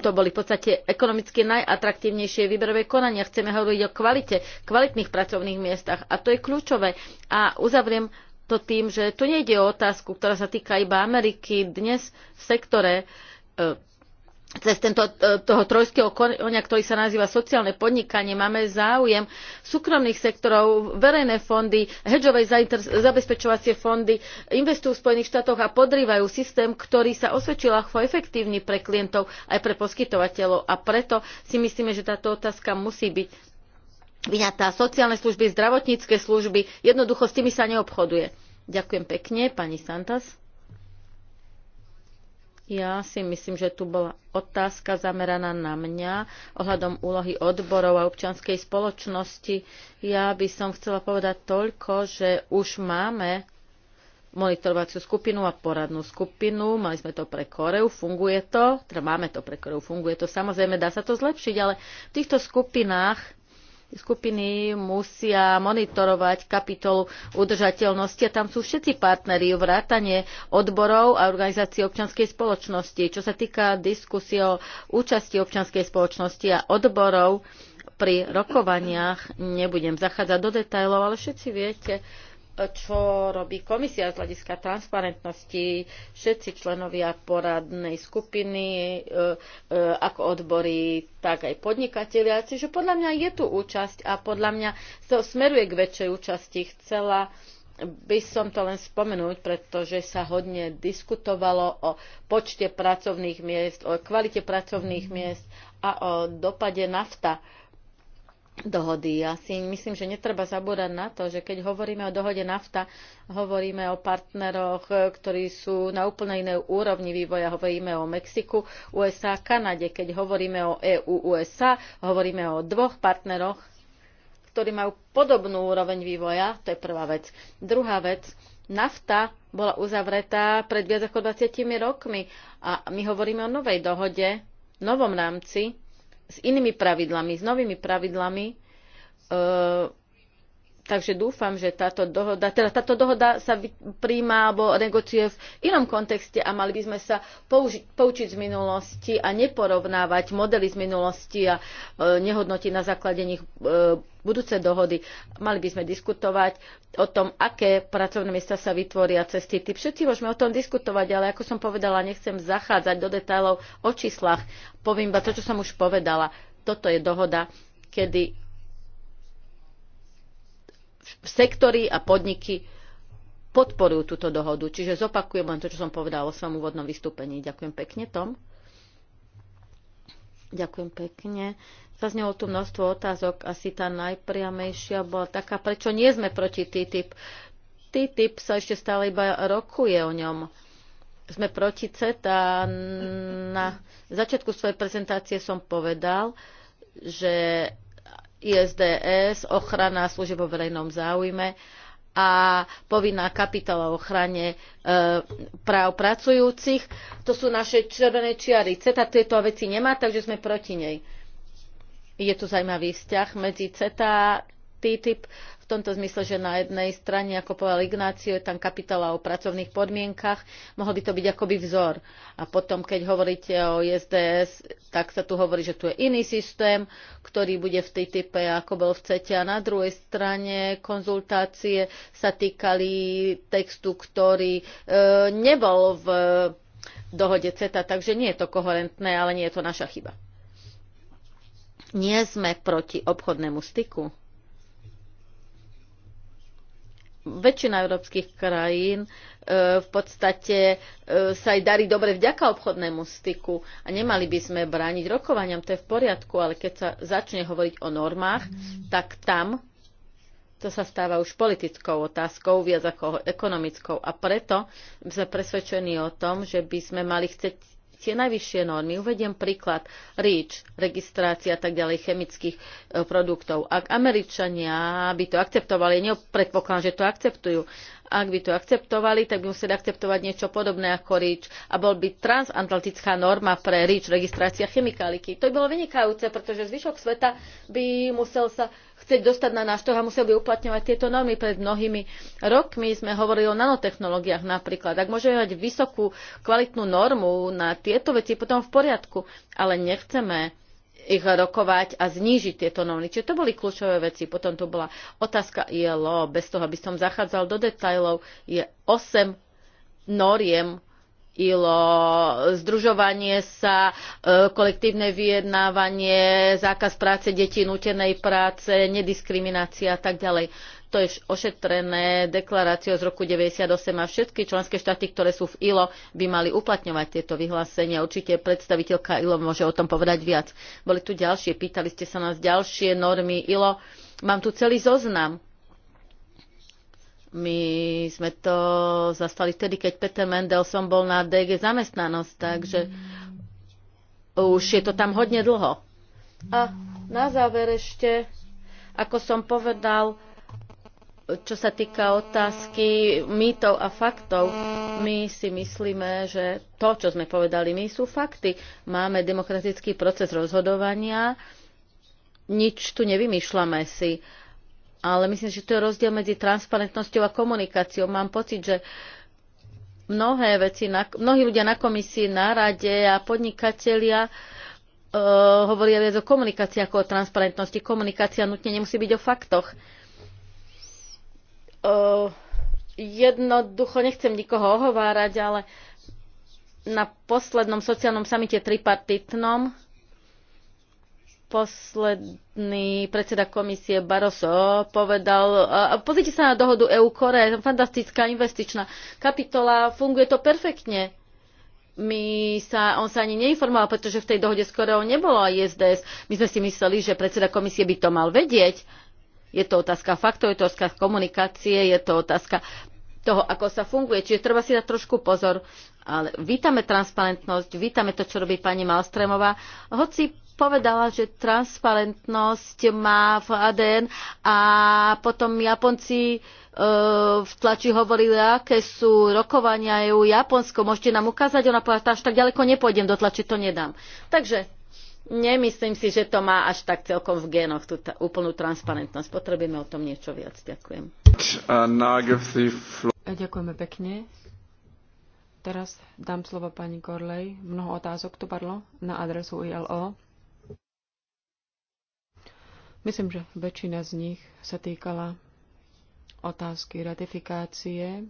to boli v podstate ekonomicky najatraktívnejšie výberové konania. Chceme hovoriť o kvalite, kvalitných pracovných miestach a to je kľúčové. A uzavriem to tým, že tu nejde o otázku, ktorá sa týka iba Ameriky. Dnes v sektore e, cez tento, e, toho trojského konia, ktorý sa nazýva sociálne podnikanie, máme záujem súkromných sektorov, verejné fondy, hedžové zabezpečovacie fondy, investujú v Spojených štátoch a podrývajú systém, ktorý sa osvedčil ako efektívny pre klientov aj pre poskytovateľov. A preto si myslíme, že táto otázka musí byť vyňatá. Sociálne služby, zdravotnícke služby, jednoducho s tými sa neobchoduje. Ďakujem pekne, pani Santas. Ja si myslím, že tu bola otázka zameraná na mňa ohľadom úlohy odborov a občianskej spoločnosti. Ja by som chcela povedať toľko, že už máme monitorovaciu skupinu a poradnú skupinu. Mali sme to pre Koreu, funguje to, teda máme to pre Koreu, funguje to. Samozrejme, dá sa to zlepšiť, ale v týchto skupinách skupiny musia monitorovať kapitolu udržateľnosti a tam sú všetci partneri, vrátane odborov a organizácií občianskej spoločnosti. Čo sa týka diskusie o účasti občianskej spoločnosti a odborov pri rokovaniach, nebudem zachádzať do detajlov, ale všetci viete, čo robí komisia z hľadiska transparentnosti, všetci členovia poradnej skupiny, e, e, ako odbory, tak aj podnikatelia. Čiže podľa mňa je tu účasť a podľa mňa sa smeruje k väčšej účasti. Chcela by som to len spomenúť, pretože sa hodne diskutovalo o počte pracovných miest, o kvalite pracovných miest a o dopade nafta dohody. Ja si myslím, že netreba zabúdať na to, že keď hovoríme o dohode NAFTA, hovoríme o partneroch, e, ktorí sú na úplne inej úrovni vývoja. Hovoríme o Mexiku, USA, Kanade. Keď hovoríme o EU, USA, hovoríme o dvoch partneroch, ktorí majú podobnú úroveň vývoja. To je prvá vec. Druhá vec, NAFTA bola uzavretá pred viac ako 20 rokmi a my hovoríme o novej dohode, novom rámci, s inými pravidlami, s novými pravidlami. E, takže dúfam, že táto dohoda, teda táto dohoda sa príjma alebo negociuje v inom kontexte a mali by sme sa použiť, poučiť z minulosti a neporovnávať modely z minulosti a e, nehodnotiť na základe nich e, budúce dohody. Mali by sme diskutovať o tom, aké pracovné miesta sa vytvoria cez TTIP. Všetci môžeme o tom diskutovať, ale ako som povedala, nechcem zachádzať do detailov o číslach. Poviem iba to, čo som už povedala. Toto je dohoda, kedy sektory a podniky podporujú túto dohodu. Čiže zopakujem len to, čo som povedala o svojom úvodnom vystúpení. Ďakujem pekne, Tom. Ďakujem pekne. Zaznelo tu množstvo otázok, asi tá najpriamejšia bola taká, prečo nie sme proti TTIP. TTIP sa ešte stále iba rokuje o ňom. Sme proti CETA. Na začiatku svojej prezentácie som povedal, že ISDS, ochrana služieb vo verejnom záujme a povinná kapitala o ochrane e, práv pracujúcich, to sú naše červené čiary. CETA tieto veci nemá, takže sme proti nej je tu zaujímavý vzťah medzi CETA a TTIP v tomto zmysle, že na jednej strane, ako povedal Ignácio, je tam kapitola o pracovných podmienkach, mohol by to byť akoby vzor. A potom, keď hovoríte o SDS, tak sa tu hovorí, že tu je iný systém, ktorý bude v TTIP, ako bol v CETA. A na druhej strane konzultácie sa týkali textu, ktorý e, nebol v dohode CETA, takže nie je to koherentné, ale nie je to naša chyba. Nie sme proti obchodnému styku. Väčšina európskych krajín e, v podstate e, sa aj darí dobre vďaka obchodnému styku a nemali by sme brániť rokovaniam, to je v poriadku, ale keď sa začne hovoriť o normách, tak tam to sa stáva už politickou otázkou, viac ako ekonomickou. A preto sme presvedčení o tom, že by sme mali chcieť tie najvyššie normy. Uvediem príklad REACH, registrácia a tak ďalej chemických e, produktov. Ak Američania by to akceptovali, nepredpokladám, že to akceptujú, ak by to akceptovali, tak by museli akceptovať niečo podobné ako REACH a bol by transatlantická norma pre REACH, registrácia chemikáliky. To by bolo vynikajúce, pretože zvyšok sveta by musel sa chcieť dostať na náš trh a musel by uplatňovať tieto normy. Pred mnohými rokmi sme hovorili o nanotechnológiách napríklad. Ak môžeme mať vysokú kvalitnú normu na tieto veci, potom v poriadku, ale nechceme ich rokovať a znížiť tieto normy. Čiže to boli kľúčové veci. Potom tu bola otázka ILO, bez toho, aby som zachádzal do detajlov, je 8 noriem ILO, združovanie sa, e, kolektívne vyjednávanie, zákaz práce detí, nutenej práce, nediskriminácia a tak ďalej. To je ošetrené deklaráciou z roku 98 a všetky členské štáty, ktoré sú v ILO, by mali uplatňovať tieto vyhlásenia. Určite predstaviteľka ILO môže o tom povedať viac. Boli tu ďalšie, pýtali ste sa nás ďalšie normy ILO. Mám tu celý zoznam my sme to zastali vtedy, keď Peter Mendel som bol na DG zamestnanosť, takže už je to tam hodne dlho. A na záver ešte, ako som povedal, čo sa týka otázky mýtov a faktov, my si myslíme, že to, čo sme povedali my, sú fakty. Máme demokratický proces rozhodovania, nič tu nevymýšľame si. Uh, ale myslím, že to je rozdiel medzi transparentnosťou a komunikáciou. Mám pocit, že mnohé veci, na, mnohí ľudia na komisii, na rade a podnikatelia uh, hovoria viac o komunikácii ako o transparentnosti. Komunikácia nutne nemusí byť o faktoch. Uh, jednoducho nechcem nikoho ohovárať, ale na poslednom sociálnom samite tripartitnom posledný predseda komisie Barroso povedal, pozrite sa na dohodu EU-Korea, je tam fantastická investičná kapitola, funguje to perfektne. My sa, on sa ani neinformoval, pretože v tej dohode s Koreou nebolo SDS. My sme si mysleli, že predseda komisie by to mal vedieť. Je to otázka faktov, je to otázka komunikácie, je to otázka toho, ako sa funguje. Čiže treba si dať trošku pozor. Ale vítame transparentnosť, vítame to, čo robí pani Malstremová. Hoci povedala, že transparentnosť má v ADN a potom Japonci e, v tlači hovorili, aké sú rokovania u e Japonsko, môžete nám ukázať, ona povedala, až tak ďaleko nepôjdem do tlači, to nedám. Takže nemyslím si, že to má až tak celkom v génoch, tú úplnú transparentnosť. Potrebujeme o tom niečo viac. Ďakujem. E, ďakujeme pekne. Teraz dám slovo pani Korlej. Mnoho otázok tu padlo na adresu ILO. Myslím, že väčšina z nich sa týkala otázky ratifikácie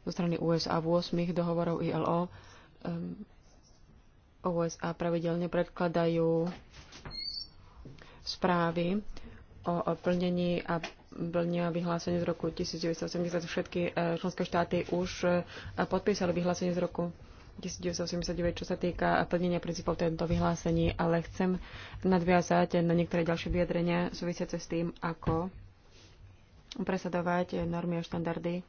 zo strany USA v 8 dohovorov ILO. Ehm, USA pravidelne predkladajú správy o plnení a plnia vyhlásenie z roku 1980. Všetky eh, členské štáty už eh, podpísali vyhlásenie z roku 1989, čo sa týka plnenia princípov tento vyhlásení, ale chcem nadviazať na niektoré ďalšie vyjadrenia súvisiace s tým, ako presadovať normy a štandardy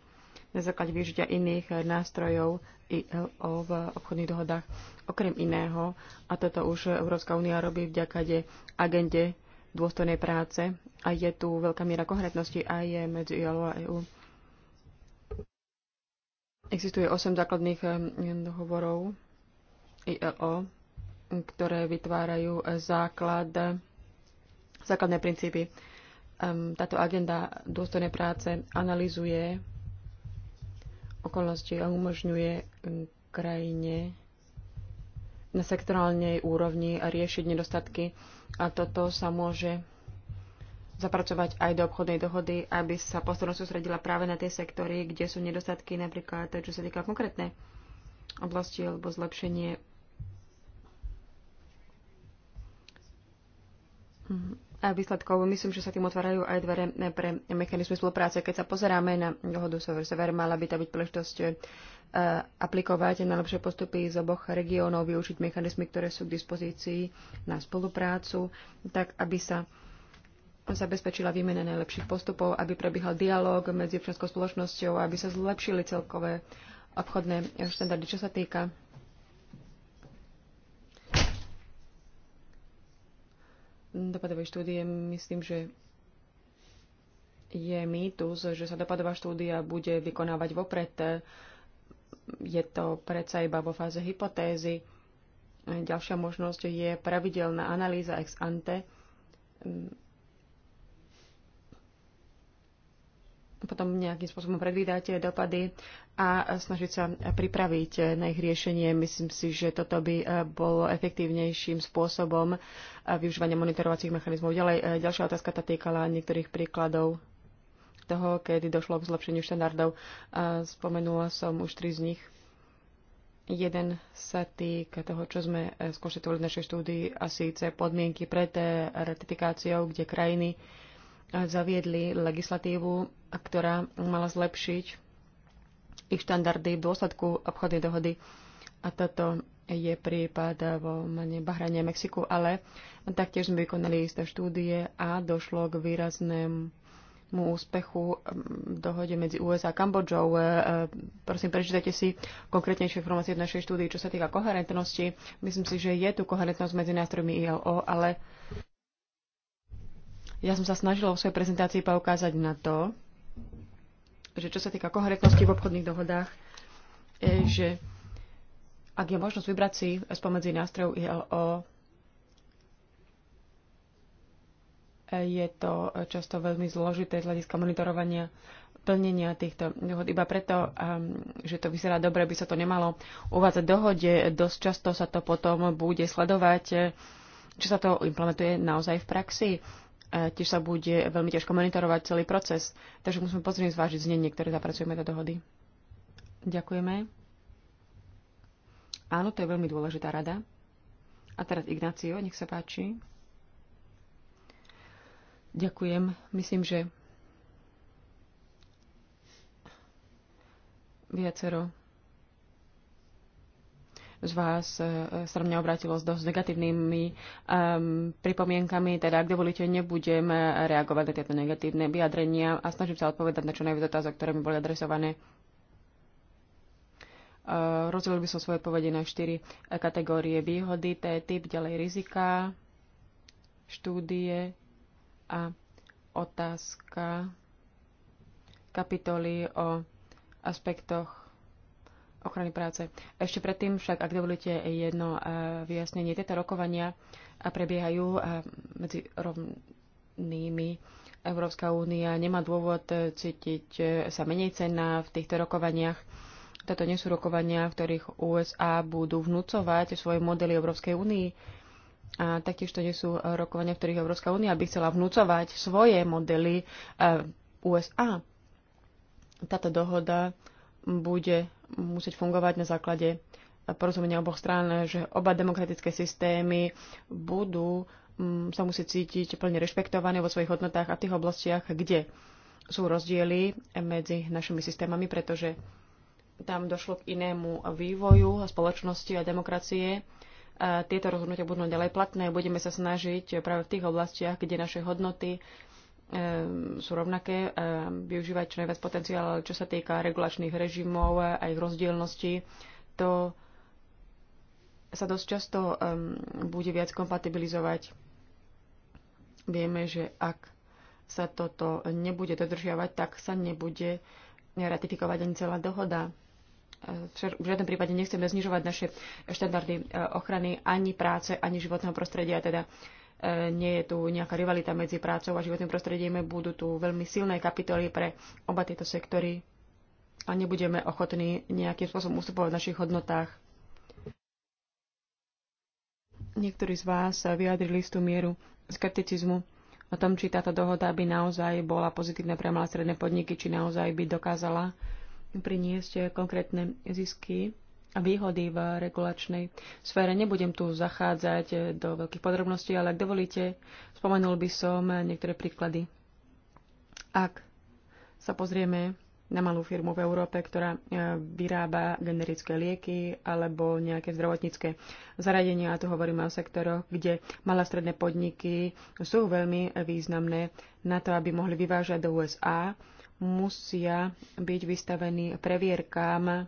na základe využitia iných nástrojov ILO v obchodných dohodách. Okrem iného, a toto už Európska únia robí vďaka agende dôstojnej práce a je tu veľká miera konkrétnosti aj medzi ILO a EU Existuje 8 základných eh, dohovorov ILO, e ktoré vytvárajú eh, základ, základné princípy. Táto agenda dôstojnej práce analizuje okolnosti a umožňuje krajine na sektorálnej úrovni a riešiť nedostatky. A toto sa môže zapracovať aj do obchodnej dohody, aby sa pozornosť sústredila práve na tie sektory, kde sú nedostatky, napríklad čo sa týka konkrétnej oblasti alebo zlepšenie a výsledkov. Myslím, že sa tým otvárajú aj dvere pre mechanizmy spolupráce. Keď sa pozeráme na dohodu Sever-Sever, mala by tá byť príležitosť e, aplikovať najlepšie postupy z oboch regiónov, využiť mechanizmy, ktoré sú k dispozícii na spoluprácu, tak aby sa zabezpečila výmena najlepších postupov, aby prebiehal dialog medzi občianskou spoločnosťou, aby sa zlepšili celkové obchodné štandardy, čo sa týka Dopadové štúdie. Myslím, že je mýtus, že sa dopadová štúdia bude vykonávať vopred. Je to predsa iba vo fáze hypotézy. Ďalšia možnosť je pravidelná analýza ex ante potom nejakým spôsobom predvídať dopady a snažiť sa pripraviť na ich riešenie. Myslím si, že toto by eh, bolo efektívnejším spôsobom eh, využívania monitorovacích mechanizmov. Ďalej, eh, ďalšia otázka tá týkala niektorých príkladov toho, kedy došlo k zlepšeniu štandardov. Spomenula som už tri z nich. Jeden sa týka toho, čo sme skonštatovali v našej štúdii, a síce podmienky pred ratifikáciou, kde krajiny zaviedli legislatívu, ktorá mala zlepšiť ich štandardy v dôsledku obchodnej dohody. A toto je prípad vo Bahrane a Mexiku, ale taktiež sme vykonali isté štúdie a došlo k výraznému úspechu v dohode medzi USA a Kambodžou. E, prosím, prečítajte si konkrétnejšie informácie v našej štúdii, čo sa týka koherentnosti. Myslím si, že je tu koherentnosť medzi nástrojmi ILO, ale ja som sa snažila vo svojej prezentácii poukázať na to, že čo sa týka koherentnosti v obchodných dohodách, je, že ak je možnosť vybrať si spomedzi nástrojov ILO, je to často veľmi zložité z hľadiska monitorovania plnenia týchto dohod. Iba preto, ehm, že to vyzerá dobre, by sa to nemalo uvádzať dohode. Dosť často sa to potom bude sledovať, čo sa to implementuje naozaj v praxi. E, tiež sa bude veľmi ťažko monitorovať celý proces, takže musíme pozrieť zvážiť znenie, ktoré zapracujeme do dohody. Ďakujeme. Áno, to je veľmi dôležitá rada. A teraz Ignácio, nech sa páči. Ďakujem. Myslím, že viacero z vás e, sa mňa obrátilo s dosť negatívnymi um, pripomienkami, teda ak dovolíte, nebudem reagovať na tieto negatívne vyjadrenia a snažím sa odpovedať na čo najviac otázok, ktoré mi boli adresované. Uh, e, rozdelil by som svoje odpovede na štyri kategórie výhody, to je typ, ďalej rizika, štúdie a otázka kapitoly o aspektoch ochrany práce. Ešte predtým však, ak dovolíte jedno eh, vyjasnenie, tieto rokovania eh, prebiehajú eh, medzi rovnými. Európska únia nemá dôvod cítiť sa menej cenná v týchto rokovaniach. Toto nie sú rokovania, v ktorých USA budú vnúcovať svoje modely Európskej únii. A taktiež to nie sú rokovania, v ktorých Európska únia by chcela vnúcovať svoje modely USA. Táto dohoda bude musieť fungovať na základe porozumenia oboch strán, že oba demokratické systémy budú mm, sa musieť cítiť plne rešpektované vo svojich hodnotách a v tých oblastiach, kde sú rozdiely medzi našimi systémami, pretože tam došlo k inému vývoju spoločnosti a demokracie. Tieto rozhodnutia budú ďalej platné. Budeme sa snažiť práve v tých oblastiach, kde naše hodnoty Ehm, sú rovnaké, ehm, využívať čo najviac potenciál, ale čo sa týka regulačných režimov a ich rozdielnosti, to sa dosť často ehm, bude viac kompatibilizovať. Vieme, že ak sa toto nebude dodržiavať, tak sa nebude ratifikovať ani celá dohoda. V žiadnom prípade nechceme znižovať naše štandardy eh, ochrany ani práce, ani životného prostredia. Teda nie je tu nejaká rivalita medzi prácou a životným prostredím, budú tu veľmi silné kapitoly pre oba tieto sektory a nebudeme ochotní nejakým spôsobom ustupovať v našich hodnotách. Niektorí z vás vyjadrili istú mieru skepticizmu o tom, či táto dohoda by naozaj bola pozitívna pre malé stredné podniky, či naozaj by dokázala priniesť konkrétne zisky výhody v regulačnej sfére. Nebudem tu zachádzať do veľkých podrobností, ale ak dovolíte, spomenul by som niektoré príklady. Ak sa pozrieme na malú firmu v Európe, ktorá e, vyrába generické lieky alebo nejaké zdravotnícke zaradenia, a tu hovoríme o sektoroch, kde malé stredné podniky sú veľmi významné na to, aby mohli vyvážať do USA, musia byť vystavení previerkám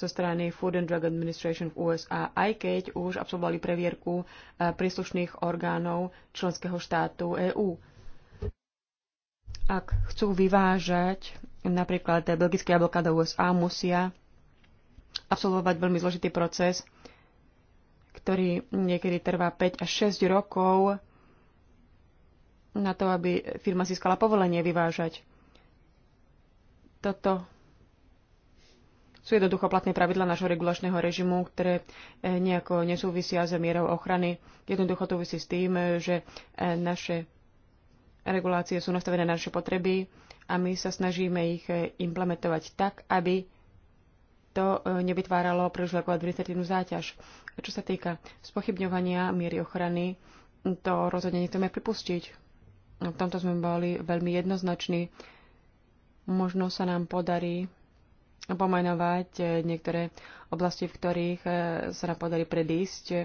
zo strany Food and Drug Administration v USA, aj keď už absolvovali previerku e, príslušných orgánov členského štátu EÚ. Ak chcú vyvážať napríklad belgické jablka do USA, musia absolvovať veľmi zložitý proces, ktorý niekedy trvá 5 až 6 rokov na to, aby firma získala povolenie vyvážať. Toto sú jednoducho platné pravidla nášho regulačného režimu, ktoré eh, nejako nesúvisia s mierou ochrany. Jednoducho to s tým, že eh, naše regulácie sú nastavené na naše potreby a my sa snažíme ich eh, implementovať tak, aby to nevytváralo príliš veľkú administratívnu záťaž. A čo sa týka spochybňovania miery ochrany, to rozhodne nechceme pripustiť. V tomto sme boli veľmi jednoznační. Možno sa nám podarí pomenovať eh, niektoré oblasti, v ktorých eh, sa nám podarí predísť eh,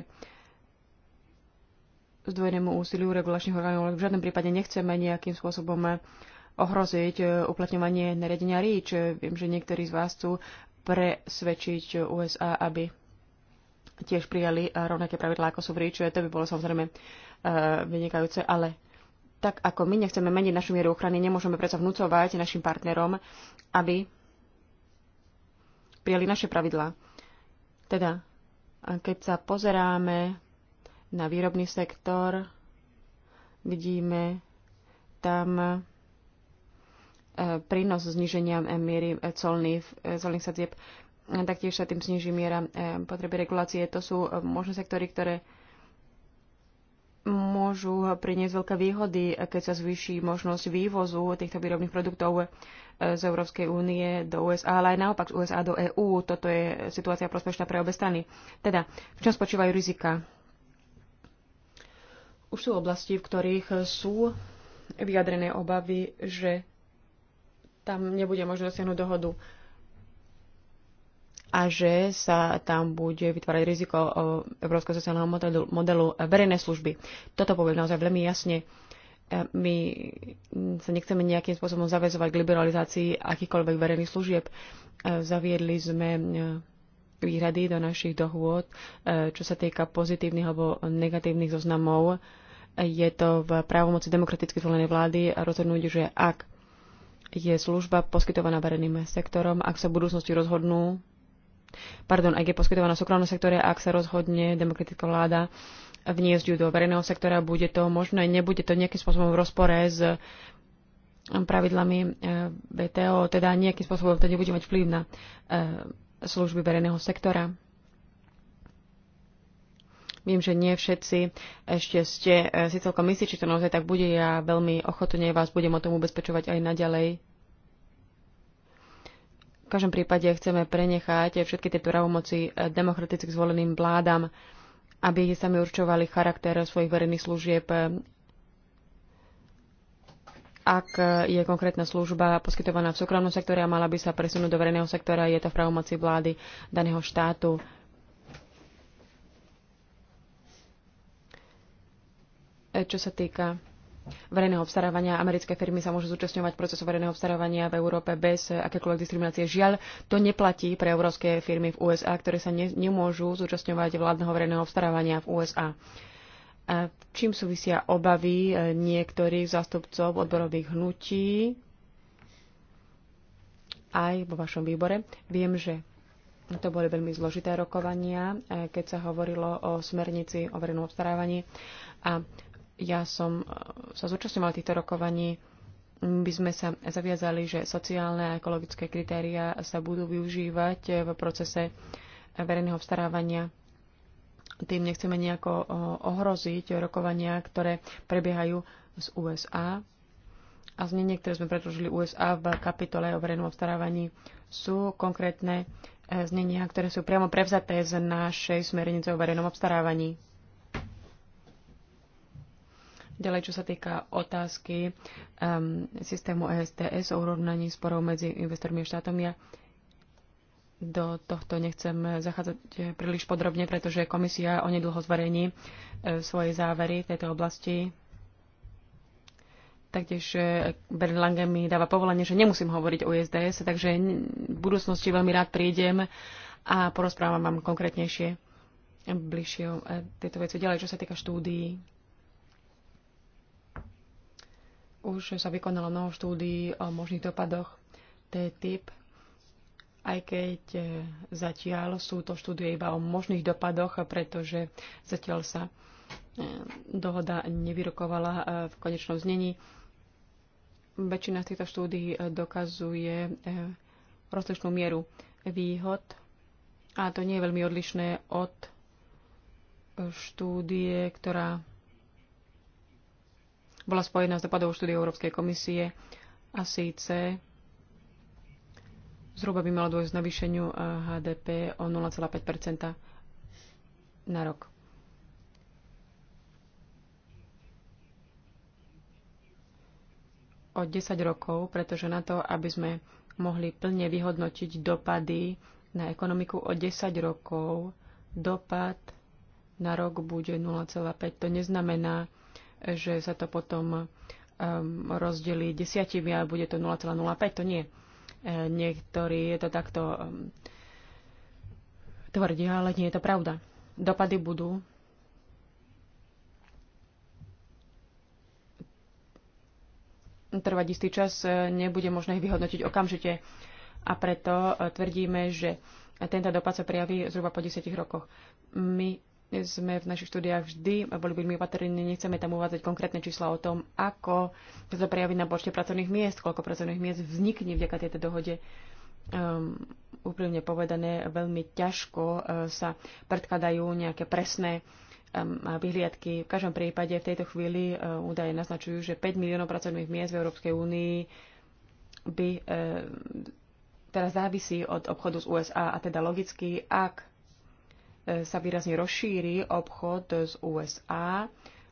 zdvojenému úsiliu regulačných orgánov, ale v žiadnom prípade nechceme nejakým spôsobom ohroziť uplatňovanie nariadenia REACH. Viem, že niektorí z vás chcú presvedčiť USA, aby tiež prijali rovnaké pravidlá, ako sú v REACH. To by bolo samozrejme vynikajúce, ale tak ako my nechceme meniť našu mieru ochrany, nemôžeme predsa vnúcovať našim partnerom, aby prijali naše pravidlá. Teda, keď sa pozeráme na výrobný sektor, vidíme tam e, prínos zniženia miery e, colných, e, colných sadzieb. Taktiež sa tým zniží miera potreby regulácie. To sú možné sektory, ktoré môžu priniesť veľké výhody, keď sa zvýši možnosť vývozu týchto výrobných produktov eh, z Európskej únie do USA, ale aj naopak z USA do EÚ. Toto je situácia prospešná pre obe strany. Teda, v čom spočívajú rizika? Už sú oblasti, v ktorých sú vyjadrené obavy, že tam nebude možné dosiahnuť dohodu a že sa tam bude vytvárať riziko Európskeho sociálneho modelu, modelu verejnej služby. Toto poviem naozaj veľmi jasne. E, my sa nechceme nejakým spôsobom zavezovať k liberalizácii akýchkoľvek verejných služieb. E, zaviedli sme e, výhrady do našich dohôd, čo sa týka pozitívnych alebo negatívnych zoznamov. Je to v právomoci demokraticky zvolenej vlády rozhodnúť, že ak je služba poskytovaná verejným sektorom, ak sa v budúcnosti rozhodnú pardon, ak je poskytovaná v súkromnom sektore, ak sa rozhodne demokratická vláda vniesť ju do verejného sektora, bude to možné, nebude to nejakým spôsobom v rozpore s um, pravidlami uh, VTO, teda nejakým spôsobom to nebude mať vplyv na uh, služby verejného sektora. Viem, že nie všetci ešte ste uh, si celkom myslí, či to naozaj tak bude. Ja veľmi ochotne vás budem o tom ubezpečovať aj naďalej. V každom prípade chceme prenechať všetky tie pravomoci eh, demokraticky zvoleným vládam, aby sami určovali charakter svojich verejných služieb, ak eh, je konkrétna služba poskytovaná v súkromnom sektore a mala by sa presunúť do verejného sektora, je to v pravomoci vlády daného štátu. Eh, čo sa týka verejného obstarávania. Americké firmy sa môžu zúčastňovať procesu verejného obstarávania v Európe bez akékoľvek diskriminácie. Žiaľ, to neplatí pre európske firmy v USA, ktoré sa ne, nemôžu zúčastňovať vládneho verejného obstarávania v USA. A čím súvisia obavy e, niektorých zástupcov odborových hnutí aj vo vašom výbore? Viem, že to boli veľmi zložité rokovania, e, keď sa hovorilo o smernici o verejnom obstarávaní. A ja som e, sa zúčastňovala týchto rokovaní. By sme sa zaviazali, že sociálne a ekologické kritéria sa budú využívať e, v procese verejného obstarávania. Tým nechceme nejako ohroziť rokovania, ktoré prebiehajú z USA. A znenie, ktoré sme predložili USA v kapitole o verejnom obstarávaní, sú konkrétne e, znenia, ktoré sú priamo prevzaté z našej smernice o verejnom obstarávaní. Ďalej, čo sa týka otázky um, systému ESTS o urovnaní sporov medzi investormi a štátom, ja do tohto nechcem zachádzať eh, príliš podrobne, pretože komisia nedlho zverejní e, svoje závery v tejto oblasti. Taktiež eh, Bernd Lange mi dáva povolenie, že nemusím hovoriť o ISDS, e takže v budúcnosti veľmi rád prídem a porozprávam vám konkrétnejšie bližšie tieto veci. Ďalej, čo sa týka štúdií Už sa vykonalo mnoho štúdií o možných dopadoch TTIP, aj keď e, zatiaľ sú to štúdie iba o možných dopadoch, pretože zatiaľ sa e, dohoda nevyrokovala e, v konečnom znení. Väčšina z týchto štúdií dokazuje rozličnú mieru výhod a to nie je veľmi odlišné od štúdie, ktorá bola spojená s dopadovou štúdiou Európskej komisie a síce zhruba by malo dôjsť navýšeniu HDP eh, o 0,5 na rok. O 10 rokov, pretože na to, aby sme mohli plne vyhodnotiť dopady na ekonomiku o 10 rokov, dopad na rok bude 0,5. To neznamená, že sa to potom um, rozdelí desiatimi a bude to 0,05, to nie. E, niektorí je to takto um, tvrdia, ale nie je to pravda. Dopady budú. Trvať istý čas e, nebude možné ich vyhodnotiť okamžite a preto e, tvrdíme, že tento dopad sa prijaví zhruba po 10 rokoch. My Vlastne sme v našich štúdiách vždy boli veľmi opatrní, nechceme tam uvádzať konkrétne čísla o tom, ako sa prejaví na počte pracovných miest, koľko pracovných miest vznikne vďaka tejto dohode. Um, úprimne povedané, veľmi ťažko uh, sa predkladajú nejaké presné um, vyhliadky. V každom prípade v tejto chvíli uh, údaje naznačujú, že 5 miliónov pracovných miest v Európskej únii by uh, teraz závisí od obchodu z USA a teda logicky, ak sa výrazne rozšíri obchod z USA,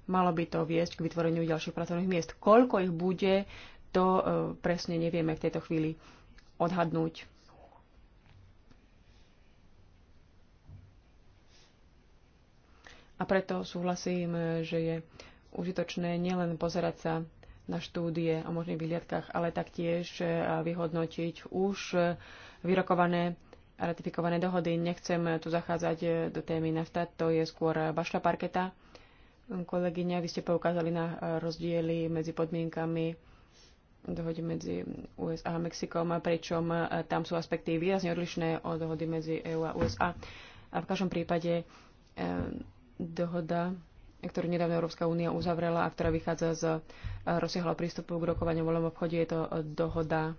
malo by to viesť k vytvoreniu ďalších pracovných miest. Koľko ich bude, to e, presne nevieme v tejto chvíli odhadnúť. A preto súhlasím, že je užitočné nielen pozerať sa na štúdie o možných vyhliadkach, ale taktiež e, vyhodnotiť už e, vyrokované ratifikované dohody. Nechcem tu zachádzať e, do témy nafta, to je skôr vaša e, parketa. Kolegyňa, vy ste poukázali na e, rozdiely medzi podmienkami dohody medzi USA a Mexikom, pričom tam sú aspekty výrazne odlišné od dohody medzi EU a USA. A v každom prípade dohoda, ktorú nedávno Európska únia uzavrela a ktorá vychádza z rozsiahlého prístupu k rokovaniu voľnom obchode, je to dohoda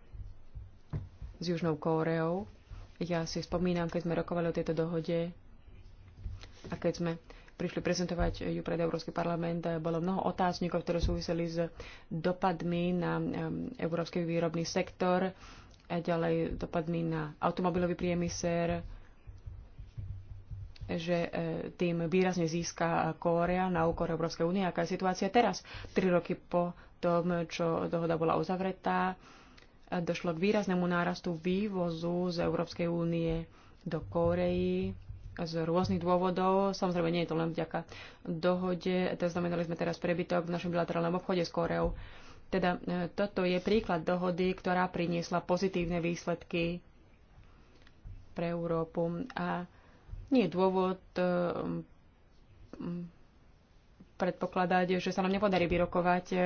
s Južnou Kóreou, ja si spomínam, keď sme rokovali o tejto dohode a keď sme prišli prezentovať ju pred Európsky parlament, bolo mnoho otáznikov, ktoré súviseli s dopadmi na európsky výrobný sektor, a ďalej dopadmi na automobilový priemysel, že e, tým výrazne získa Kórea na úkor Európskej únie. Aká je situácia teraz, tri roky po tom, čo dohoda bola uzavretá? došlo k výraznému nárastu vývozu z Európskej únie do Kóreji z rôznych dôvodov. Samozrejme, nie je to len vďaka dohode. To znamenali sme teraz prebytok v našom bilaterálnom obchode s Koreou. Teda e, toto je príklad dohody, ktorá priniesla pozitívne výsledky pre Európu. A nie je dôvod e, predpokladať, že sa nám nepodarí vyrokovať e,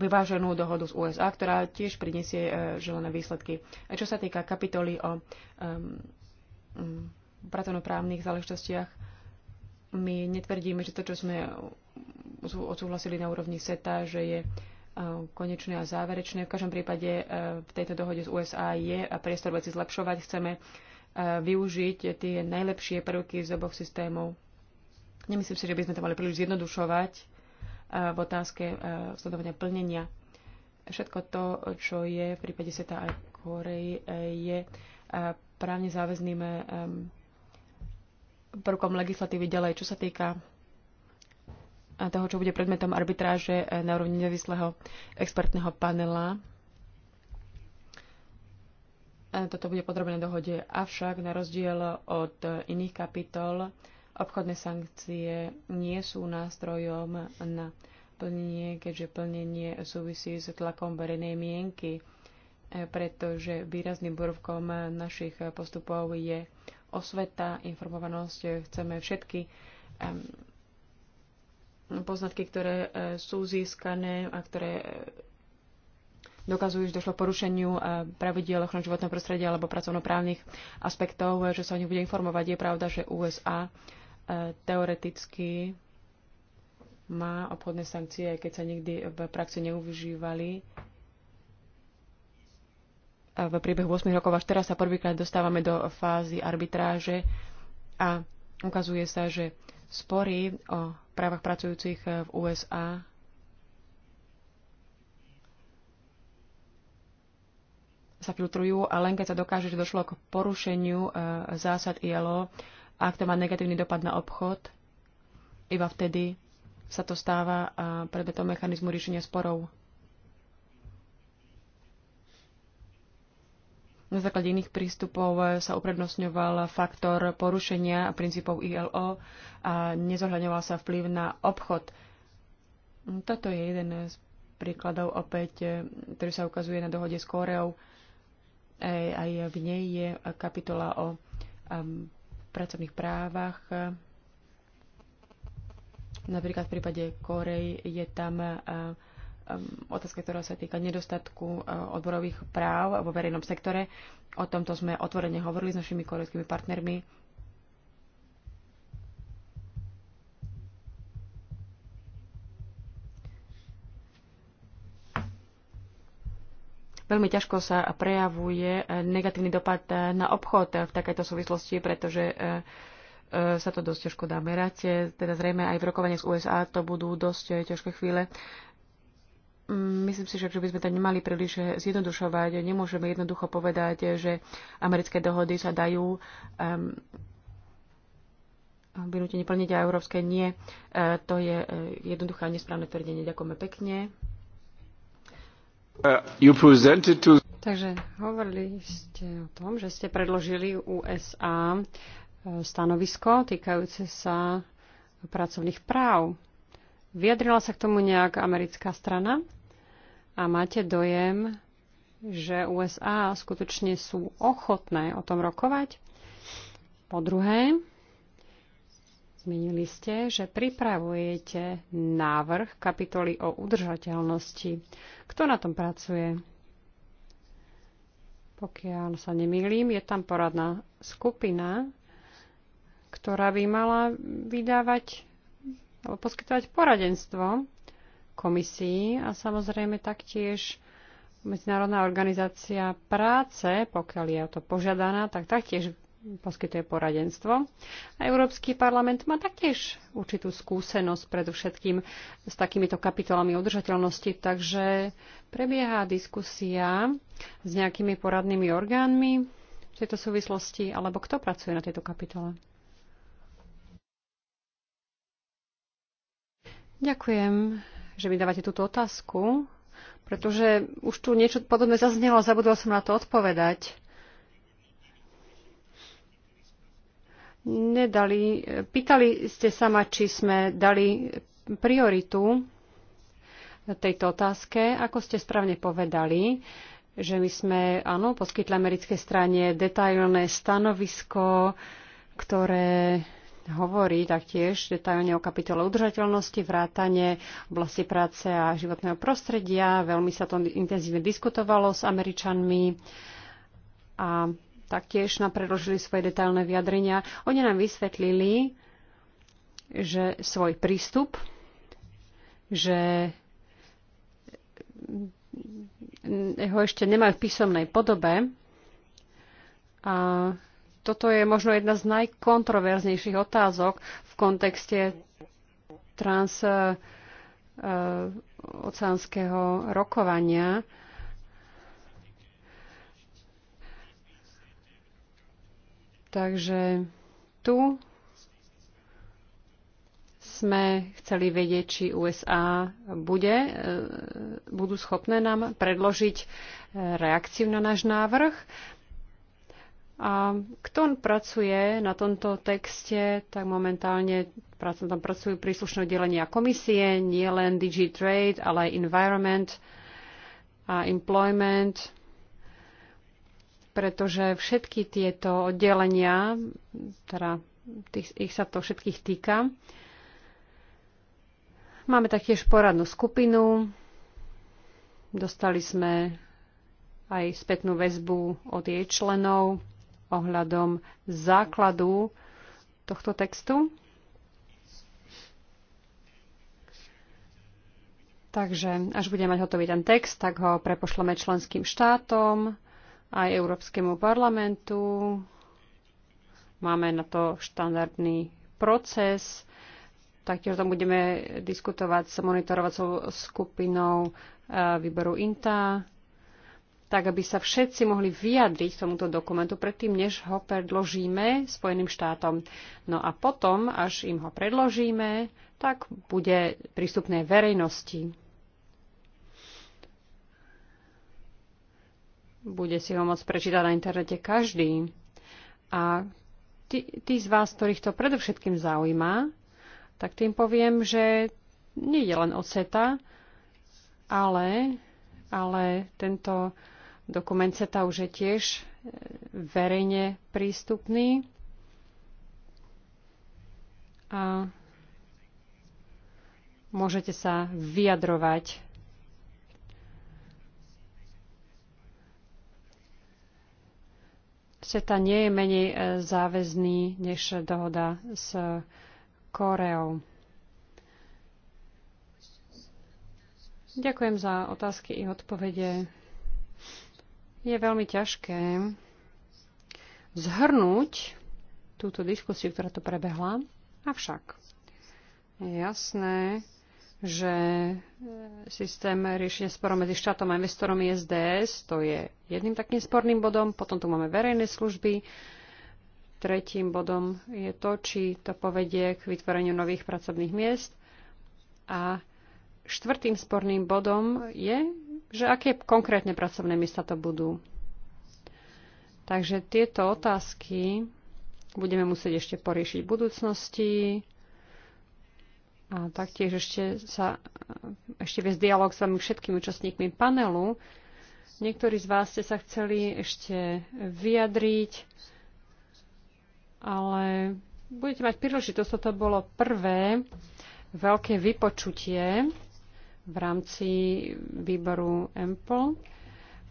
vyváženú dohodu z USA, ktorá tiež prinesie e, želené výsledky. A čo sa týka kapitoly o um, pracovnoprávnych záležitostiach, my netvrdíme, že to, čo sme odsúhlasili na úrovni SETA, že je e, konečné a záverečné. V každom prípade v tejto dohode z USA je a priestor veci zlepšovať. Chceme využiť tie najlepšie prvky z oboch systémov Nemyslím si, že by sme to mali príliš zjednodušovať eh, v otázke eh, sledovania plnenia. Všetko to, čo je v prípade Sveta aj Korei, eh, je právne záväzným prvkom legislatívy ďalej, čo sa týka toho, čo bude predmetom arbitráže na úrovni nezávislého expertného panela. Toto bude podrobené dohode. Avšak na rozdiel od iných kapitol Obchodné sankcie nie sú nástrojom na plnenie, keďže plnenie súvisí s tlakom verejnej mienky, e, pretože výrazným prvkom našich postupov je osveta, informovanosť. Chceme všetky poznatky, ktoré e, sú získané a ktoré e, dokazujú, že došlo k porušeniu pravidiel ochrany životného prostredia alebo pracovnoprávnych aspektov, že sa o nich bude informovať. Je pravda, že USA E, teoreticky má obchodné sankcie, keď sa nikdy v praxi neužívali. A v priebehu 8 rokov až teraz sa prvýkrát dostávame do fázy arbitráže a ukazuje sa, že spory o právach pracujúcich v USA sa filtrujú a len keď sa dokáže, že došlo k porušeniu e, zásad ILO, a ak to má negatívny dopad na obchod, iba vtedy sa to stáva predmetom mechanizmu riešenia sporov. Na základe iných prístupov e, sa uprednostňoval faktor porušenia princípov ILO a nezohľadňoval sa vplyv na obchod. Toto je jeden z príkladov opäť, e, ktorý sa ukazuje na dohode s Kóreou. E, aj v nej je kapitola o pracovných právach. Napríklad v prípade Korej je tam eh, eh, otázka, ktorá sa týka nedostatku eh, odborových práv vo verejnom sektore. O tomto sme otvorene hovorili s našimi korejskými partnermi Veľmi ťažko sa prejavuje eh, negatívny dopad eh, na obchod eh, v takejto súvislosti, pretože sa to dosť ťažko dá merať. Teda zrejme aj v rokovanie z USA to budú dosť ťažké chvíle. Mm, myslím si však, že by sme to nemali príliš zjednodušovať. Nemôžeme jednoducho povedať, že americké dohody sa dajú um, ehm, vynútenie plniť a európske nie. E, to je jednoduché a nesprávne tvrdenie. Ďakujeme pekne. Uh, Takže hovorili ste o tom, že ste predložili USA uh, stanovisko týkajúce sa pracovných práv. Vyjadrila sa k tomu nejak americká strana a máte dojem, že USA skutočne sú ochotné o tom rokovať? Po druhé, Zmenili ste, že pripravujete návrh kapitoly o udržateľnosti. Kto na tom pracuje? Pokiaľ sa nemýlim, je tam poradná skupina, ktorá by mala vydávať alebo poskytovať poradenstvo komisii a samozrejme taktiež Medzinárodná organizácia práce, pokiaľ je o to požiadaná, tak taktiež poskytuje poradenstvo. A Európsky parlament má taktiež určitú skúsenosť predovšetkým s takýmito kapitolami udržateľnosti, takže prebieha diskusia s nejakými poradnými orgánmi v tejto súvislosti, alebo kto pracuje na tejto kapitole? Ďakujem, že mi dávate túto otázku, pretože už tu niečo podobné zaznelo, zabudol som na to odpovedať. nedali, pýtali ste sa ma, či sme dali prioritu tejto otázke. Ako ste správne povedali, že my sme, áno, poskytli americkej strane detailné stanovisko, ktoré hovorí taktiež detailne o kapitole udržateľnosti, vrátane oblasti práce a životného prostredia. Veľmi sa to intenzívne diskutovalo s Američanmi a taktiež nám predložili svoje detailné vyjadrenia. Oni nám vysvetlili, že svoj prístup, že ho ešte nemajú v písomnej podobe. A toto je možno jedna z najkontroverznejších otázok v kontexte transoceánskeho e, rokovania. Takže tu sme chceli vedieť, či USA bude, e, budú schopné nám predložiť e, reakciu na náš návrh. A kto pracuje na tomto texte, tak momentálne tam pracujú príslušné oddelenia komisie, nie len Trade, ale aj Environment a Employment pretože všetky tieto oddelenia, teda tých, ich sa to všetkých týka. Máme taktiež poradnú skupinu. Dostali sme aj spätnú väzbu od jej členov ohľadom základu tohto textu. Takže až budeme mať hotový ten text, tak ho prepošleme členským štátom aj Európskemu parlamentu. Máme na to štandardný proces. Taktiež tam budeme diskutovať s monitorovacou skupinou e, výboru INTA, tak aby sa všetci mohli vyjadriť tomuto dokumentu predtým, než ho predložíme Spojeným štátom. No a potom, až im ho predložíme, tak bude prístupné verejnosti. bude si ho môcť prečítať na internete každý. A tí, tí z vás, ktorých to predovšetkým zaujíma, tak tým poviem, že nie je len oceta, ale, ale tento dokument CETA už je tiež e, verejne prístupný. A môžete sa vyjadrovať CETA nie je menej e, záväzný než dohoda s Koreou. Ďakujem za otázky i odpovede. Je veľmi ťažké zhrnúť túto diskusiu, ktorá tu prebehla. Avšak je jasné, že e, systém riešenia sporov medzi štátom a investorom SDS, to je jedným takým sporným bodom, potom tu máme verejné služby, tretím bodom je to, či to povedie k vytvoreniu nových pracovných miest a štvrtým sporným bodom je, že aké konkrétne pracovné miesta to budú. Takže tieto otázky budeme musieť ešte poriešiť v budúcnosti a taktiež ešte, sa, ešte viesť dialog s vami všetkými účastníkmi panelu. Niektorí z vás ste sa chceli ešte vyjadriť, ale budete mať príležitosť, toto bolo prvé veľké vypočutie v rámci výboru EMPL.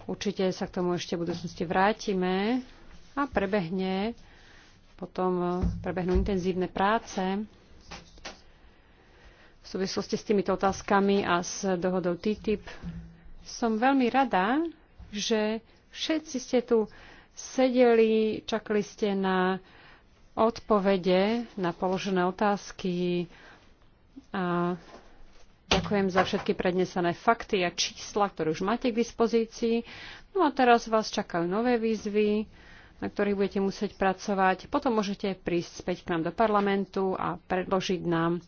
Určite sa k tomu ešte v budúcnosti vrátime a prebehne potom prebehnú intenzívne práce v súvislosti s týmito otázkami a s dohodou TTIP. Som veľmi rada, že všetci ste tu sedeli, čakali ste na odpovede na položené otázky a ďakujem za všetky prednesené fakty a čísla, ktoré už máte k dispozícii. No a teraz vás čakajú nové výzvy, na ktorých budete musieť pracovať. Potom môžete prísť späť k nám do parlamentu a predložiť nám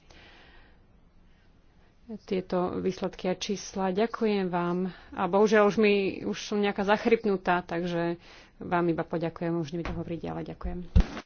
tieto výsledky a čísla. Ďakujem vám. A bohužiaľ už, mi, už som nejaká zachrypnutá, takže vám iba poďakujem. Už nebudem hovoriť ďalej. Ďakujem.